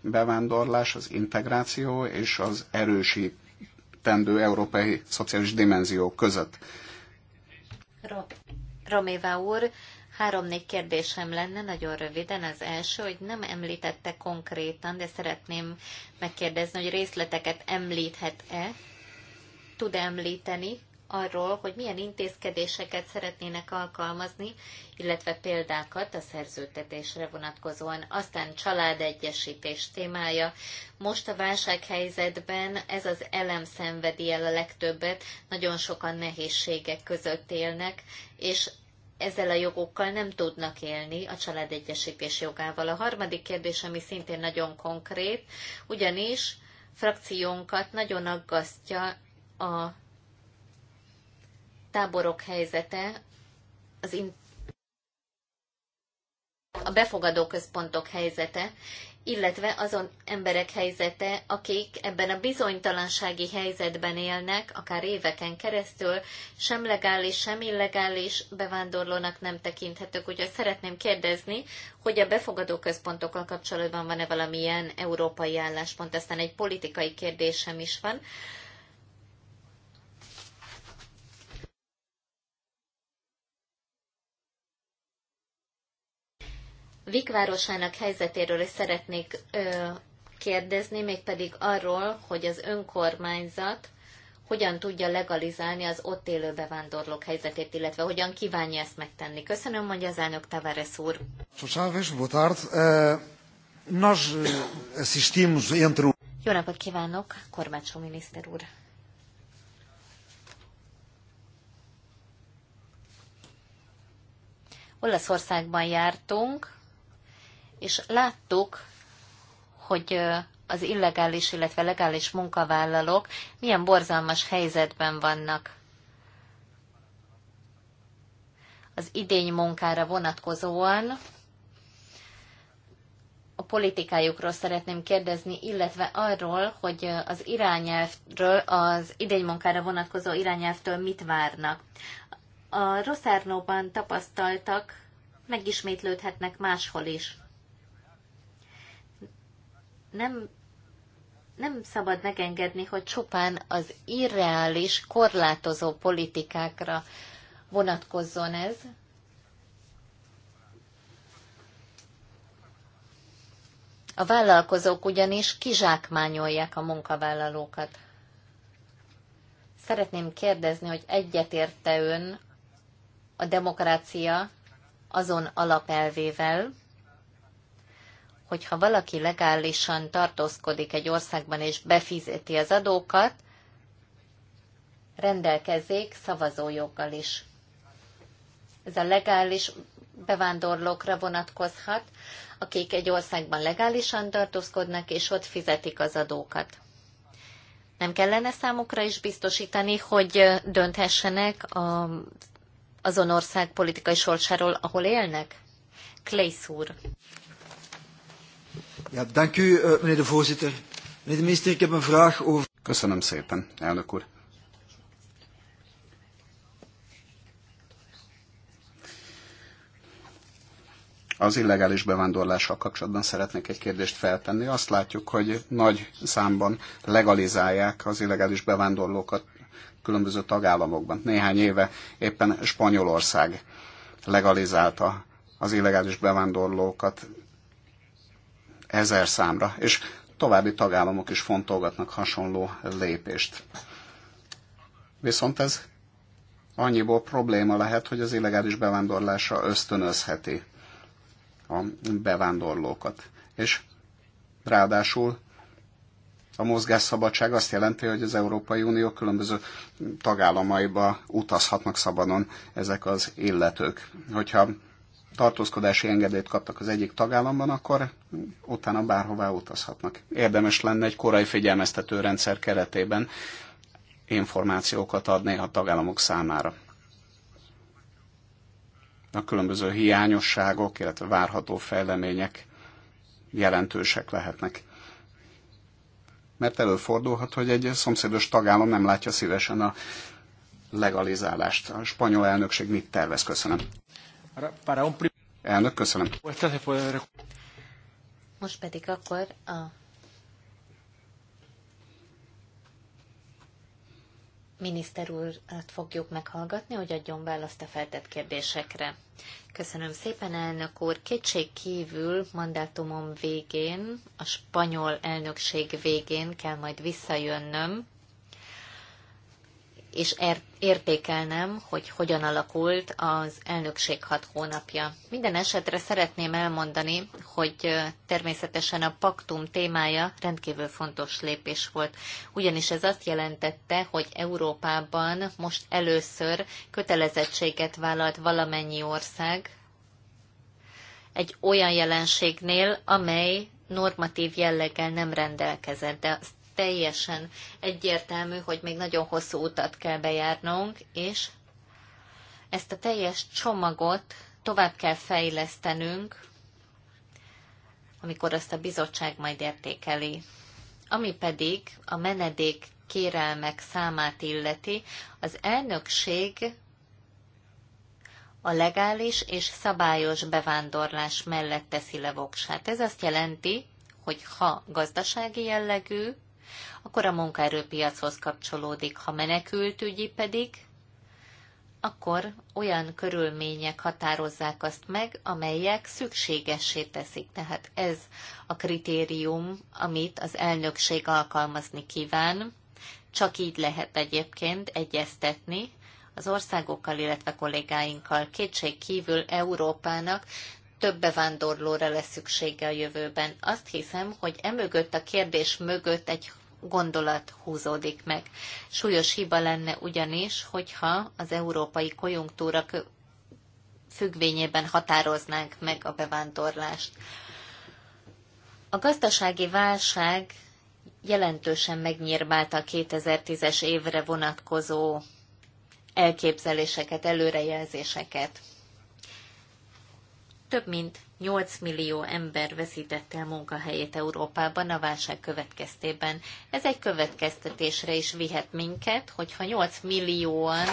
bevándorlás, az integráció és az erősítendő európai szociális dimenzió között?
Rob, Roméva úr, Három-négy kérdésem lenne, nagyon röviden. Az első, hogy nem említette konkrétan, de szeretném megkérdezni, hogy részleteket említhet-e, tud említeni arról, hogy milyen intézkedéseket szeretnének alkalmazni, illetve példákat a szerződtetésre vonatkozóan. Aztán családegyesítés témája. Most a válsághelyzetben ez az elem szenvedi el a legtöbbet, nagyon sokan nehézségek között élnek, és ezzel a jogokkal nem tudnak élni a családegyesítés jogával. A harmadik kérdés, ami szintén nagyon konkrét, ugyanis frakciónkat nagyon aggasztja a táborok helyzete, az in- a befogadó központok helyzete, illetve azon emberek helyzete, akik ebben a bizonytalansági helyzetben élnek, akár éveken keresztül, sem legális, sem illegális bevándorlónak nem tekinthetők. Úgyhogy szeretném kérdezni, hogy a befogadó központokkal kapcsolatban van-e valamilyen európai álláspont, aztán egy politikai kérdésem is van Vikvárosának helyzetéről is szeretnék ö, kérdezni, mégpedig arról, hogy az önkormányzat hogyan tudja legalizálni az ott élő bevándorlók helyzetét, illetve hogyan kívánja ezt megtenni. Köszönöm, mondja az elnök Tavares úr.
E, e,
Jó napot kívánok, Kormácsó miniszter úr. Olaszországban jártunk, és láttuk, hogy az illegális, illetve legális munkavállalók milyen borzalmas helyzetben vannak. Az idény munkára vonatkozóan a politikájukról szeretném kérdezni, illetve arról, hogy az irányelvről, az munkára vonatkozó irányelvtől mit várnak. A Rosszárnóban tapasztaltak megismétlődhetnek máshol is nem, nem szabad megengedni, hogy csupán az irreális, korlátozó politikákra vonatkozzon ez, A vállalkozók ugyanis kizsákmányolják a munkavállalókat. Szeretném kérdezni, hogy egyetérte ön a demokrácia azon alapelvével, hogyha valaki legálisan tartózkodik egy országban és befizeti az adókat, rendelkezik szavazójoggal is. Ez a legális bevándorlókra vonatkozhat, akik egy országban legálisan tartózkodnak, és ott fizetik az adókat. Nem kellene számukra is biztosítani, hogy dönthessenek a, azon ország politikai sorsáról, ahol élnek? Clay úr.
Ja, dank u, eh, meneer de voorzitter. Meneer de minister, ik heb een vraag over... Köszönöm szépen, elnök úr. az illegális bevándorlással kapcsolatban szeretnék egy kérdést feltenni. Azt látjuk, hogy nagy számban legalizálják az illegális bevándorlókat különböző tagállamokban. Néhány éve éppen Spanyolország legalizálta az illegális bevándorlókat ezer számra, és további tagállamok is fontolgatnak hasonló lépést. Viszont ez annyiból probléma lehet, hogy az illegális bevándorlásra ösztönözheti a bevándorlókat. És ráadásul a mozgásszabadság azt jelenti, hogy az Európai Unió különböző tagállamaiba utazhatnak szabadon ezek az illetők. Hogyha tartózkodási engedélyt kaptak az egyik tagállamban, akkor utána bárhová utazhatnak. Érdemes lenne egy korai figyelmeztető rendszer keretében információkat adni a tagállamok számára. A különböző hiányosságok, illetve várható fejlemények jelentősek lehetnek. Mert előfordulhat, hogy egy szomszédos tagállam nem látja szívesen a legalizálást. A spanyol elnökség mit tervez? Köszönöm. Elnök, köszönöm.
Most pedig akkor a miniszter úrat fogjuk meghallgatni, hogy adjon választ a feltett kérdésekre. Köszönöm szépen, elnök úr. Kétség kívül mandátumom végén, a spanyol elnökség végén kell majd visszajönnöm és értékelnem, hogy hogyan alakult az elnökség hat hónapja. Minden esetre szeretném elmondani, hogy természetesen a paktum témája rendkívül fontos lépés volt, ugyanis ez azt jelentette, hogy Európában most először kötelezettséget vállalt valamennyi ország egy olyan jelenségnél, amely normatív jelleggel nem rendelkezett, de azt teljesen egyértelmű, hogy még nagyon hosszú utat kell bejárnunk, és ezt a teljes csomagot tovább kell fejlesztenünk, amikor azt a bizottság majd értékeli. Ami pedig a menedék kérelmek számát illeti, az elnökség a legális és szabályos bevándorlás mellett teszi le voksát. Ez azt jelenti, hogy ha gazdasági jellegű akkor a munkaerőpiachoz kapcsolódik, ha menekültügyi pedig, akkor olyan körülmények határozzák azt meg, amelyek szükségessé teszik. Tehát ez a kritérium, amit az elnökség alkalmazni kíván. Csak így lehet egyébként egyeztetni az országokkal, illetve kollégáinkkal. Kétség kívül Európának több bevándorlóra lesz szüksége a jövőben. Azt hiszem, hogy emögött a kérdés mögött egy gondolat húzódik meg. Súlyos hiba lenne ugyanis, hogyha az európai konjunktúra függvényében határoznánk meg a bevándorlást. A gazdasági válság jelentősen megnyírbálta a 2010-es évre vonatkozó elképzeléseket, előrejelzéseket több mint 8 millió ember veszítette el munkahelyét Európában a válság következtében. Ez egy következtetésre is vihet minket, hogyha 8 millióan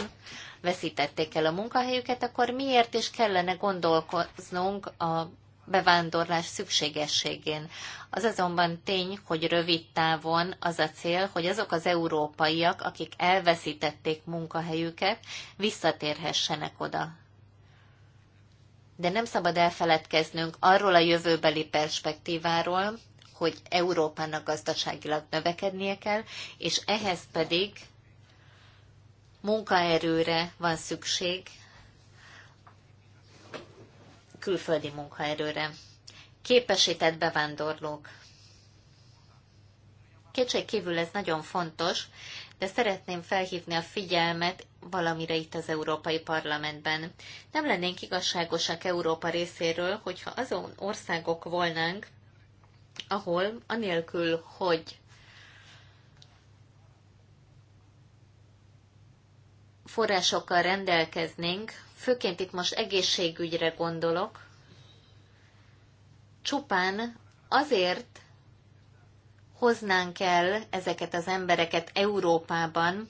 veszítették el a munkahelyüket, akkor miért is kellene gondolkoznunk a bevándorlás szükségességén. Az azonban tény, hogy rövid távon az a cél, hogy azok az európaiak, akik elveszítették munkahelyüket, visszatérhessenek oda de nem szabad elfeledkeznünk arról a jövőbeli perspektíváról, hogy Európának gazdaságilag növekednie kell, és ehhez pedig munkaerőre van szükség, külföldi munkaerőre. Képesített bevándorlók. Kétség kívül ez nagyon fontos, de szeretném felhívni a figyelmet valamire itt az Európai Parlamentben. Nem lennénk igazságosak Európa részéről, hogyha azon országok volnánk, ahol anélkül, hogy forrásokkal rendelkeznénk, főként itt most egészségügyre gondolok, csupán azért, hoznánk el ezeket az embereket Európában,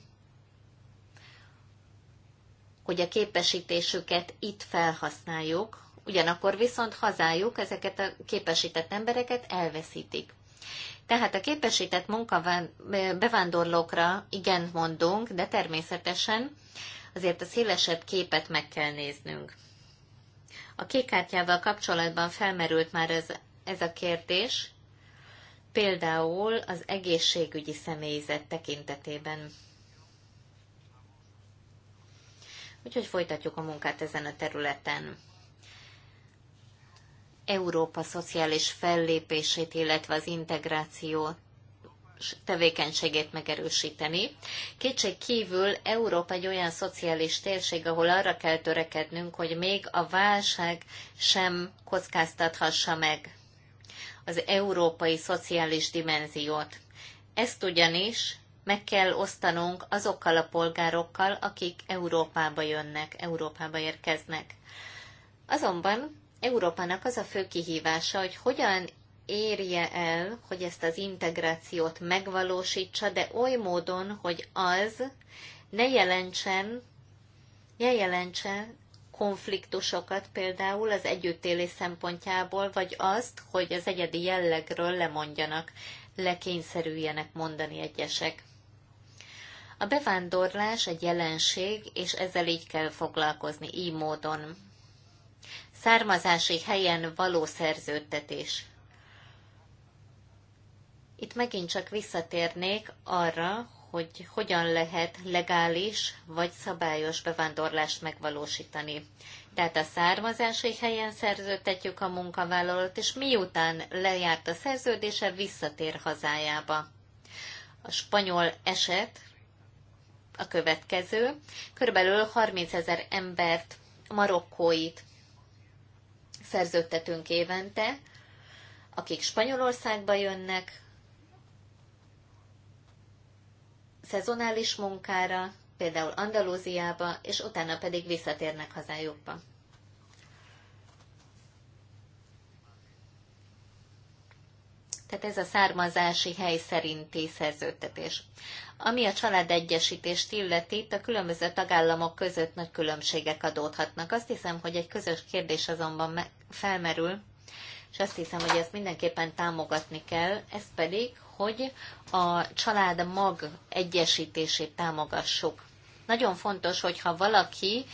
hogy a képesítésüket itt felhasználjuk, ugyanakkor viszont hazájuk ezeket a képesített embereket elveszítik. Tehát a képesített munkabevándorlókra igen mondunk, de természetesen azért a szélesebb képet meg kell néznünk. A kékkártyával kapcsolatban felmerült már ez, ez a kérdés, például az egészségügyi személyzet tekintetében. Úgyhogy folytatjuk a munkát ezen a területen. Európa szociális fellépését, illetve az integráció tevékenységét megerősíteni. Kétség kívül Európa egy olyan szociális térség, ahol arra kell törekednünk, hogy még a válság sem kockáztathassa meg az európai szociális dimenziót. Ezt ugyanis meg kell osztanunk azokkal a polgárokkal, akik Európába jönnek, Európába érkeznek. Azonban Európának az a fő kihívása, hogy hogyan érje el, hogy ezt az integrációt megvalósítsa, de oly módon, hogy az ne jelentsen, ne jelentse konfliktusokat például az együttélés szempontjából, vagy azt, hogy az egyedi jellegről lemondjanak, lekényszerüljenek mondani egyesek. A bevándorlás egy jelenség, és ezzel így kell foglalkozni, így módon. Származási helyen való szerződtetés. Itt megint csak visszatérnék arra, hogy hogyan lehet legális vagy szabályos bevándorlást megvalósítani. Tehát a származási helyen szerződtetjük a munkavállalót, és miután lejárt a szerződése, visszatér hazájába. A spanyol eset a következő. Körülbelül 30 ezer embert, marokkóit szerződtetünk évente, akik Spanyolországba jönnek, szezonális munkára, például Andalúziába, és utána pedig visszatérnek hazájukba. Tehát ez a származási hely szerinti szerződtetés. Ami a családegyesítést illeti, itt a különböző tagállamok között nagy különbségek adódhatnak. Azt hiszem, hogy egy közös kérdés azonban felmerül, és azt hiszem, hogy ezt mindenképpen támogatni kell, ez pedig, hogy a család mag egyesítését támogassuk. Nagyon fontos, hogyha valaki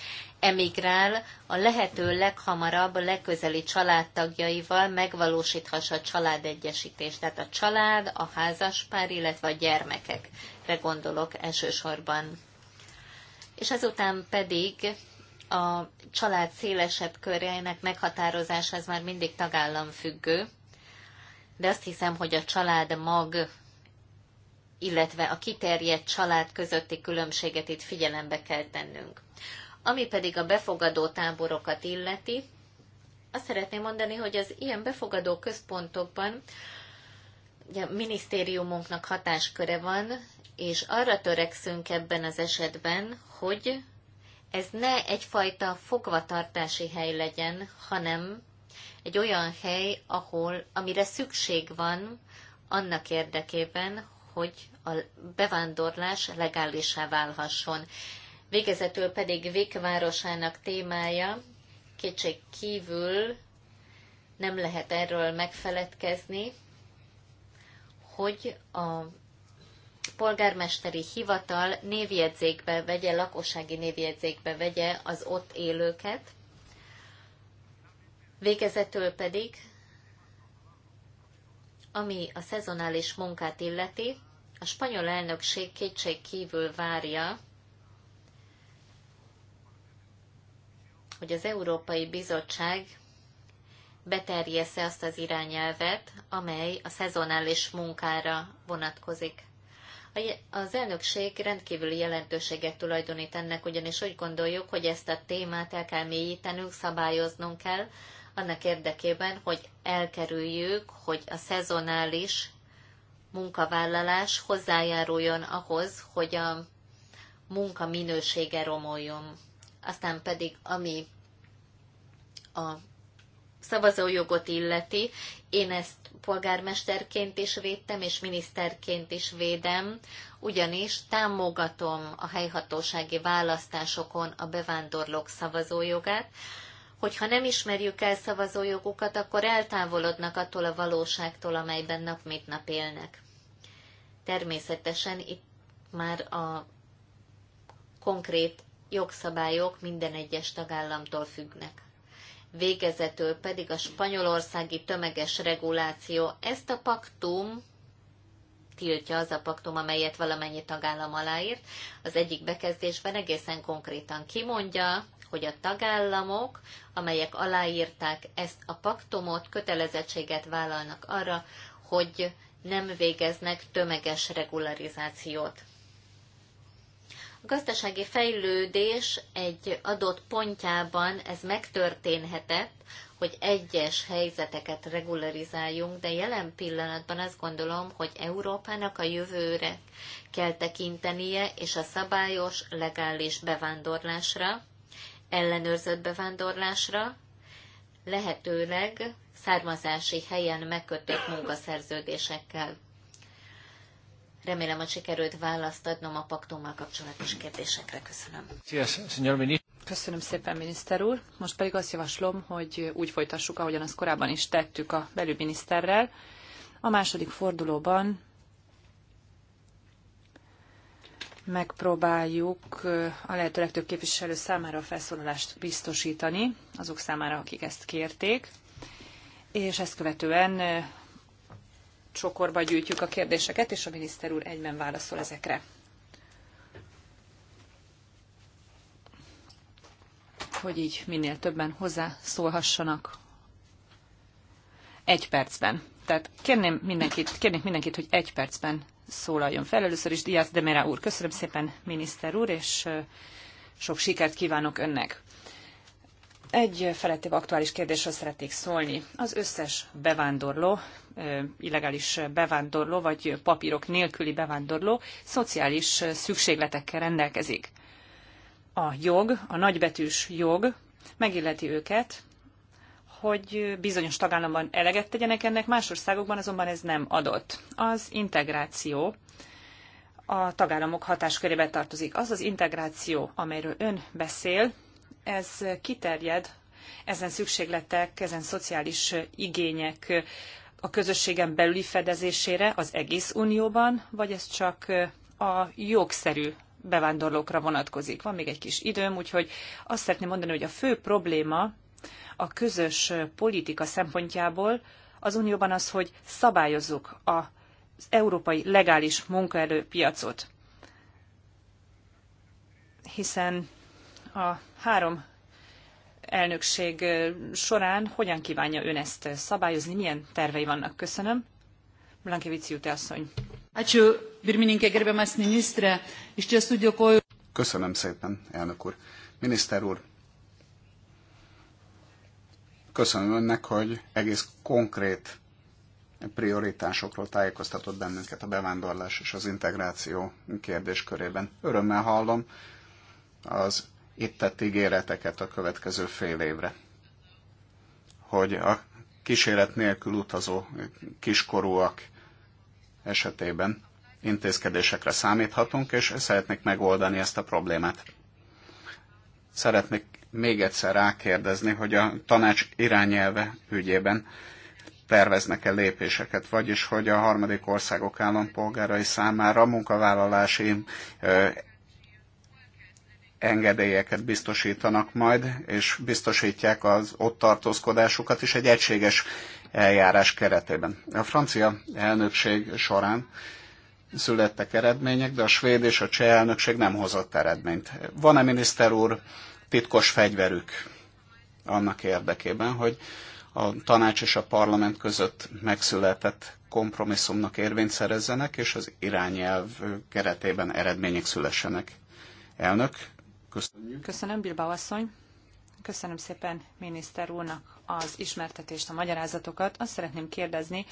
emigrál, a lehető leghamarabb a legközeli családtagjaival megvalósíthassa a családegyesítést. Tehát a család, a házaspár, illetve a gyermekekre gondolok elsősorban. És ezután pedig a család szélesebb körének meghatározása ez már mindig tagállam függő, de azt hiszem, hogy a család mag, illetve a kiterjedt család közötti különbséget itt figyelembe kell tennünk. Ami pedig a befogadó táborokat illeti, azt szeretném mondani, hogy az ilyen befogadó központokban ugye, a minisztériumunknak hatásköre van, és arra törekszünk ebben az esetben, hogy ez ne egyfajta fogvatartási hely legyen, hanem egy olyan hely, ahol, amire szükség van annak érdekében, hogy a bevándorlás legálisá válhasson. Végezetül pedig végvárosának témája kétség kívül nem lehet erről megfeledkezni, hogy a polgármesteri hivatal névjegyzékbe vegye, lakossági névjegyzékbe vegye az ott élőket, Végezetül pedig, ami a szezonális munkát illeti, a spanyol elnökség kétség kívül várja, hogy az Európai Bizottság beterjesze azt az irányelvet, amely a szezonális munkára vonatkozik. Az elnökség rendkívüli jelentőséget tulajdonít ennek, ugyanis úgy gondoljuk, hogy ezt a témát el kell mélyítenünk, szabályoznunk kell, annak érdekében, hogy elkerüljük, hogy a szezonális munkavállalás hozzájáruljon ahhoz, hogy a munka minősége romoljon. Aztán pedig, ami a szavazójogot illeti, én ezt polgármesterként is védtem, és miniszterként is védem, ugyanis támogatom a helyhatósági választásokon a bevándorlók szavazójogát, hogyha nem ismerjük el szavazójogukat, akkor eltávolodnak attól a valóságtól, amelyben nap mint nap élnek. Természetesen itt már a konkrét jogszabályok minden egyes tagállamtól függnek. Végezetül pedig a spanyolországi tömeges reguláció. Ezt a paktum tiltja az a paktum, amelyet valamennyi tagállam aláírt. Az egyik bekezdésben egészen konkrétan kimondja, hogy a tagállamok, amelyek aláírták ezt a paktumot, kötelezettséget vállalnak arra, hogy nem végeznek tömeges regularizációt. A gazdasági fejlődés egy adott pontjában ez megtörténhetett, hogy egyes helyzeteket regularizáljunk, de jelen pillanatban azt gondolom, hogy Európának a jövőre kell tekintenie, és a szabályos, legális bevándorlásra, ellenőrzött bevándorlásra, lehetőleg származási helyen megkötött munkaszerződésekkel. Remélem, hogy sikerült választ adnom a paktummal kapcsolatos kérdésekre.
Köszönöm.
Köszönöm szépen, miniszter úr. Most pedig azt javaslom,
hogy úgy folytassuk, ahogyan azt korábban is tettük a belügyminiszterrel. A második fordulóban megpróbáljuk a lehető legtöbb képviselő számára a felszólalást biztosítani, azok számára, akik ezt kérték, és ezt követően csokorba gyűjtjük a kérdéseket, és a miniszter úr egyben válaszol ezekre. Hogy így minél többen hozzá szólhassanak egy percben. Tehát kérném mindenkit, kérnék mindenkit, hogy egy percben szólaljon fel. Először is Diaz de Mera úr. Köszönöm szépen, miniszter úr, és sok sikert kívánok önnek. Egy felettébb aktuális kérdésről szeretnék szólni. Az összes bevándorló, illegális bevándorló, vagy papírok nélküli bevándorló szociális szükségletekkel rendelkezik. A jog, a nagybetűs jog megilleti őket, hogy bizonyos tagállamban eleget tegyenek ennek, más országokban azonban ez nem adott. Az integráció a tagállamok hatáskörébe tartozik. Az az integráció, amelyről ön beszél, ez kiterjed ezen szükségletek, ezen szociális igények a közösségen belüli fedezésére az egész unióban, vagy ez csak a jogszerű bevándorlókra vonatkozik. Van még egy kis időm, úgyhogy azt szeretném mondani, hogy a fő probléma a közös politika szempontjából az Unióban az, hogy szabályozzuk az európai legális munkaerőpiacot. Hiszen a három elnökség során hogyan kívánja ön ezt szabályozni, milyen tervei vannak? Köszönöm. Blankevici Jute asszony.
Köszönöm szépen, elnök úr. Miniszter úr, Köszönöm önnek, hogy egész konkrét prioritásokról tájékoztatott bennünket a bevándorlás és az integráció kérdéskörében. Örömmel hallom az itt tett ígéreteket a következő fél évre, hogy a kíséret nélkül utazó kiskorúak esetében intézkedésekre számíthatunk, és szeretnék megoldani ezt a problémát. Szeretnék még egyszer rákérdezni, hogy a tanács irányelve ügyében terveznek-e lépéseket, vagyis hogy a harmadik országok állampolgárai számára munkavállalási engedélyeket biztosítanak majd, és biztosítják az ott tartózkodásukat is egy egységes eljárás keretében. A francia elnökség során születtek eredmények, de a svéd és a cseh elnökség nem hozott eredményt. Van-e miniszter úr titkos fegyverük annak érdekében, hogy a tanács és a parlament között megszületett kompromisszumnak érvényt szerezzenek, és az irányelv keretében eredmények szülessenek. Elnök, köszönjük.
Köszönöm, Bilba asszony. Köszönöm szépen miniszter úrnak az ismertetést, a magyarázatokat. Azt szeretném kérdezni,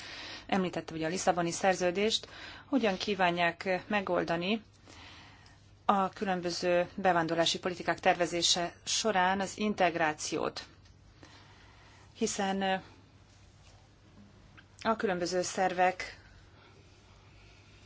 említette ugye a Lisszaboni szerződést, hogyan kívánják megoldani a különböző bevándorlási politikák tervezése során az integrációt, hiszen a különböző szervek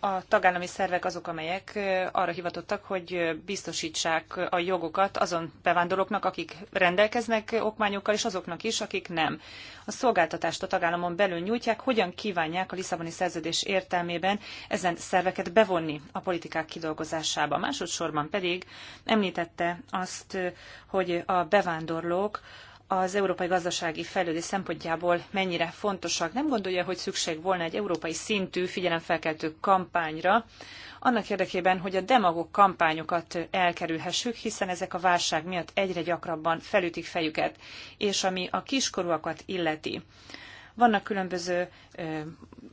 a tagállami szervek azok, amelyek arra hivatottak, hogy biztosítsák a jogokat azon bevándorlóknak, akik rendelkeznek okmányokkal, és azoknak is, akik nem. A szolgáltatást a tagállamon belül nyújtják, hogyan kívánják a Lisszaboni szerződés értelmében ezen szerveket bevonni a politikák kidolgozásába. Másodszorban pedig említette azt, hogy a bevándorlók az európai gazdasági fejlődés szempontjából mennyire fontosak. Nem gondolja, hogy szükség volna egy európai szintű figyelemfelkeltő kampányra, annak érdekében, hogy a demagóg kampányokat elkerülhessük, hiszen ezek a válság miatt egyre gyakrabban felütik fejüket, és ami a kiskorúakat illeti. Vannak különböző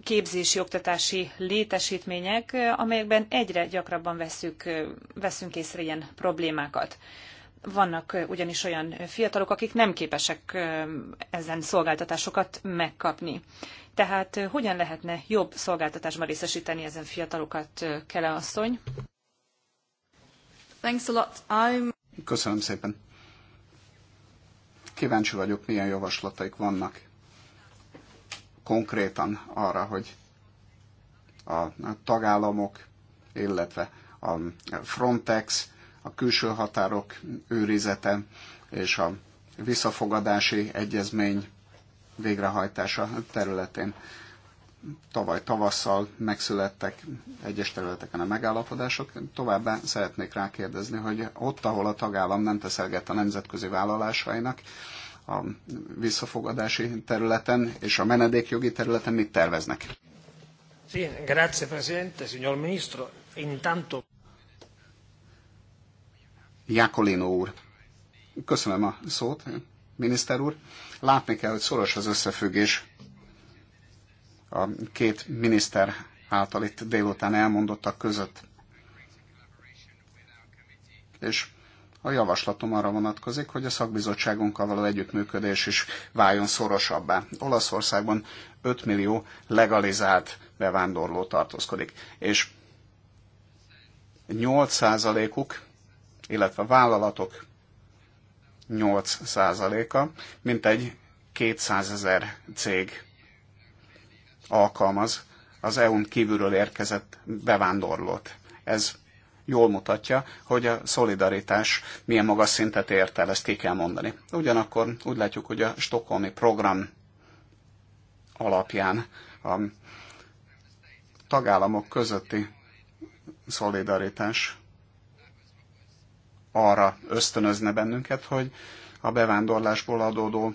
képzési, oktatási létesítmények, amelyekben egyre gyakrabban veszük, veszünk észre ilyen problémákat. Vannak ugyanis olyan fiatalok, akik nem képesek ezen szolgáltatásokat megkapni. Tehát hogyan lehetne jobb szolgáltatásban részesíteni ezen fiatalokat, Kele asszony? Thanks a lot. I'm...
Köszönöm szépen. Kíváncsi vagyok, milyen javaslataik vannak konkrétan arra, hogy a tagállamok, illetve a Frontex, a külső határok őrizete és a visszafogadási egyezmény végrehajtása területén tavaly tavasszal megszülettek egyes területeken a megállapodások. Továbbá szeretnék rákérdezni, hogy ott, ahol a tagállam nem teszelget a nemzetközi vállalásainak, a visszafogadási területen és a menedékjogi területen mit terveznek?
Sí,
grazie, Presidente, signor Ministro. Intanto...
Jákolino úr. Köszönöm a szót, miniszter úr. Látni kell, hogy szoros az összefüggés a két miniszter által itt délután elmondottak között. És a javaslatom arra vonatkozik, hogy a szakbizottságunkkal való együttműködés is váljon szorosabbá. Olaszországban 5 millió legalizált bevándorló tartózkodik, és 8%-uk illetve vállalatok 8%-a, mintegy 200 ezer cég alkalmaz az EU-n kívülről érkezett bevándorlót. Ez jól mutatja, hogy a szolidaritás milyen magas szintet ért el, ezt ki kell mondani. Ugyanakkor úgy látjuk, hogy a stokholmi program alapján a tagállamok közötti szolidaritás arra ösztönözne bennünket, hogy a bevándorlásból adódó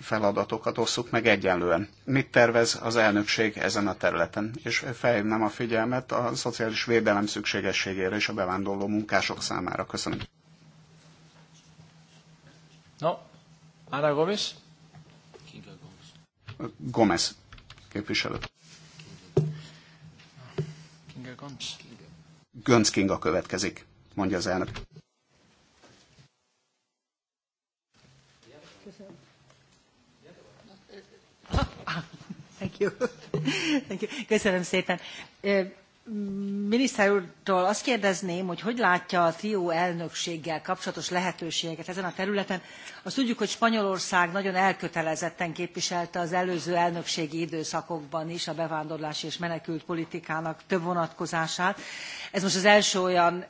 feladatokat osszuk meg egyenlően. Mit tervez az elnökség ezen a területen? És felhívnám a figyelmet a szociális védelem szükségességére és a bevándorló munkások számára. Köszönöm.
No, Ana Gomes?
Gómez, képviselő. Kinga Gönc Kinga következik, mondja az elnök.
Köszönöm szépen miniszter úrtól azt kérdezném, hogy hogy látja a trió elnökséggel kapcsolatos lehetőségeket ezen a területen. Azt tudjuk, hogy Spanyolország nagyon elkötelezetten képviselte az előző elnökségi időszakokban is a bevándorlási és menekültpolitikának több vonatkozását. Ez most az első olyan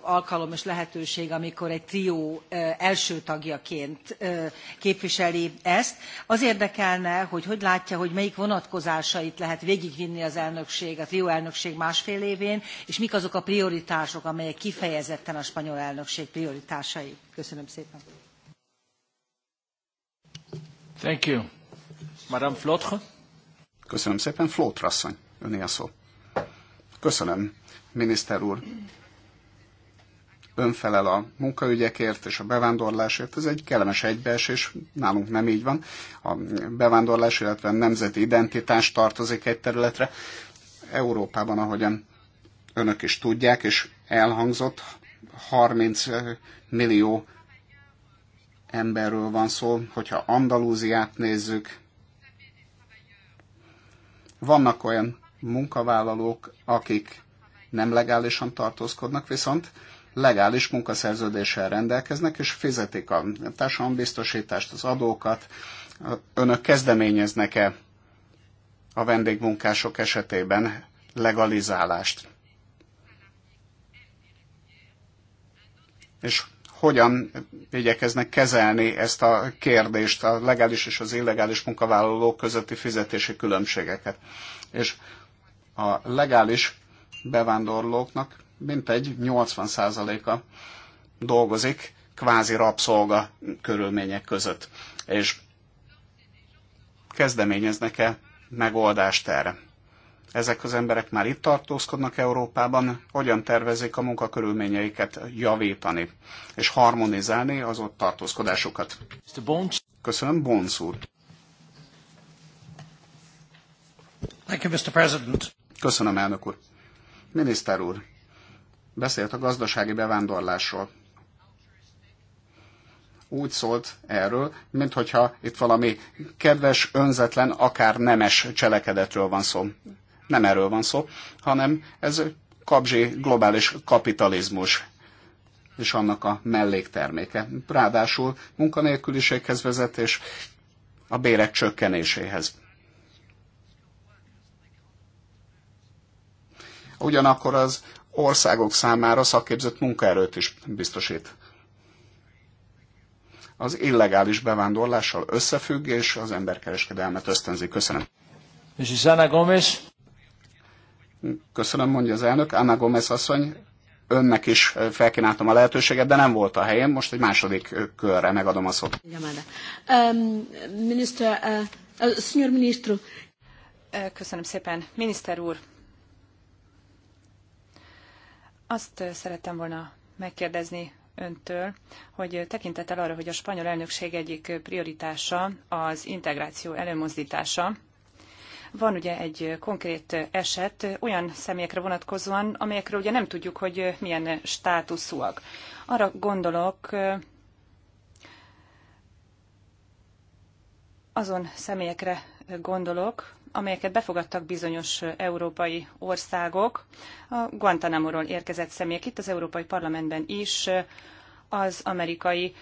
alkalom és lehetőség, amikor egy trió első tagjaként képviseli ezt. Az érdekelne, hogy hogy látja, hogy melyik vonatkozásait lehet végigvinni az elnökség, a trió elnökség más másfél évén, és mik azok a prioritások, amelyek kifejezetten a spanyol elnökség prioritásai. Köszönöm szépen.
Thank you.
Madame Flotre.
Köszönöm szépen, Flótra asszony, öné a szó. Köszönöm, miniszter úr. Ön felel a munkaügyekért és a bevándorlásért. Ez egy kellemes egybeesés, nálunk nem így van. A bevándorlás, illetve a nemzeti identitás tartozik egy területre. Európában, ahogyan önök is tudják, és elhangzott, 30 millió emberről van szó, hogyha Andalúziát nézzük. Vannak olyan munkavállalók, akik nem legálisan tartózkodnak, viszont legális munkaszerződéssel rendelkeznek, és fizetik a társadalombiztosítást, az adókat. Önök kezdeményeznek-e a vendégmunkások esetében legalizálást. És hogyan igyekeznek kezelni ezt a kérdést, a legális és az illegális munkavállalók közötti fizetési különbségeket. És a legális bevándorlóknak mintegy 80%-a dolgozik kvázi rabszolga körülmények között. És kezdeményeznek-e megoldást erre. Ezek az emberek már itt tartózkodnak Európában, hogyan tervezik a munkakörülményeiket javítani és harmonizálni az ott tartózkodásukat. Köszönöm, Bonsz úr. Mr. President. Köszönöm, elnök úr. Miniszter úr, beszélt a gazdasági bevándorlásról úgy szólt erről, hogyha itt valami kedves, önzetlen, akár nemes cselekedetről van szó. Nem erről van szó, hanem ez kapzsi globális kapitalizmus és annak a mellékterméke. Ráadásul munkanélküliséghez vezet, és a bérek csökkenéséhez. Ugyanakkor az országok számára szakképzett munkaerőt is biztosít az illegális bevándorlással összefügg, és az emberkereskedelmet ösztönzi. Köszönöm. És Ana Gomez Köszönöm, mondja az elnök. Anna Gomez asszony, önnek is felkínáltam a lehetőséget, de nem volt a helyem. Most egy második körre megadom a szót.
Köszönöm szépen. Miniszter úr, azt szerettem volna megkérdezni öntől, hogy tekintettel arra, hogy a spanyol elnökség egyik prioritása az integráció előmozdítása, van ugye egy konkrét eset olyan személyekre vonatkozóan, amelyekről ugye nem tudjuk, hogy milyen státuszúak. Arra gondolok, azon személyekre gondolok, amelyeket befogadtak bizonyos európai országok. A Guantanamo-ról érkezett személyek itt az Európai Parlamentben is az amerikai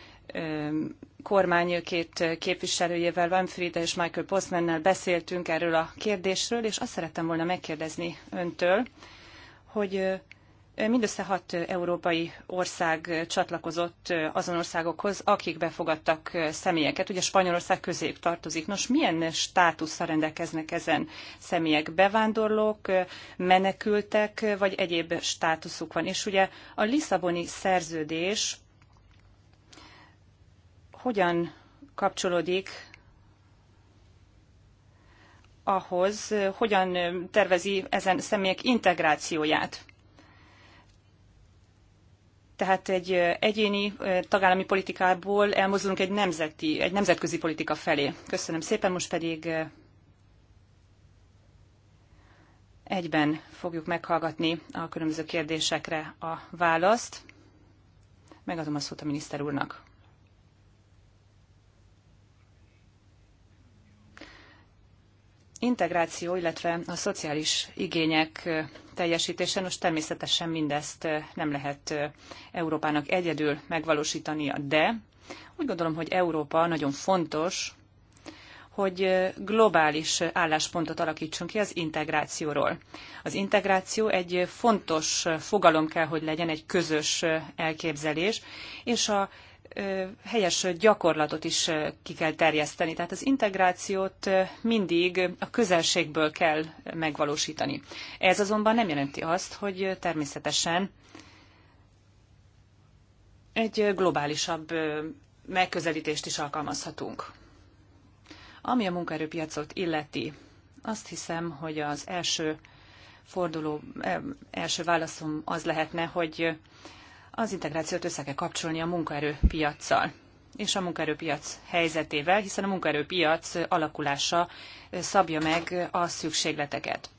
kormány két képviselőjével, Van Frieda és Michael Postmannel beszéltünk erről a kérdésről, és azt szerettem volna megkérdezni öntől, hogy Mindössze hat európai ország csatlakozott azon országokhoz, akik befogadtak személyeket. Ugye Spanyolország közép tartozik. Nos, milyen státusszal rendelkeznek ezen személyek? Bevándorlók, menekültek, vagy egyéb státuszuk van? És ugye a Lisszaboni szerződés hogyan kapcsolódik ahhoz, hogyan tervezi ezen személyek integrációját? tehát egy egyéni tagállami politikából elmozdulunk egy, nemzeti, egy nemzetközi politika felé. Köszönöm szépen, most pedig egyben fogjuk meghallgatni a különböző kérdésekre a választ. Megadom a szót a miniszter úrnak. integráció, illetve a szociális igények teljesítése, most természetesen mindezt nem lehet Európának egyedül megvalósítania, de úgy gondolom, hogy Európa nagyon fontos, hogy globális álláspontot alakítsunk ki az integrációról. Az integráció egy fontos fogalom kell, hogy legyen, egy közös elképzelés, és a helyes gyakorlatot is ki kell terjeszteni. Tehát az integrációt mindig a közelségből kell megvalósítani. Ez azonban nem jelenti azt, hogy természetesen egy globálisabb megközelítést is alkalmazhatunk. Ami a munkaerőpiacot illeti, azt hiszem, hogy az első forduló, első válaszom az lehetne, hogy az integrációt össze kell kapcsolni a munkaerőpiacsal és a munkaerőpiac helyzetével, hiszen a munkaerőpiac alakulása szabja meg a szükségleteket.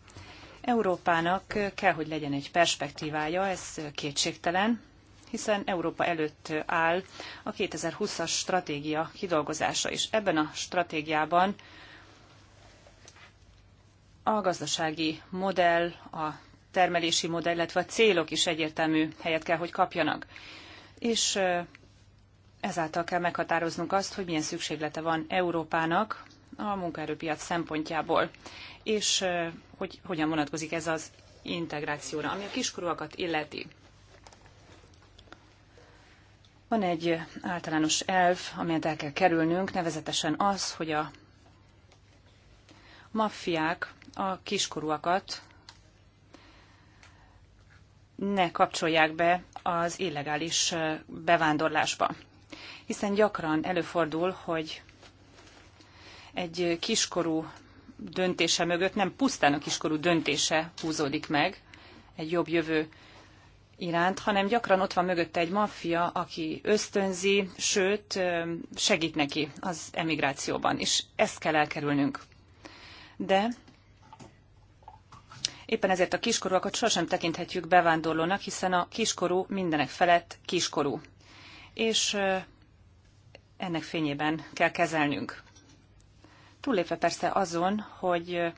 Európának kell, hogy legyen egy perspektívája, ez kétségtelen, hiszen Európa előtt áll a 2020-as stratégia kidolgozása is. Ebben a stratégiában a gazdasági modell, a termelési modell, illetve a célok is egyértelmű helyet kell, hogy kapjanak. És ezáltal kell meghatároznunk azt, hogy milyen szükséglete van Európának a munkaerőpiac szempontjából, és hogy hogyan vonatkozik ez az integrációra, ami a kiskorúakat illeti. Van egy általános elv, amelyet el kell kerülnünk, nevezetesen az, hogy a maffiák a kiskorúakat ne kapcsolják be az illegális bevándorlásba. Hiszen gyakran előfordul, hogy egy kiskorú döntése mögött nem pusztán a kiskorú döntése húzódik meg egy jobb jövő iránt, hanem gyakran ott van mögötte egy maffia, aki ösztönzi, sőt segít neki az emigrációban, és ezt kell elkerülnünk. De Éppen ezért a kiskorúakat sosem tekinthetjük bevándorlónak, hiszen a kiskorú mindenek felett kiskorú. És ennek fényében kell kezelnünk. Túllépve persze azon, hogy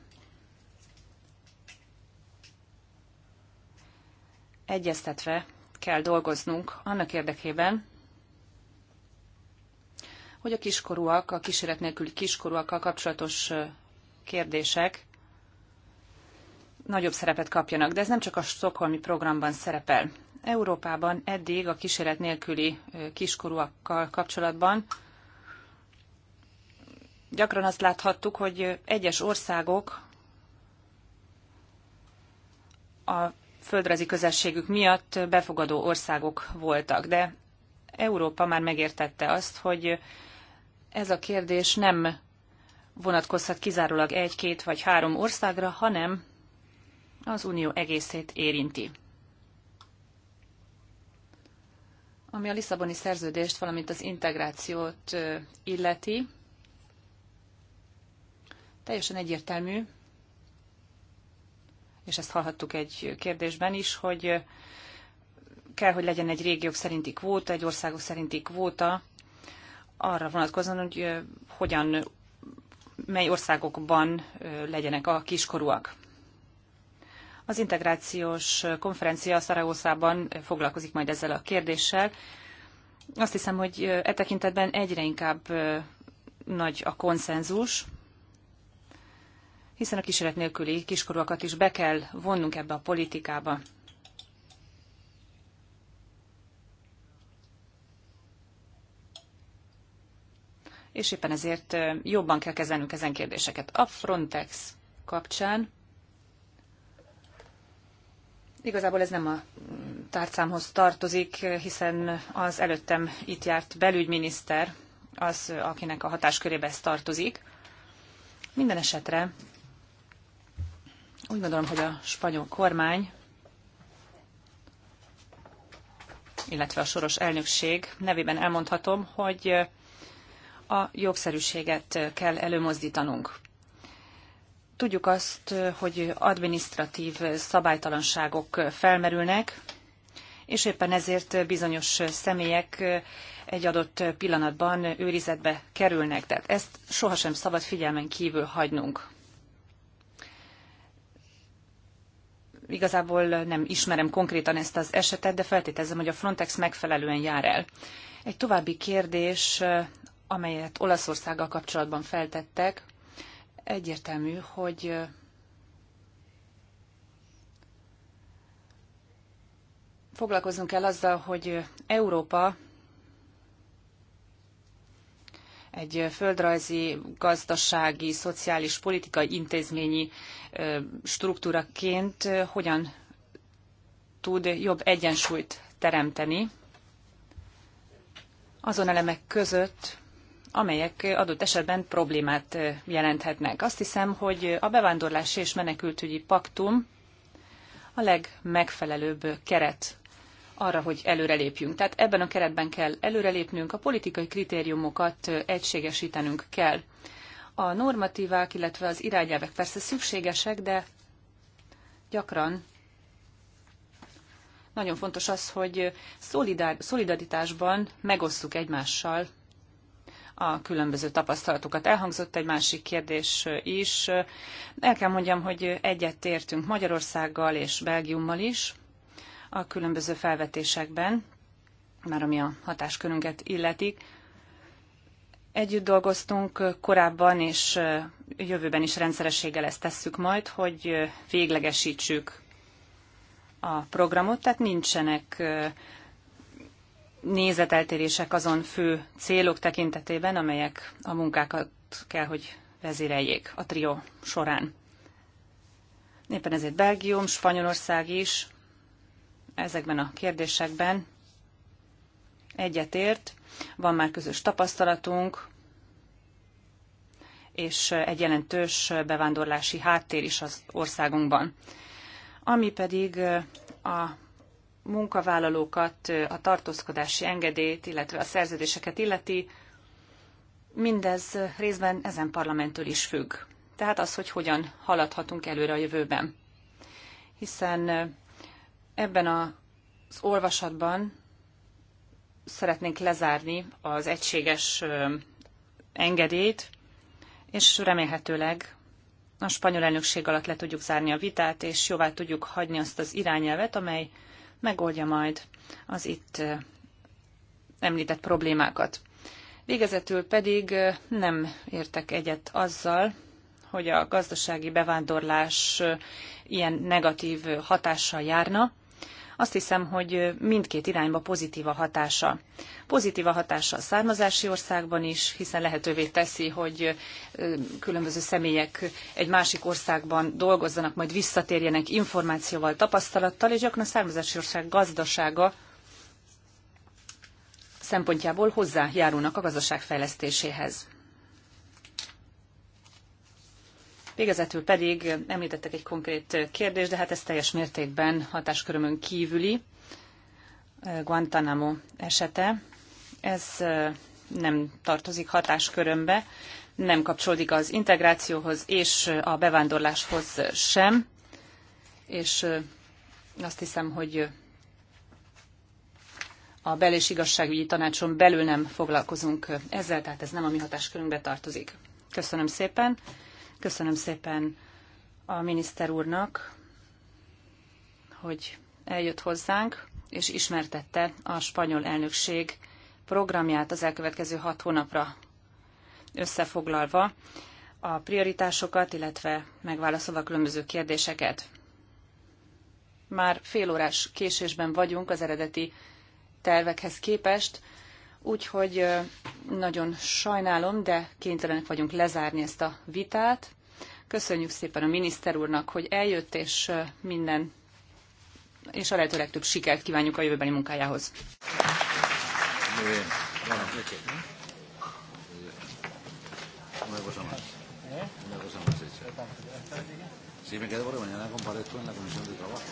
egyeztetve kell dolgoznunk annak érdekében, hogy a kiskorúak, a kísérlet nélküli kiskorúakkal kapcsolatos kérdések nagyobb szerepet kapjanak, de ez nem csak a stokholmi programban szerepel. Európában eddig a kísérlet nélküli kiskorúakkal kapcsolatban gyakran azt láthattuk, hogy egyes országok a földrajzi közösségük miatt befogadó országok voltak, de Európa már megértette azt, hogy ez a kérdés nem vonatkozhat kizárólag egy, két vagy három országra, hanem az unió egészét érinti. Ami a Lisszaboni szerződést, valamint az integrációt illeti, teljesen egyértelmű, és ezt hallhattuk egy kérdésben is, hogy kell, hogy legyen egy régiók szerinti kvóta, egy országok szerinti kvóta, arra vonatkozóan, hogy hogyan, mely országokban legyenek a kiskorúak. Az integrációs konferencia Szaragoszában foglalkozik majd ezzel a kérdéssel. Azt hiszem, hogy e tekintetben egyre inkább nagy a konszenzus, hiszen a kísérlet nélküli kiskorúakat is be kell vonnunk ebbe a politikába. És éppen ezért jobban kell kezelnünk ezen kérdéseket. A Frontex kapcsán Igazából ez nem a tárcámhoz tartozik, hiszen az előttem itt járt belügyminiszter, az, akinek a hatáskörébe ez tartozik. Minden esetre úgy gondolom, hogy a spanyol kormány, illetve a soros elnökség nevében elmondhatom, hogy a jogszerűséget kell előmozdítanunk. Tudjuk azt, hogy administratív szabálytalanságok felmerülnek, és éppen ezért bizonyos személyek egy adott pillanatban őrizetbe kerülnek. Tehát ezt sohasem szabad figyelmen kívül hagynunk. Igazából nem ismerem konkrétan ezt az esetet, de feltételezem, hogy a Frontex megfelelően jár el. Egy további kérdés, amelyet Olaszországgal kapcsolatban feltettek, Egyértelmű, hogy foglalkozunk kell azzal, hogy Európa egy földrajzi, gazdasági, szociális, politikai, intézményi struktúraként hogyan tud jobb egyensúlyt teremteni azon elemek között, amelyek adott esetben problémát jelenthetnek. Azt hiszem, hogy a bevándorlási és menekültügyi paktum a legmegfelelőbb keret arra, hogy előrelépjünk. Tehát ebben a keretben kell előrelépnünk, a politikai kritériumokat egységesítenünk kell. A normatívák, illetve az irányelvek persze szükségesek, de gyakran nagyon fontos az, hogy szolidar, szolidaritásban megosszuk egymással a különböző tapasztalatokat. Elhangzott egy másik kérdés is. El kell mondjam, hogy egyetértünk Magyarországgal és Belgiummal is a különböző felvetésekben, már ami a hatáskörünket illetik. Együtt dolgoztunk korábban, és jövőben is rendszerességgel ezt tesszük majd, hogy véglegesítsük a programot, tehát nincsenek nézeteltérések azon fő célok tekintetében, amelyek a munkákat kell, hogy vezéreljék a trió során. Éppen ezért Belgium, Spanyolország is ezekben a kérdésekben egyetért, van már közös tapasztalatunk, és egy jelentős bevándorlási háttér is az országunkban. Ami pedig a munkavállalókat a tartózkodási engedélyt, illetve a szerződéseket illeti, mindez részben ezen parlamenttől is függ. Tehát az, hogy hogyan haladhatunk előre a jövőben. Hiszen ebben az olvasatban szeretnénk lezárni az egységes engedélyt, és remélhetőleg a spanyol elnökség alatt le tudjuk zárni a vitát, és jóvá tudjuk hagyni azt az irányelvet, amely megoldja majd az itt említett problémákat. Végezetül pedig nem értek egyet azzal, hogy a gazdasági bevándorlás ilyen negatív hatással járna. Azt hiszem, hogy mindkét irányba pozitív a hatása. Pozitív a hatása a származási országban is, hiszen lehetővé teszi, hogy különböző személyek egy másik országban dolgozzanak, majd visszatérjenek információval, tapasztalattal, és gyakran a származási ország gazdasága szempontjából hozzájárulnak a gazdaság fejlesztéséhez. Végezetül pedig említettek egy konkrét kérdést, de hát ez teljes mértékben hatáskörömön kívüli. Guantanamo esete. Ez nem tartozik hatáskörömbe, nem kapcsolódik az integrációhoz és a bevándorláshoz sem, és azt hiszem, hogy a bel- és igazságügyi tanácson belül nem foglalkozunk ezzel, tehát ez nem a mi hatáskörünkbe tartozik. Köszönöm szépen. Köszönöm szépen a miniszter úrnak, hogy eljött hozzánk, és ismertette a spanyol elnökség programját az elkövetkező hat hónapra összefoglalva a prioritásokat, illetve megválaszolva a különböző kérdéseket. Már fél órás késésben vagyunk az eredeti tervekhez képest, Úgyhogy nagyon sajnálom, de kénytelenek vagyunk lezárni ezt a vitát. Köszönjük szépen a miniszter úrnak, hogy eljött, és minden, és a lehető legtöbb sikert kívánjuk a jövőbeni munkájához.
Sí, me quedo porque mañana comparezco en la Comisión de Trabajo.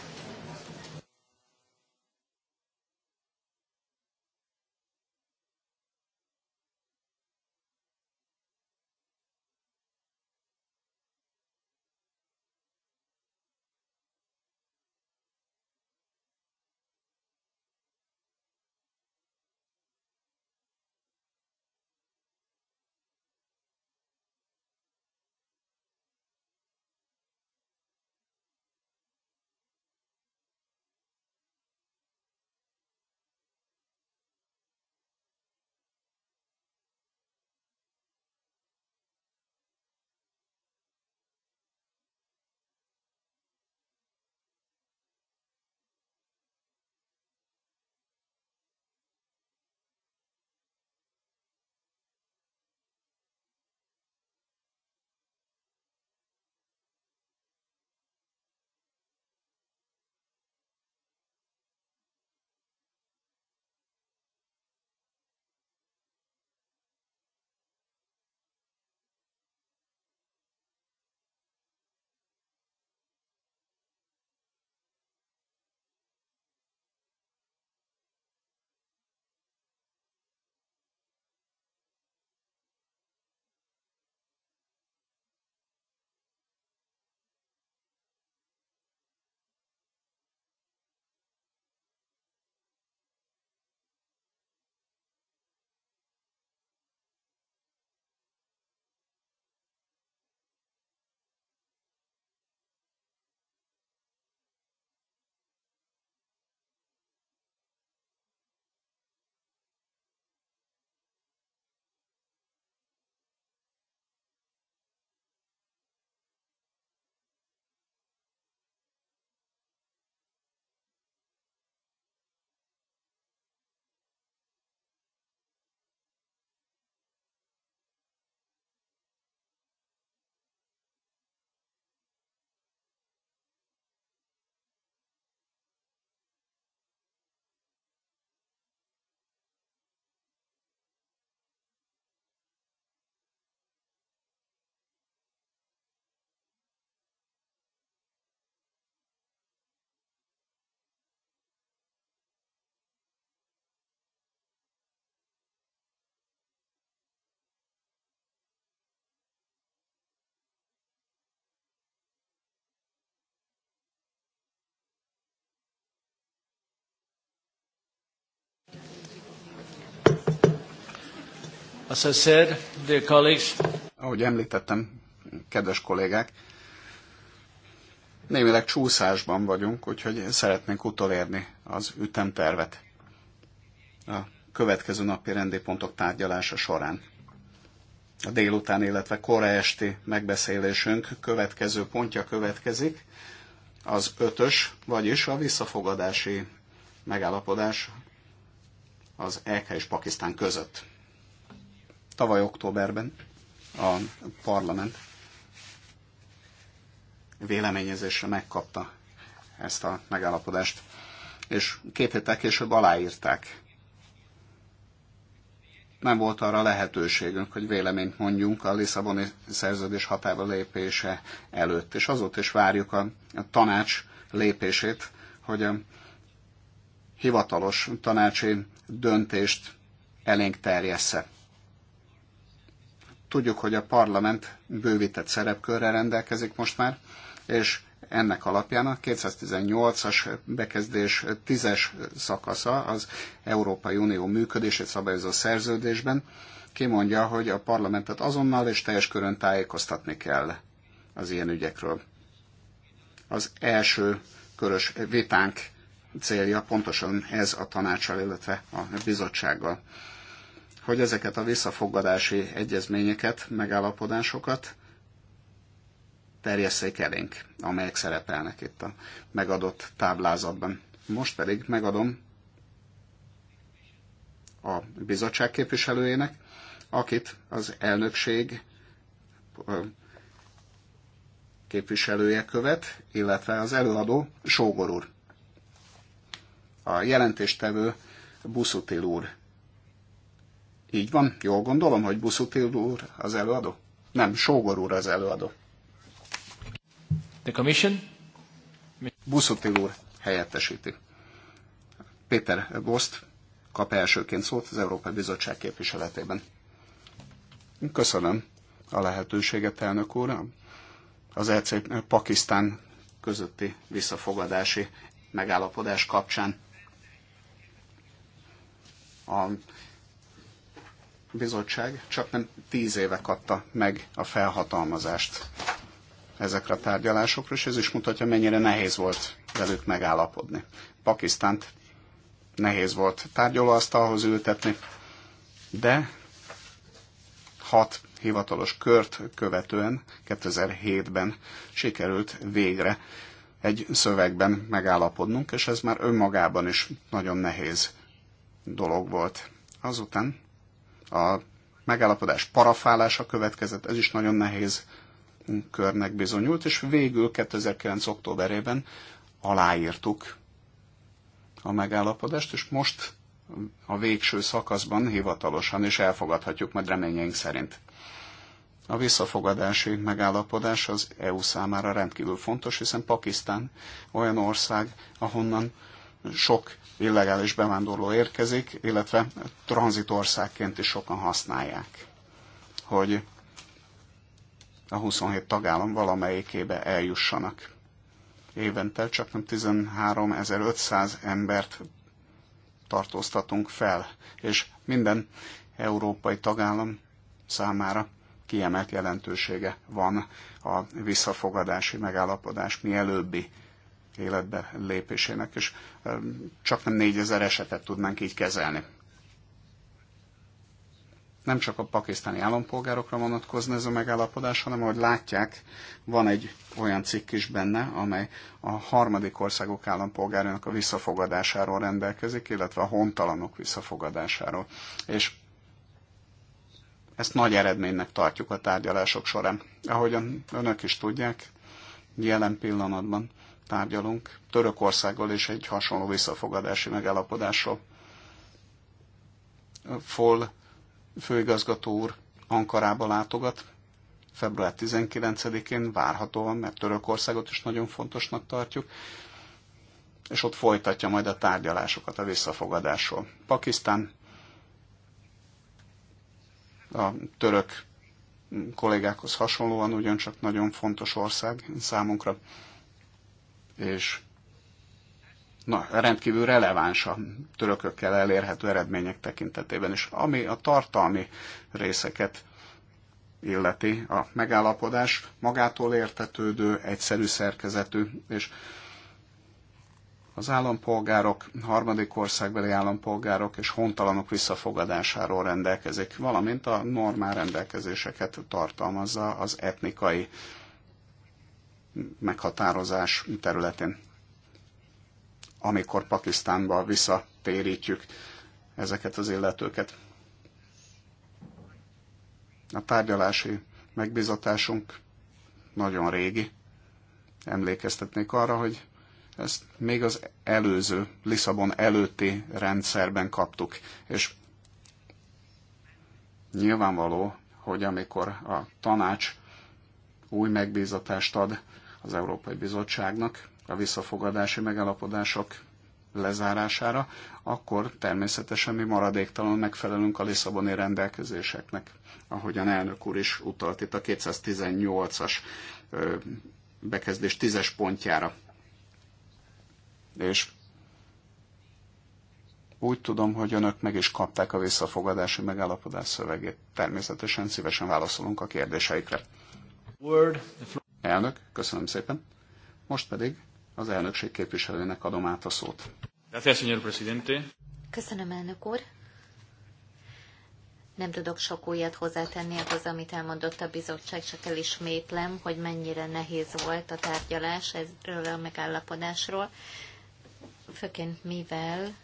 As I said, dear colleagues, ahogy említettem, kedves kollégák, némileg csúszásban vagyunk, úgyhogy szeretnénk utolérni az ütemtervet a következő napi rendi pontok tárgyalása során. A délután, illetve kora esti megbeszélésünk következő pontja következik, az ötös, vagyis a visszafogadási megállapodás az EK és Pakisztán között. Tavaly októberben a parlament véleményezésre megkapta ezt a megállapodást, és két héttel később aláírták. Nem volt arra lehetőségünk, hogy véleményt mondjunk a Lisszaboni szerződés hatába lépése előtt, és azóta is várjuk a, a tanács lépését, hogy a hivatalos tanácsi döntést elénk terjessze. Tudjuk, hogy a parlament bővített szerepkörrel rendelkezik most már, és ennek alapján a 218-as bekezdés 10-es szakasza az Európai Unió működését szabályozó szerződésben kimondja, hogy a parlamentet azonnal és teljes körön tájékoztatni kell az ilyen ügyekről. Az első körös vitánk célja pontosan ez a tanácsal, illetve a bizottsággal hogy ezeket a visszafogadási egyezményeket, megállapodásokat terjesszék elénk, amelyek szerepelnek itt a megadott táblázatban. Most pedig megadom a bizottság képviselőjének, akit az elnökség képviselője követ, illetve az előadó Sógor úr. A jelentéstevő Buszutil úr így van? Jól gondolom, hogy Buszutil úr az előadó? Nem, Sógor úr az előadó. The Commission? Buszutil úr helyettesíti. Péter Boszt kap elsőként szót az Európai Bizottság képviseletében. Köszönöm a lehetőséget, elnök úr. Az EC Pakisztán közötti visszafogadási megállapodás kapcsán a bizottság csak nem tíz éve kapta meg a felhatalmazást ezekre a tárgyalásokra, és ez is mutatja, mennyire nehéz volt velük megállapodni. Pakisztánt nehéz volt tárgyalóasztalhoz ültetni, de hat hivatalos kört követően 2007-ben sikerült végre egy szövegben megállapodnunk, és ez már önmagában is nagyon nehéz dolog volt. Azután a megállapodás parafálása következett, ez is nagyon nehéz körnek bizonyult, és végül 2009. októberében aláírtuk a megállapodást, és most a végső szakaszban hivatalosan is elfogadhatjuk majd reményeink szerint. A visszafogadási megállapodás az EU számára rendkívül fontos, hiszen Pakisztán olyan ország, ahonnan sok illegális bevándorló érkezik, illetve tranzitországként is sokan használják, hogy a 27 tagállam valamelyikébe eljussanak. Évente csak nem 13.500 embert tartóztatunk fel, és minden európai tagállam számára kiemelt jelentősége van a visszafogadási megállapodás mielőbbi életbe lépésének, és csak nem négyezer esetet tudnánk így kezelni. Nem csak a pakisztáni állampolgárokra vonatkozna ez a megállapodás, hanem ahogy látják, van egy olyan cikk is benne, amely a harmadik országok állampolgárának a visszafogadásáról rendelkezik, illetve a hontalanok visszafogadásáról. És ezt nagy eredménynek tartjuk a tárgyalások során. Ahogyan önök is tudják, jelen pillanatban tárgyalunk Törökországgal és egy hasonló visszafogadási megállapodásról. Foll főigazgató úr Ankarába látogat, február 19-én várhatóan, mert Törökországot is nagyon fontosnak tartjuk, és ott folytatja majd a tárgyalásokat a visszafogadásról. Pakisztán a török kollégákhoz hasonlóan ugyancsak nagyon fontos ország számunkra és na, rendkívül releváns a törökökkel elérhető eredmények tekintetében és Ami a tartalmi részeket illeti a megállapodás, magától értetődő, egyszerű szerkezetű, és az állampolgárok, harmadik országbeli állampolgárok és hontalanok visszafogadásáról rendelkezik, valamint a normál rendelkezéseket tartalmazza az etnikai meghatározás területén. Amikor Pakisztánba visszatérítjük ezeket az illetőket. A tárgyalási megbizatásunk nagyon régi. Emlékeztetnék arra, hogy ezt még az előző, Lisszabon előtti rendszerben kaptuk. És nyilvánvaló, hogy amikor a tanács új megbízatást ad az Európai Bizottságnak a visszafogadási megállapodások lezárására, akkor természetesen mi maradéktalan megfelelünk a Lisszaboni rendelkezéseknek, ahogyan elnök úr is utalt itt a 218-as bekezdés tízes pontjára. És úgy tudom, hogy önök meg is kapták a visszafogadási megállapodás szövegét. Természetesen szívesen válaszolunk a kérdéseikre. Elnök, köszönöm szépen. Most pedig az elnökség képviselőnek adom át a szót.
Köszönöm, elnök úr. Nem tudok sok újat hozzátenni ahhoz, amit elmondott a bizottság, csak elismétlem, hogy mennyire nehéz volt a tárgyalás erről a megállapodásról, főként mivel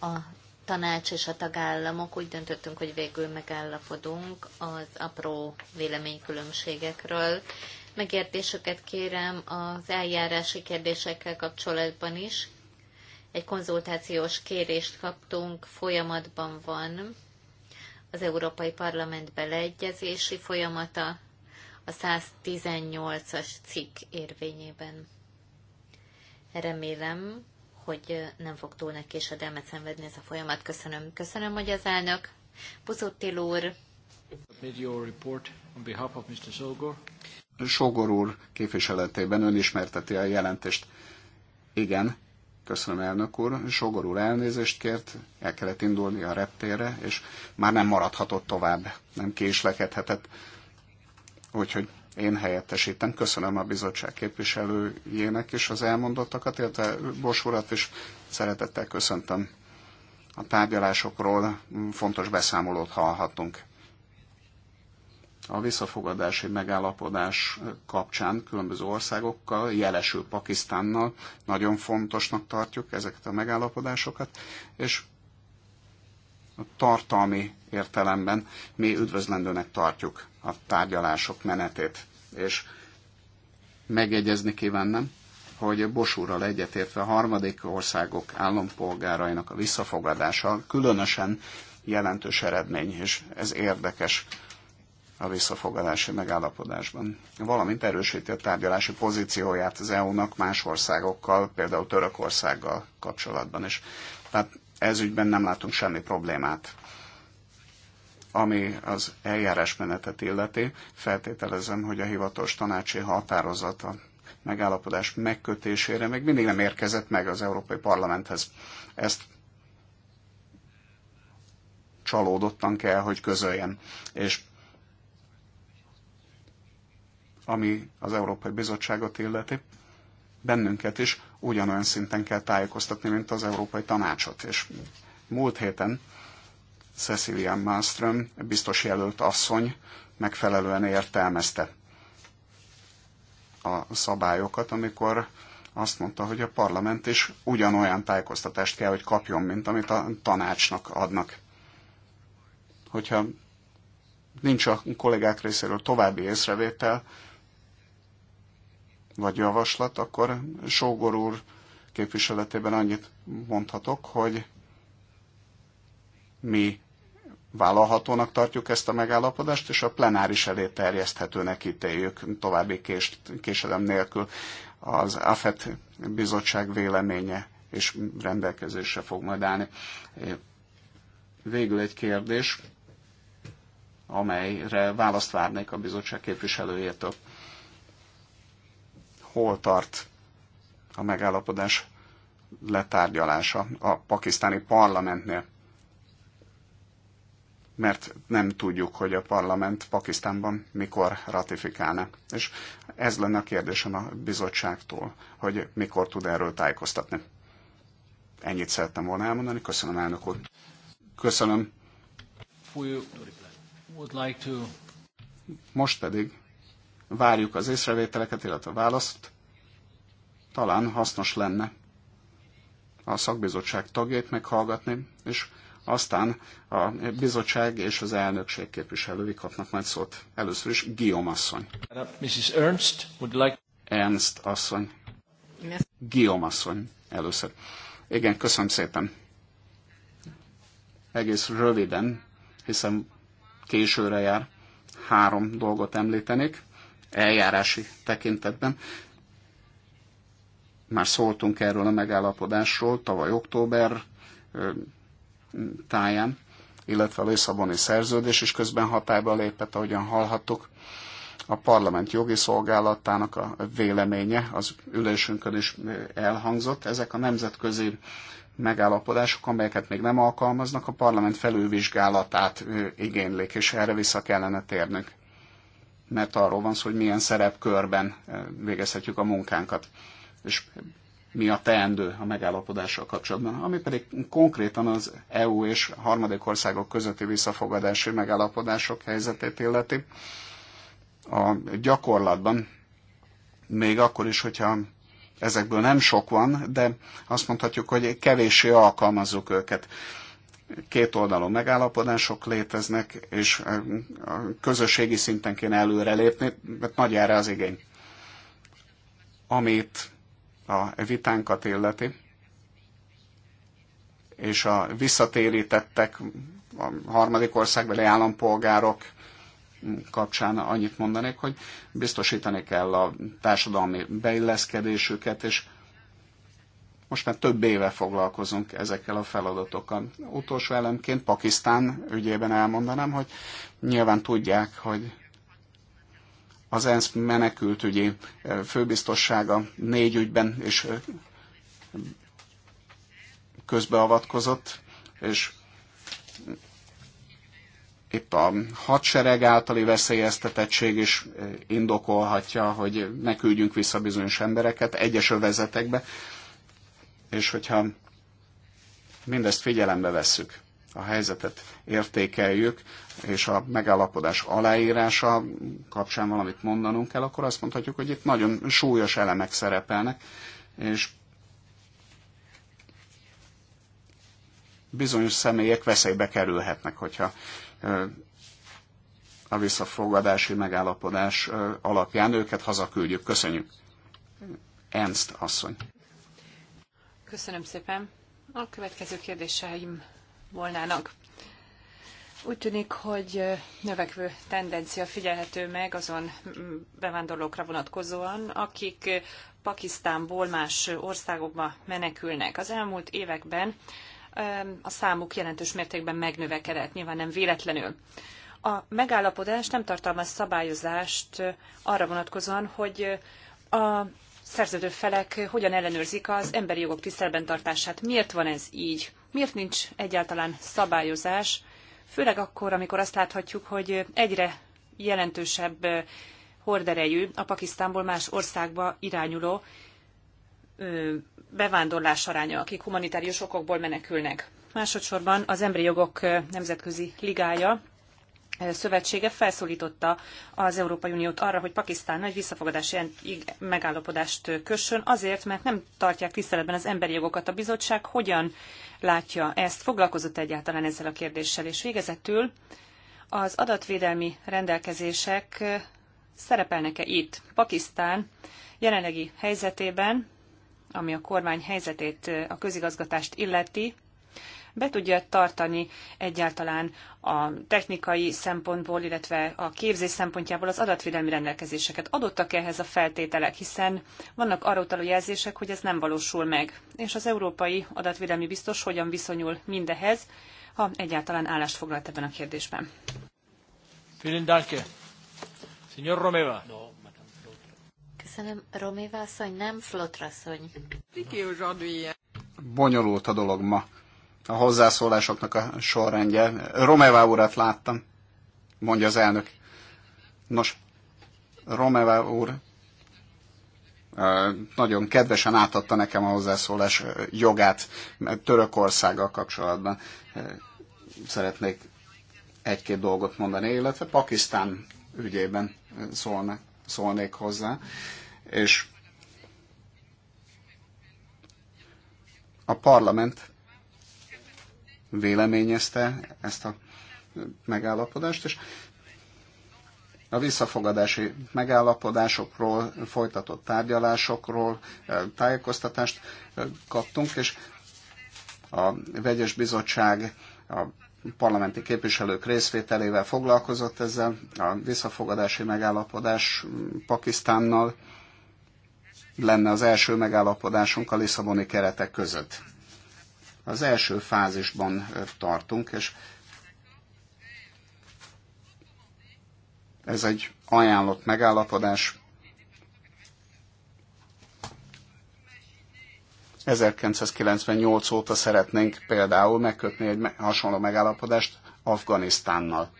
a tanács és a tagállamok úgy döntöttünk, hogy végül megállapodunk az apró véleménykülönbségekről, Megértésüket kérem az eljárási kérdésekkel kapcsolatban is. Egy konzultációs kérést kaptunk, folyamatban van az Európai Parlament beleegyezési folyamata a 118-as cikk érvényében. Remélem, hogy nem fog túl neki és edelmet szenvedni ez a folyamat. Köszönöm. Köszönöm, hogy az elnök. Buzottil úr.
Sogor úr képviseletében ön ismerteti a jelentést. Igen, köszönöm elnök úr, Sogor úr elnézést kért, el kellett indulni a reptére, és már nem maradhatott tovább, nem késlekedhetett. Úgyhogy én helyettesítem. Köszönöm a bizottság képviselőjének is az elmondottakat, illetve Bos urat is szeretettel köszöntöm. A tárgyalásokról fontos beszámolót hallhatunk a visszafogadási megállapodás kapcsán különböző országokkal, jelesül Pakisztánnal nagyon fontosnak tartjuk ezeket a megállapodásokat, és a tartalmi értelemben mi üdvözlendőnek tartjuk a tárgyalások menetét. És megjegyezni kívánnám, hogy Bosúrral egyetértve harmadik országok állampolgárainak a visszafogadása különösen jelentős eredmény, és ez érdekes a visszafogadási megállapodásban, valamint erősíti a tárgyalási pozícióját az EU-nak más országokkal, például Törökországgal kapcsolatban is. Tehát ez ügyben nem látunk semmi problémát. Ami az eljárásmenetet illeti, feltételezem, hogy a hivatalos tanácsi határozat a megállapodás megkötésére még mindig nem érkezett meg az Európai Parlamenthez. Ezt csalódottan kell, hogy közöljen És ami az Európai Bizottságot illeti, bennünket is ugyanolyan szinten kell tájékoztatni, mint az Európai Tanácsot. És múlt héten Cecilia Malmström, biztos jelölt asszony megfelelően értelmezte a szabályokat, amikor azt mondta, hogy a parlament is ugyanolyan tájékoztatást kell, hogy kapjon, mint amit a tanácsnak adnak. Hogyha nincs a kollégák részéről további észrevétel, vagy javaslat, akkor Sógor úr képviseletében annyit mondhatok, hogy mi vállalhatónak tartjuk ezt a megállapodást, és a plenáris elé terjeszthetőnek ítéljük további kés, késedem nélkül. Az AFET bizottság véleménye és rendelkezésre fog majd állni. Végül egy kérdés, amelyre választ várnék a bizottság képviselőjétől hol tart a megállapodás letárgyalása a pakisztáni parlamentnél. Mert nem tudjuk, hogy a parlament Pakisztánban mikor ratifikálna. És ez lenne a kérdésem a bizottságtól, hogy mikor tud erről tájékoztatni. Ennyit szerettem volna elmondani. Köszönöm, elnök úr. Köszönöm. Most pedig várjuk az észrevételeket, illetve a választ. Talán hasznos lenne a szakbizottság tagjait meghallgatni, és aztán a bizottság és az elnökség képviselői kapnak majd szót. Először is Guillaume asszony. Mrs. Ernst, would like... Ernst asszony. Yes. Guillaume asszony először. Igen, köszönöm szépen. Egész röviden, hiszen későre jár, három dolgot említenék eljárási tekintetben. Már szóltunk erről a megállapodásról tavaly október táján, illetve a Lisszaboni szerződés is közben hatályba lépett, ahogyan hallhattuk. A parlament jogi szolgálatának a véleménye az ülésünkön is elhangzott. Ezek a nemzetközi megállapodások, amelyeket még nem alkalmaznak, a parlament felülvizsgálatát igénylik, és erre vissza kellene térnünk mert arról van szó, hogy milyen szerepkörben eh, végezhetjük a munkánkat, és mi a teendő a megállapodással kapcsolatban. Ami pedig konkrétan az EU és harmadik országok közötti visszafogadási megállapodások helyzetét illeti, a gyakorlatban, még akkor is, hogyha ezekből nem sok van, de azt mondhatjuk, hogy kevéssé alkalmazzuk őket két megállapodások léteznek, és eh, a közösségi szinten kéne előrelépni, mert nagy erre az igény. Amit a vitánkat illeti, és a visszatérítettek, a harmadik országbeli állampolgárok kapcsán annyit mondanék, hogy biztosítani kell a társadalmi beilleszkedésüket, és most már több éve foglalkozunk ezekkel a feladatokkal. Utolsó elemként Pakisztán ügyében elmondanám, hogy nyilván tudják, hogy az ENSZ menekültügyi eh, főbiztossága négy ügyben is eh, közbeavatkozott, és itt a hadsereg általi veszélyeztetettség is eh, indokolhatja, hogy ne küldjünk vissza bizonyos embereket egyes övezetekbe, és hogyha mindezt figyelembe vesszük, a helyzetet értékeljük, és a megállapodás aláírása kapcsán valamit mondanunk kell, akkor azt mondhatjuk, hogy itt nagyon súlyos elemek szerepelnek, és bizonyos személyek veszélybe kerülhetnek, hogyha a visszafogadási megállapodás alapján őket hazaküldjük. Köszönjük. Ernst asszony.
Köszönöm szépen. A következő kérdéseim volnának. Úgy tűnik, hogy növekvő tendencia figyelhető meg azon mm, bevándorlókra vonatkozóan, akik Pakisztánból más országokba menekülnek. Az elmúlt években a számuk jelentős mértékben megnövekedett, nyilván nem véletlenül. A megállapodás nem tartalmaz szabályozást arra vonatkozóan, hogy a szerződő felek hogyan ellenőrzik az emberi jogok tiszteletben tartását. Miért van ez így? Miért nincs egyáltalán szabályozás, főleg akkor, amikor azt láthatjuk, hogy egyre jelentősebb horderejű a Pakisztánból más országba irányuló bevándorlás aránya, akik humanitárius okokból menekülnek. Másodszorban az Emberi Jogok Nemzetközi Ligája Szövetsége felszólította az Európai Uniót arra, hogy Pakisztán nagy visszafogadási megállapodást kössön, azért, mert nem tartják tiszteletben az emberi jogokat. A bizottság hogyan látja ezt? Foglalkozott egyáltalán ezzel a kérdéssel? És végezetül az adatvédelmi rendelkezések szerepelnek-e itt? Pakisztán jelenlegi helyzetében, ami a kormány helyzetét, a közigazgatást illeti, be tudja tartani egyáltalán a technikai szempontból, illetve a képzés szempontjából az adatvédelmi rendelkezéseket. Adottak ehhez a feltételek, hiszen vannak arra utaló jelzések, hogy ez nem valósul meg. És az Európai Adatvédelmi Biztos hogyan viszonyul mindehez, ha egyáltalán állást foglalt ebben a kérdésben.
Vielen Dank. Señor Romeva.
Köszönöm, Roméva asszony, nem Flotrasszony.
Bonyolult a dolog ma a hozzászólásoknak a sorrendje. Romeva urat láttam, mondja az elnök. Nos, Romeva úr nagyon kedvesen átadta nekem a hozzászólás jogát Törökországgal kapcsolatban. Szeretnék egy-két dolgot mondani, illetve Pakisztán ügyében szólna, szólnék hozzá. És a parlament véleményezte ezt a megállapodást, és a visszafogadási megállapodásokról, folytatott tárgyalásokról eh, tájékoztatást eh, kaptunk, és a vegyes bizottság a parlamenti képviselők részvételével foglalkozott ezzel, a visszafogadási megállapodás Pakisztánnal lenne az első megállapodásunk a Lisszaboni keretek között. Az első fázisban tartunk, és ez egy ajánlott megállapodás. 1998 óta szeretnénk például megkötni egy hasonló megállapodást Afganisztánnal.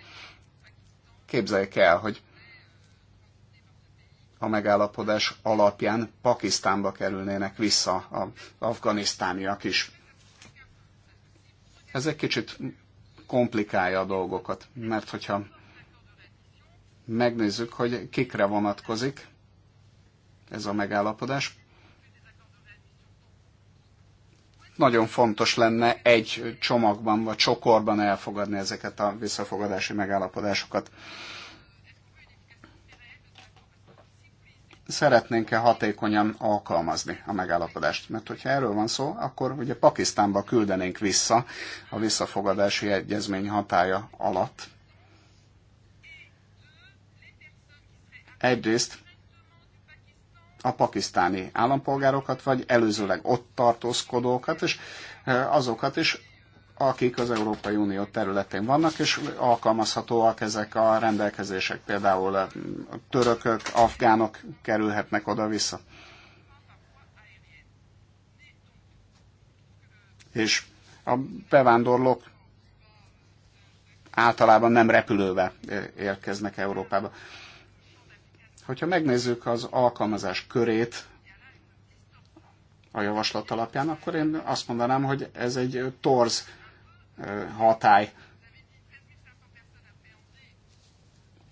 Képzeljék el, hogy a megállapodás alapján Pakisztánba kerülnének vissza az afganisztániak is. Ez egy kicsit komplikálja a dolgokat, mert hogyha megnézzük, hogy kikre vonatkozik ez a megállapodás, nagyon fontos lenne egy csomagban vagy csokorban elfogadni ezeket a visszafogadási megállapodásokat. szeretnénk-e hatékonyan alkalmazni a megállapodást. Mert hogyha erről van szó, akkor ugye Pakisztánba küldenénk vissza a visszafogadási egyezmény hatája alatt. Egyrészt a pakisztáni állampolgárokat, vagy előzőleg ott tartózkodókat, és eh, azokat is, akik az Európai Unió területén vannak, és alkalmazhatóak ezek a rendelkezések, például a törökök, afgánok kerülhetnek oda-vissza. És a bevándorlók általában nem repülővel érkeznek Európába. Hogyha megnézzük az alkalmazás körét, a javaslat alapján, akkor én azt mondanám, hogy ez egy torz hatály.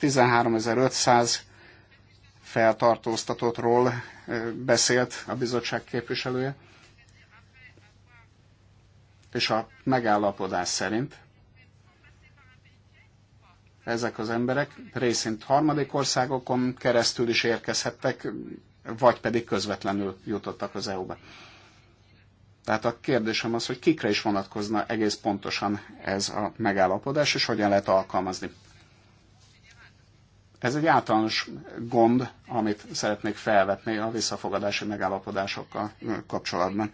13.500 feltartóztatottról beszélt a bizottság képviselője, és a megállapodás szerint ezek az emberek részint harmadik országokon keresztül is érkezhettek, vagy pedig közvetlenül jutottak az EU-ba. Tehát a kérdésem az, hogy kikre is vonatkozna egész pontosan ez a megállapodás, és hogyan lehet alkalmazni. Ez egy általános gond, amit szeretnék felvetni a visszafogadási megállapodásokkal kapcsolatban.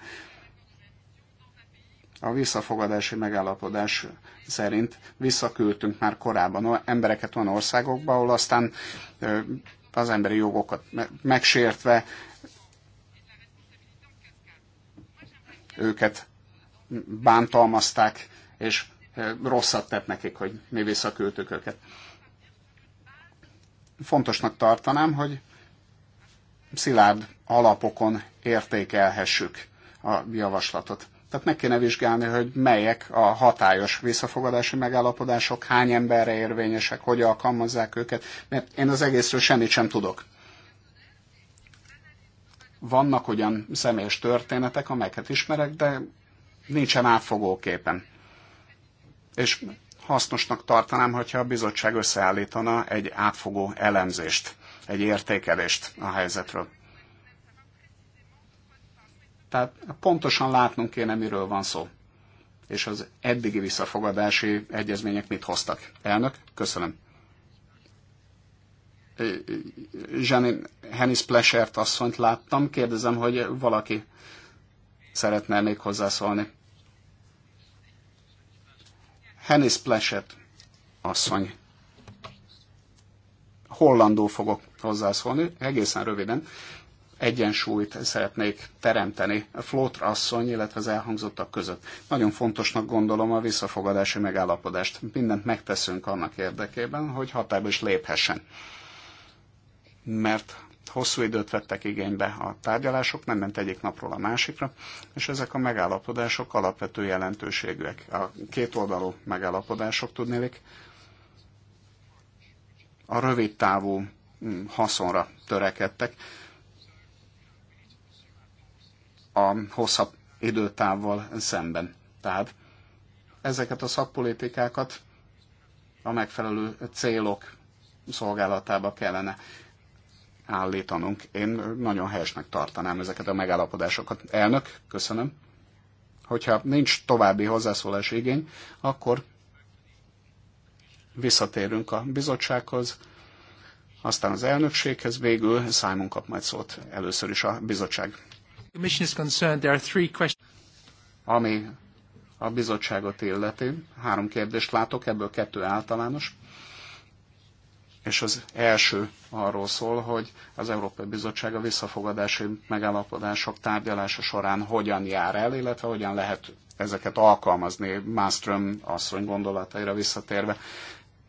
A visszafogadási megállapodás szerint visszaküldtünk már korábban embereket olyan országokba, ahol aztán az emberi jogokat megsértve őket bántalmazták, és rosszat tett nekik, hogy mi visszaküldtük őket. Fontosnak tartanám, hogy szilárd alapokon értékelhessük a javaslatot. Tehát meg kéne vizsgálni, hogy melyek a hatályos visszafogadási megállapodások, hány emberre érvényesek, hogy alkalmazzák őket, mert én az egészről semmit sem tudok. Vannak olyan személyes történetek, amelyeket ismerek, de nincsen átfogó képen. És hasznosnak tartanám, hogyha a bizottság összeállítana egy átfogó elemzést, egy értékelést a helyzetről. Tehát pontosan látnunk kéne, miről van szó. És az eddigi visszafogadási egyezmények mit hoztak. Elnök, köszönöm. Jenny Hennis Plesert asszonyt láttam, kérdezem, hogy valaki szeretne még hozzászólni. Hennis Plesert asszony. Hollandó fogok hozzászólni, egészen röviden. Egyensúlyt szeretnék teremteni a Flótr asszony, illetve az elhangzottak között. Nagyon fontosnak gondolom a visszafogadási megállapodást. Mindent megteszünk annak érdekében, hogy hatályba is léphessen mert hosszú időt vettek igénybe a tárgyalások, nem ment egyik napról a másikra, és ezek a megállapodások alapvető jelentőségűek. A kétoldalú megállapodások tudnélik a rövid távú mm, haszonra törekedtek, a hosszabb időtávval szemben. Tehát ezeket a szakpolitikákat a megfelelő célok szolgálatába kellene állítanunk. Én nagyon helyesnek tartanám ezeket a megállapodásokat. Elnök, köszönöm. Hogyha nincs további hozzászólás igény, akkor visszatérünk a bizottsághoz, aztán az elnökséghez, végül Simon kap majd szót először is a bizottság. Ami a bizottságot illeti, három kérdést látok, ebből kettő általános és az első arról szól, hogy az Európai Bizottság a visszafogadási megállapodások tárgyalása során hogyan jár el, illetve hogyan lehet ezeket alkalmazni, Mástrom asszony gondolataira visszatérve.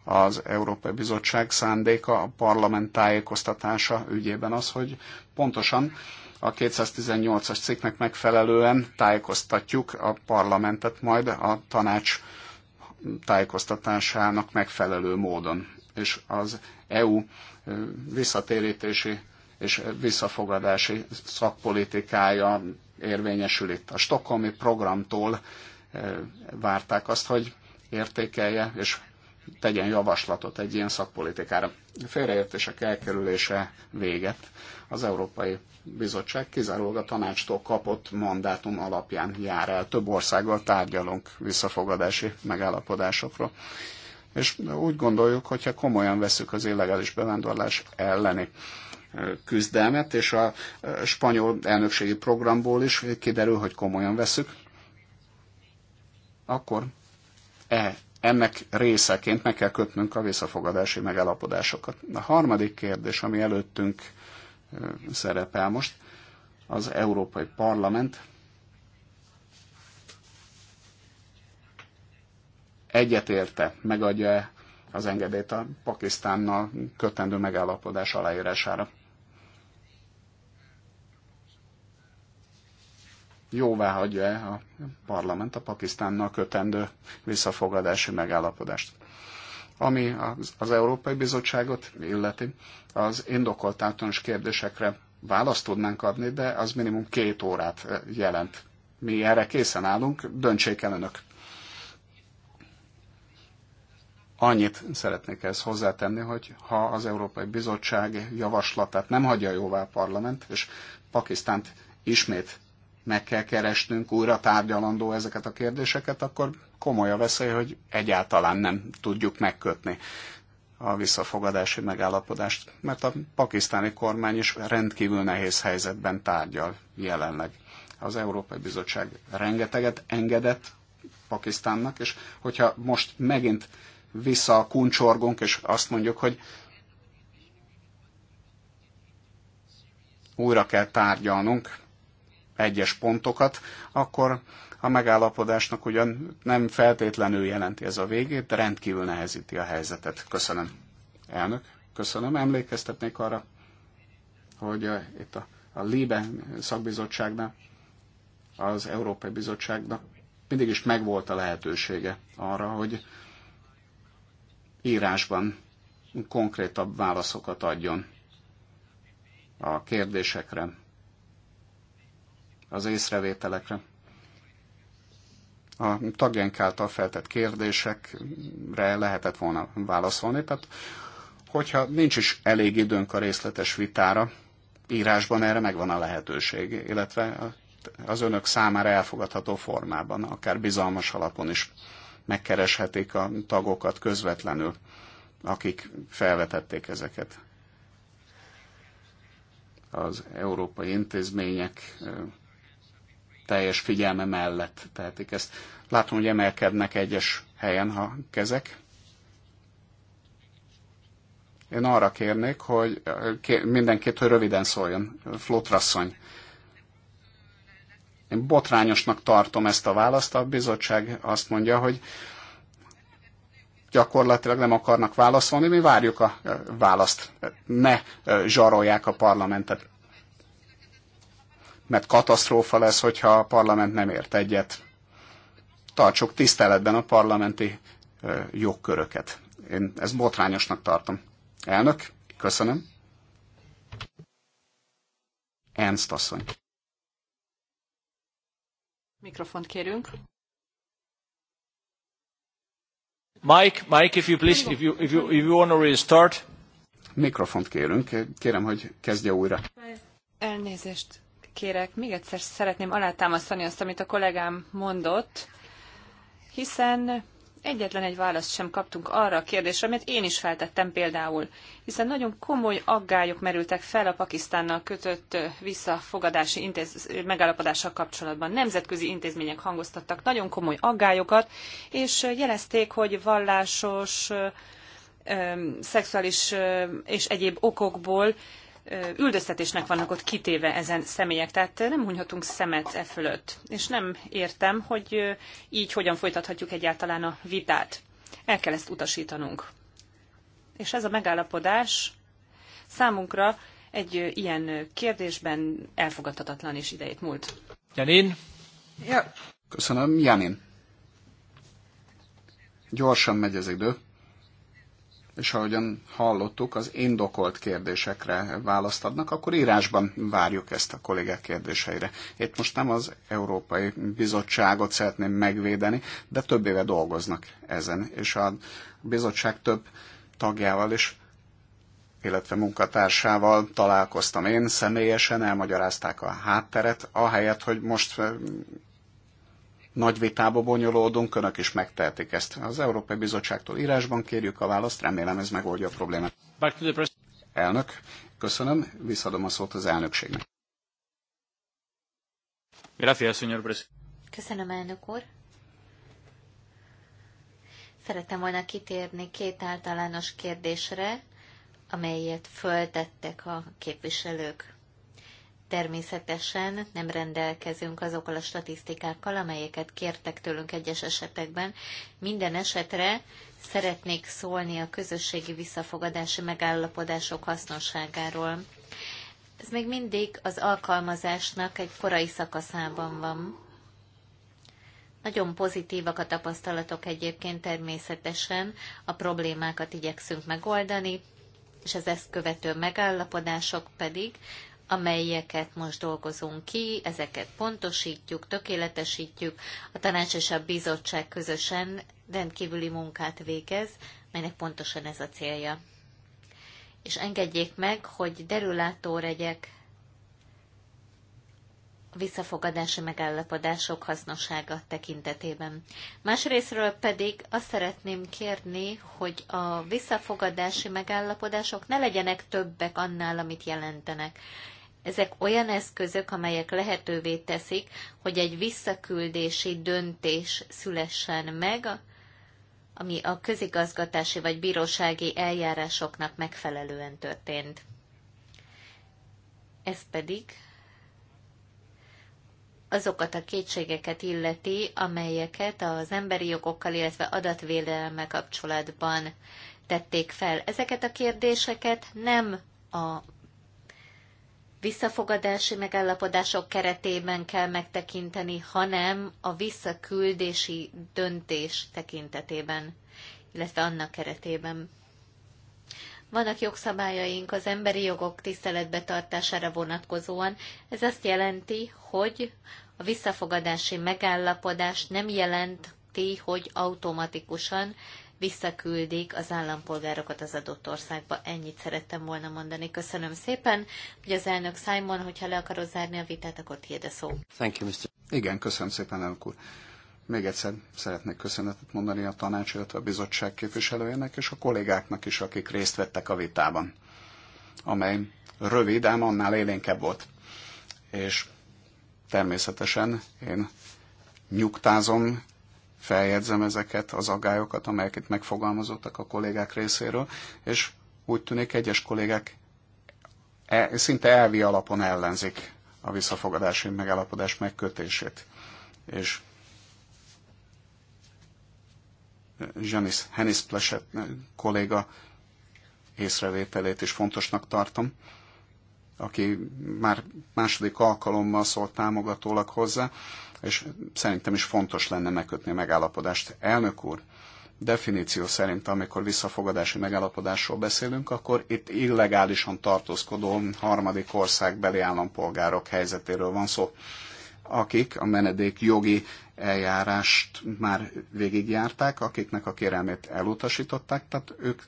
Az Európai Bizottság szándéka, a parlament tájékoztatása ügyében az, hogy pontosan a 218-as cikknek megfelelően tájékoztatjuk a parlamentet majd a tanács tájékoztatásának megfelelő módon és az EU visszatérítési és visszafogadási szakpolitikája érvényesül itt. A stokholmi programtól várták azt, hogy értékelje és tegyen javaslatot egy ilyen szakpolitikára. Félreértések elkerülése véget az Európai Bizottság kizárólag a tanácstól kapott mandátum alapján jár el. Több országgal tárgyalunk visszafogadási megállapodásokról. És úgy gondoljuk, hogyha komolyan veszük az illegális bevándorlás elleni küzdelmet, és a spanyol elnökségi programból is kiderül, hogy komolyan veszük, akkor e, ennek részeként meg kell kötnünk a visszafogadási megalapodásokat. A harmadik kérdés, ami előttünk szerepel most, az Európai Parlament egyetérte, megadja-e az engedélyt a Pakisztánnal kötendő megállapodás aláírására. Jóvá hagyja-e a parlament a Pakisztánnal kötendő visszafogadási megállapodást. Ami az, az Európai Bizottságot illeti, az indokolt általános kérdésekre választ tudnánk adni, de az minimum két órát jelent. Mi erre készen állunk, döntsék el önök. Annyit szeretnék ezt hozzátenni, hogy ha az Európai Bizottság javaslatát nem hagyja jóvá a parlament, és Pakisztánt ismét meg kell keresnünk, újra tárgyalandó ezeket a kérdéseket, akkor komoly a veszély, hogy egyáltalán nem tudjuk megkötni a visszafogadási megállapodást, mert a pakisztáni kormány is rendkívül nehéz helyzetben tárgyal jelenleg. Az Európai Bizottság rengeteget engedett Pakisztánnak, és hogyha most megint vissza kuncsorgunk, és azt mondjuk, hogy újra kell tárgyalnunk egyes pontokat, akkor a megállapodásnak ugyan nem feltétlenül jelenti ez a végét, de rendkívül nehezíti a helyzetet. Köszönöm. Elnök, köszönöm. Emlékeztetnék arra, hogy a, uh, itt a, a LIBE szakbizottságnál, az Európai Bizottságnak mindig is megvolt a lehetősége arra, hogy írásban konkrétabb válaszokat adjon a kérdésekre, az észrevételekre. A tagjaink által feltett kérdésekre lehetett volna válaszolni, tehát hogyha nincs is elég időnk a részletes vitára, írásban erre megvan a lehetőség, illetve az önök számára elfogadható formában, akár bizalmas alapon is megkereshetik a tagokat közvetlenül, akik felvetették ezeket. Az európai intézmények teljes figyelme mellett tehetik ezt. Látom, hogy emelkednek egyes helyen ha kezek. Én arra kérnék, hogy mindenkit, hogy röviden szóljon. Flótrasszony. Én botrányosnak tartom ezt a választ. A bizottság azt mondja, hogy gyakorlatilag nem akarnak válaszolni, mi várjuk a választ. Ne zsarolják a parlamentet. Mert katasztrófa lesz, hogyha a parlament nem ért egyet. Tartsuk tiszteletben a parlamenti jogköröket. Én ezt botrányosnak tartom. Elnök, köszönöm. Ernst asszony.
Mikrofont kérünk.
Mike, Mike, if you please, if you, if you, if you want to restart. Mikrofont kérünk, kérem, hogy kezdje újra.
Elnézést kérek, még egyszer szeretném alátámasztani azt, amit a kollégám mondott, hiszen egyetlen egy választ sem kaptunk arra a kérdésre, amit én is feltettem például, hiszen nagyon komoly aggályok merültek fel a Pakisztánnal kötött visszafogadási intéz... megállapodással kapcsolatban. Nemzetközi intézmények hangoztattak nagyon komoly aggályokat, és jelezték, hogy vallásos, szexuális és egyéb okokból üldöztetésnek vannak ott kitéve ezen személyek, tehát nem hunyhatunk szemet e fölött. És nem értem, hogy így hogyan folytathatjuk egyáltalán a vitát. El kell ezt utasítanunk. És ez a megállapodás számunkra egy ilyen kérdésben elfogadhatatlan és idejét múlt. Janin? Ja.
Köszönöm, Janin. Gyorsan megy ez idő és ahogyan hallottuk, az indokolt kérdésekre választ adnak, akkor írásban várjuk ezt a kollégák kérdéseire. Itt most nem az Európai Bizottságot szeretném megvédeni, de több éve dolgoznak ezen, és a bizottság több tagjával is illetve munkatársával találkoztam én, személyesen elmagyarázták a hátteret, ahelyett, hogy most nagy vitába bonyolódunk, önök is megtehetik ezt. Az Európai Bizottságtól írásban kérjük a választ, remélem ez megoldja a problémát. Elnök, köszönöm, visszadom a szót az elnökségnek. Gracias, señor
Köszönöm, elnök úr. Szerettem volna kitérni két általános kérdésre, amelyet föltettek a képviselők. Természetesen nem rendelkezünk azokkal a statisztikákkal, amelyeket kértek tőlünk egyes esetekben. Minden esetre szeretnék szólni a közösségi visszafogadási megállapodások hasznosságáról. Ez még mindig az alkalmazásnak egy korai szakaszában van. Nagyon pozitívak a tapasztalatok egyébként természetesen, a problémákat igyekszünk megoldani, és az ezt követő megállapodások pedig amelyeket most dolgozunk ki, ezeket pontosítjuk, tökéletesítjük. A tanács és a bizottság közösen rendkívüli munkát végez, melynek pontosan ez a célja. És engedjék meg, hogy derülátó legyek visszafogadási megállapodások hasznossága tekintetében. Másrésztről pedig azt szeretném kérni, hogy a visszafogadási megállapodások ne legyenek többek annál, amit jelentenek. Ezek olyan eszközök, amelyek lehetővé teszik, hogy egy visszaküldési döntés szülessen meg, ami a közigazgatási vagy bírósági eljárásoknak megfelelően történt. Ez pedig azokat a kétségeket illeti, amelyeket az emberi jogokkal, illetve adatvédelemmel kapcsolatban tették fel. Ezeket a kérdéseket nem a visszafogadási megállapodások keretében kell megtekinteni, hanem a visszaküldési döntés tekintetében, illetve annak keretében. Vannak jogszabályaink az emberi jogok tiszteletbe tartására vonatkozóan. Ez azt jelenti, hogy a visszafogadási megállapodás nem jelenti, hogy automatikusan visszaküldik az állampolgárokat az adott országba. Ennyit szerettem volna mondani. Köszönöm szépen, hogy az elnök Simon, hogyha le akarod zárni a vitát, akkor tiéd a szó.
Thank you, Mr. Igen, köszönöm szépen, elnök úr. Még egyszer szeretnék köszönetet mondani a tanács, illetve a bizottság képviselőjének és a kollégáknak is, akik részt vettek a vitában, amely rövid, ám annál élénkebb volt. És természetesen én nyugtázom feljegyzem ezeket az agályokat, amelyek itt megfogalmazottak a kollégák részéről, és úgy tűnik egyes kollégák e, szinte elvi alapon ellenzik a visszafogadási megállapodás megkötését. És Janis Hennis Pleset kolléga észrevételét is fontosnak tartom, aki már második alkalommal szólt támogatólag hozzá, és szerintem is fontos lenne megkötni a megállapodást. Elnök úr, definíció szerint, amikor visszafogadási megállapodásról beszélünk, akkor itt illegálisan tartózkodó harmadik ország beli állampolgárok helyzetéről van szó, akik a menedék jogi eljárást már végigjárták, akiknek a kérelmét elutasították, tehát ők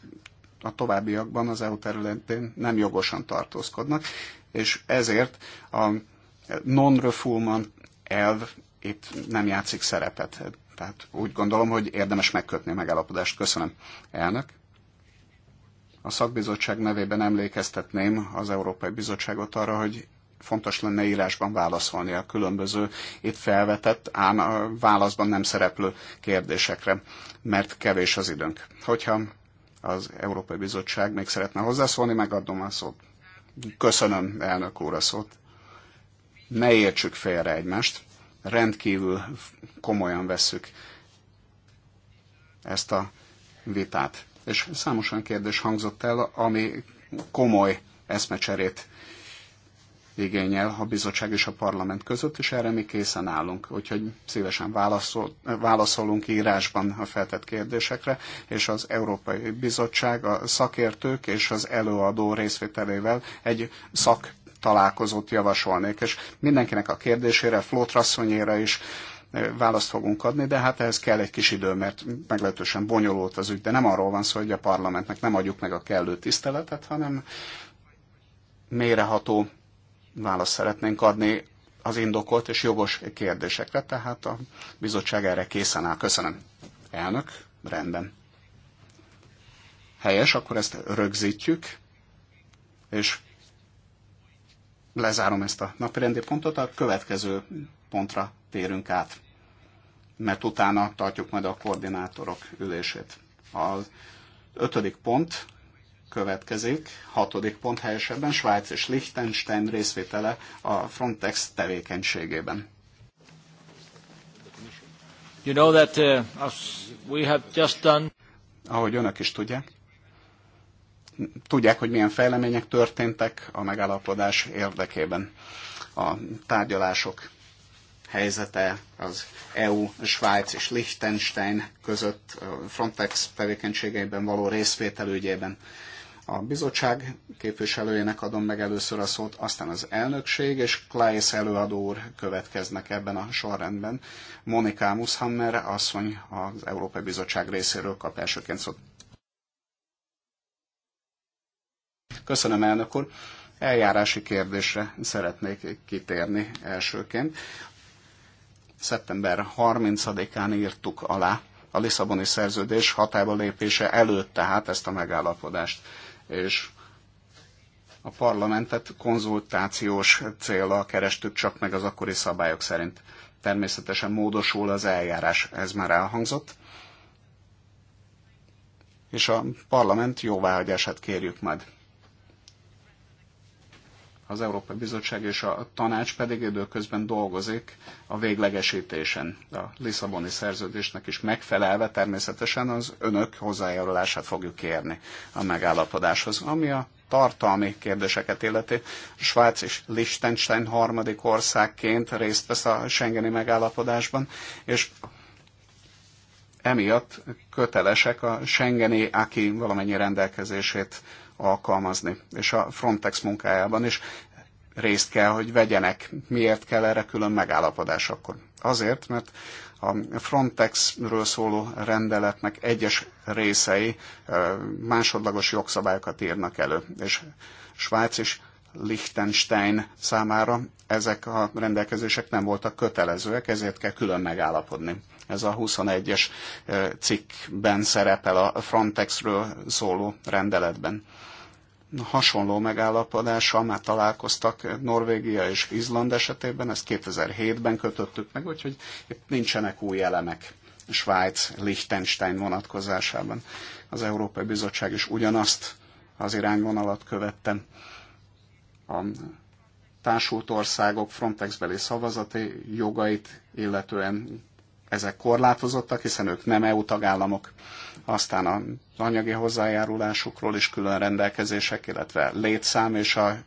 a továbbiakban az EU területén nem jogosan tartózkodnak, és ezért a non-refoulement elv itt nem játszik szerepet. Tehát úgy gondolom, hogy érdemes megkötni a megállapodást. Köszönöm, elnök. A szakbizottság nevében emlékeztetném az Európai Bizottságot arra, hogy fontos lenne írásban válaszolni a különböző itt felvetett, ám a válaszban nem szereplő kérdésekre, mert kevés az időnk. Hogyha az Európai Bizottság még szeretne hozzászólni, megadom a szót. Köszönöm, elnök úr, a szót. Ne értsük félre egymást, rendkívül komolyan vesszük ezt a vitát. És számosan kérdés hangzott el, ami komoly eszmecserét igényel a bizottság és a parlament között, és erre mi készen állunk. Úgyhogy szívesen válaszol, válaszolunk írásban a feltett kérdésekre, és az Európai Bizottság a szakértők és az előadó részvételével egy szak találkozót javasolnék, és mindenkinek a kérdésére, flótrasszonyére is választ fogunk adni, de hát ehhez kell egy kis idő, mert meglehetősen bonyolult az ügy, de nem arról van szó, hogy a parlamentnek nem adjuk meg a kellő tiszteletet, hanem méreható választ szeretnénk adni az indokolt és jogos kérdésekre, tehát a bizottság erre készen áll. Köszönöm. Elnök, rendben. Helyes, akkor ezt rögzítjük, és lezárom ezt a napirendi pontot, a következő pontra térünk át, mert utána tartjuk majd a koordinátorok ülését. Az ötödik pont következik, hatodik pont helyesebben, Svájc és Liechtenstein részvétele a Frontex tevékenységében. You know that, uh, we have just done... Ahogy önök is tudják, tudják, hogy milyen fejlemények történtek a megállapodás érdekében. A tárgyalások helyzete az EU, Svájc és Liechtenstein között Frontex tevékenységeiben való részvétel ügyében a bizottság képviselőjének adom meg először a szót, aztán az elnökség és Klaes előadó úr következnek ebben a sorrendben. Monika Mushammer asszony az Európai Bizottság részéről kap elsőként szót. Köszönöm, elnök úr. Eljárási kérdésre szeretnék kitérni elsőként. Szeptember 30-án írtuk alá a Lisszaboni szerződés hatába lépése előtt tehát ezt a megállapodást és a parlamentet konzultációs célra kerestük csak meg az akkori szabályok szerint. Természetesen módosul az eljárás, ez már elhangzott. És a parlament jóváhagyását kérjük majd az Európai Bizottság és a tanács pedig időközben dolgozik a véglegesítésen. A Lisszaboni szerződésnek is megfelelve természetesen az önök hozzájárulását fogjuk kérni a megállapodáshoz. Ami a tartalmi kérdéseket illeti. Svájc és Liechtenstein harmadik országként részt vesz a Schengeni megállapodásban, és emiatt kötelesek a Schengeni aki valamennyi rendelkezését alkalmazni, és a Frontex munkájában is részt kell, hogy vegyenek. Miért kell erre külön megállapodás akkor? Azért, mert a Frontexről szóló rendeletnek egyes részei másodlagos jogszabályokat írnak elő, és Svájc is Liechtenstein számára ezek a rendelkezések nem voltak kötelezőek, ezért kell külön megállapodni. Ez a 21-es cikkben szerepel a Frontexről szóló rendeletben. Hasonló megállapodással már találkoztak Norvégia és Izland esetében, ezt 2007-ben kötöttük meg, úgyhogy itt nincsenek új elemek. Svájc, Liechtenstein vonatkozásában. Az Európai Bizottság is ugyanazt az irányvonalat követte. A társult országok Frontexbeli szavazati jogait illetően ezek korlátozottak, hiszen ők nem EU tagállamok. Aztán az anyagi hozzájárulásukról is külön rendelkezések, illetve létszám és a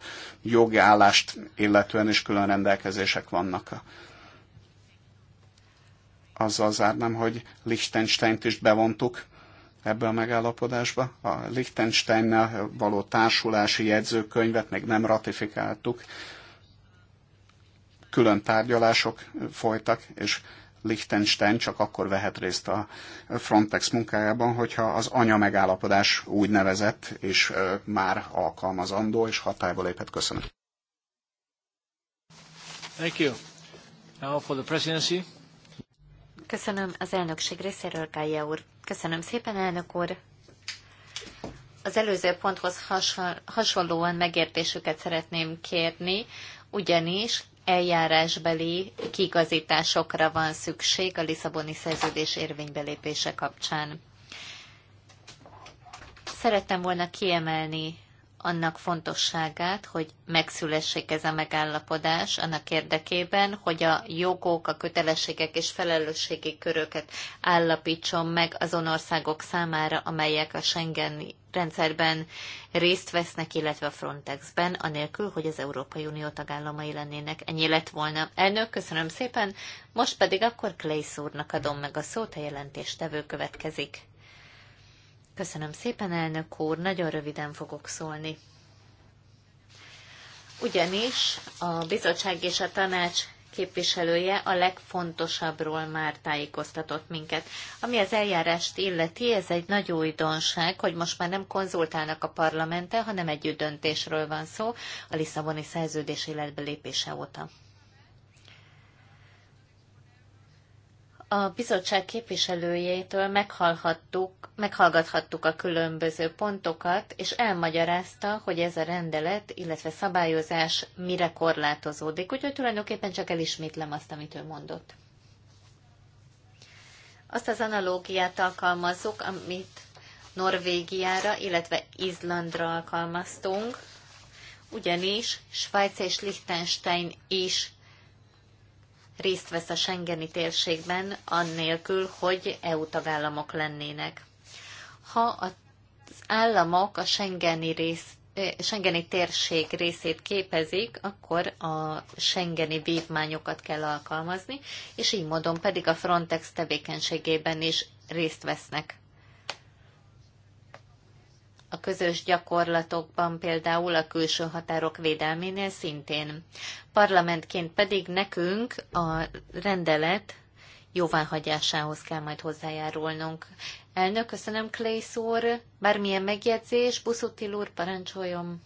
jogi állást illetően is külön rendelkezések vannak. Azzal zárnám, hogy Liechtensteint is bevontuk ebbe a megállapodásba. A Liechtensteinnel való társulási jegyzőkönyvet még nem ratifikáltuk. Külön tárgyalások folytak, és Liechtenstein csak akkor vehet részt a Frontex munkájában, hogyha az anya megállapodás nevezett és már alkalmazandó és hatályba lépett. Köszönöm.
Thank you. Now for the presidency.
Köszönöm az elnökség részéről, Kája úr. Köszönöm szépen, elnök úr. Az előző ponthoz hasonlóan megértésüket szeretném kérni, ugyanis eljárásbeli kigazításokra van szükség a Lisszaboni szerződés érvénybelépése kapcsán. Szerettem volna kiemelni annak fontosságát, hogy megszülessék ez a megállapodás annak érdekében, hogy a jogok, a kötelességek és felelősségi köröket állapítson meg azon országok számára, amelyek a Schengen rendszerben részt vesznek, illetve a Frontexben, anélkül, hogy az Európai Unió tagállamai lennének. Ennyi lett volna. Elnök, köszönöm szépen, most pedig akkor Clay úrnak adom meg a szót, a jelentéstevő következik. Köszönöm szépen, elnök úr, nagyon röviden fogok szólni. Ugyanis a bizottság és a tanács képviselője a legfontosabbról már tájékoztatott minket. Ami az eljárást illeti, ez egy nagy újdonság, hogy most már nem konzultálnak a parlamente, hanem együtt döntésről van szó a Lisszaboni szerződés életbe lépése óta. A bizottság képviselőjétől meghallhattuk, meghallgathattuk a különböző pontokat, és elmagyarázta, hogy ez a rendelet, illetve szabályozás mire korlátozódik. Úgyhogy tulajdonképpen csak elismétlem azt, amit ő mondott. Azt az analógiát alkalmazzuk, amit Norvégiára, illetve Izlandra alkalmaztunk, ugyanis Svájc és Liechtenstein is részt vesz a Schengeni térségben, annélkül, hogy EU tagállamok lennének. Ha az államok a Schengeni, rész, eh, Schengeni térség részét képezik, akkor a Schengeni vívmányokat kell alkalmazni, és így módon pedig a Frontex tevékenységében is részt vesznek a közös gyakorlatokban, például a külső határok védelménél szintén. Parlamentként pedig nekünk a rendelet jóváhagyásához kell majd hozzájárulnunk. Elnök, köszönöm, Klész úr. Bármilyen megjegyzés, Buszutil úr, parancsoljon.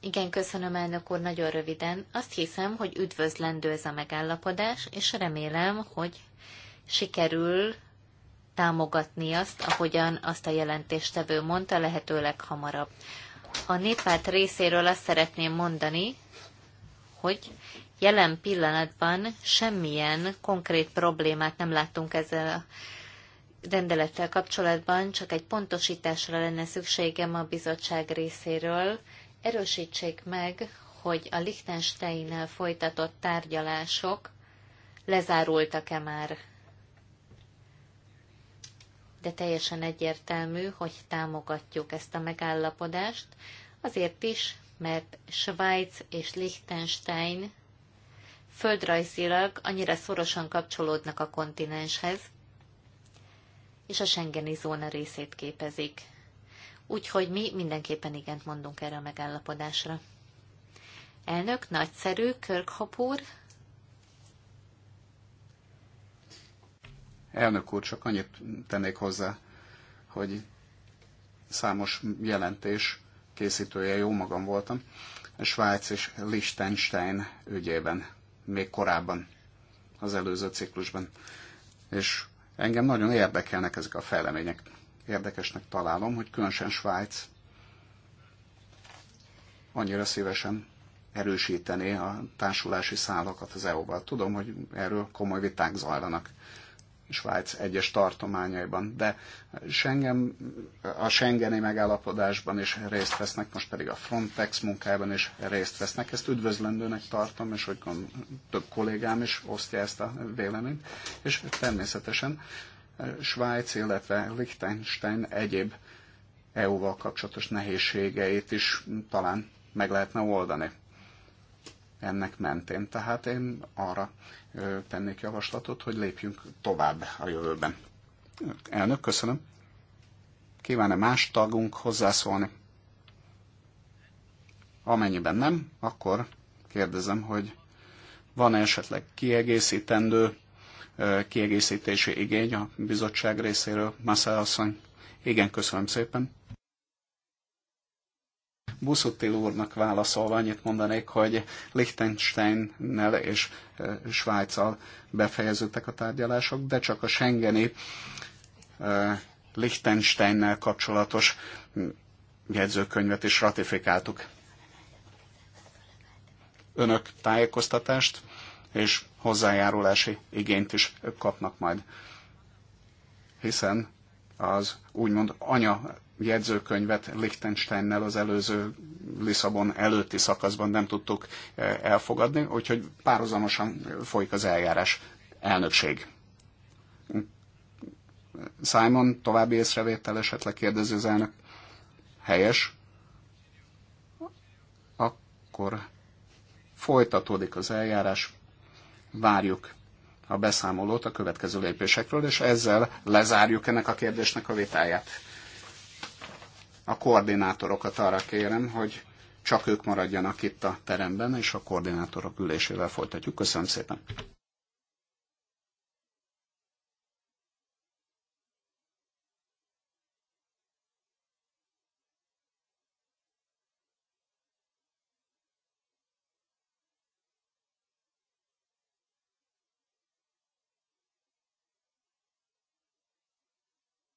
Igen, köszönöm, elnök úr, nagyon röviden. Azt hiszem, hogy üdvözlendő ez a megállapodás, és remélem, hogy sikerül támogatni azt, ahogyan azt a jelentéstevő mondta, lehetőleg hamarabb. A néppárt részéről azt szeretném mondani, hogy jelen pillanatban semmilyen konkrét problémát nem láttunk ezzel a rendelettel kapcsolatban, csak egy pontosításra lenne szükségem a bizottság részéről. Erősítsék meg, hogy a Liechtenstein-nel folytatott tárgyalások lezárultak-e már de teljesen egyértelmű, hogy támogatjuk ezt a megállapodást, azért is, mert Svájc és Liechtenstein földrajzilag annyira szorosan kapcsolódnak a kontinenshez, és a Schengeni zóna részét képezik. Úgyhogy mi mindenképpen igent mondunk erre a megállapodásra. Elnök, nagyszerű, Kirkhope úr,
Elnök úr, csak annyit tennék hozzá, hogy számos jelentés készítője, jó magam voltam, a Svájc és Liechtenstein ügyében, még korábban, az előző ciklusban. És engem nagyon érdekelnek ezek a fejlemények. Érdekesnek találom, hogy különösen Svájc annyira szívesen erősítené a társulási szálakat az EU-val. Tudom, hogy erről komoly viták zajlanak Svájc egyes tartományaiban, de Schengen, a Schengeni megállapodásban is részt vesznek, most pedig a Frontex munkában is részt vesznek. Ezt üdvözlendőnek tartom, és hogy több kollégám is osztja ezt a véleményt, és természetesen eh, Svájc, illetve Liechtenstein egyéb EU-val kapcsolatos nehézségeit is talán meg lehetne oldani ennek mentén. Tehát én arra tennék javaslatot, hogy lépjünk tovább a jövőben. Elnök, köszönöm. Kíván-e más tagunk hozzászólni? Amennyiben nem, akkor kérdezem, hogy van -e esetleg kiegészítendő, kiegészítési igény a bizottság részéről, Massa asszony? Igen, köszönöm szépen. Buszutil úrnak válaszolva annyit mondanék, hogy Liechtensteinnel és e, Svájccal befejeződtek a tárgyalások, de csak a Schengeni e, Liechtensteinnel kapcsolatos jegyzőkönyvet is ratifikáltuk. Önök tájékoztatást és hozzájárulási igényt is kapnak majd, hiszen az úgymond anya jegyzőkönyvet Liechtensteinnel az előző Lisszabon előtti szakaszban nem tudtuk eh, elfogadni, úgyhogy párhuzamosan folyik az eljárás elnökség. Simon, további észrevétel esetleg kérdező az elnök. Helyes? Akkor folytatódik az eljárás, várjuk a beszámolót a következő lépésekről, és ezzel lezárjuk ennek a kérdésnek a vitáját a koordinátorokat arra kérem, hogy csak ők maradjanak itt a teremben, és a koordinátorok ülésével folytatjuk. Köszönöm szépen!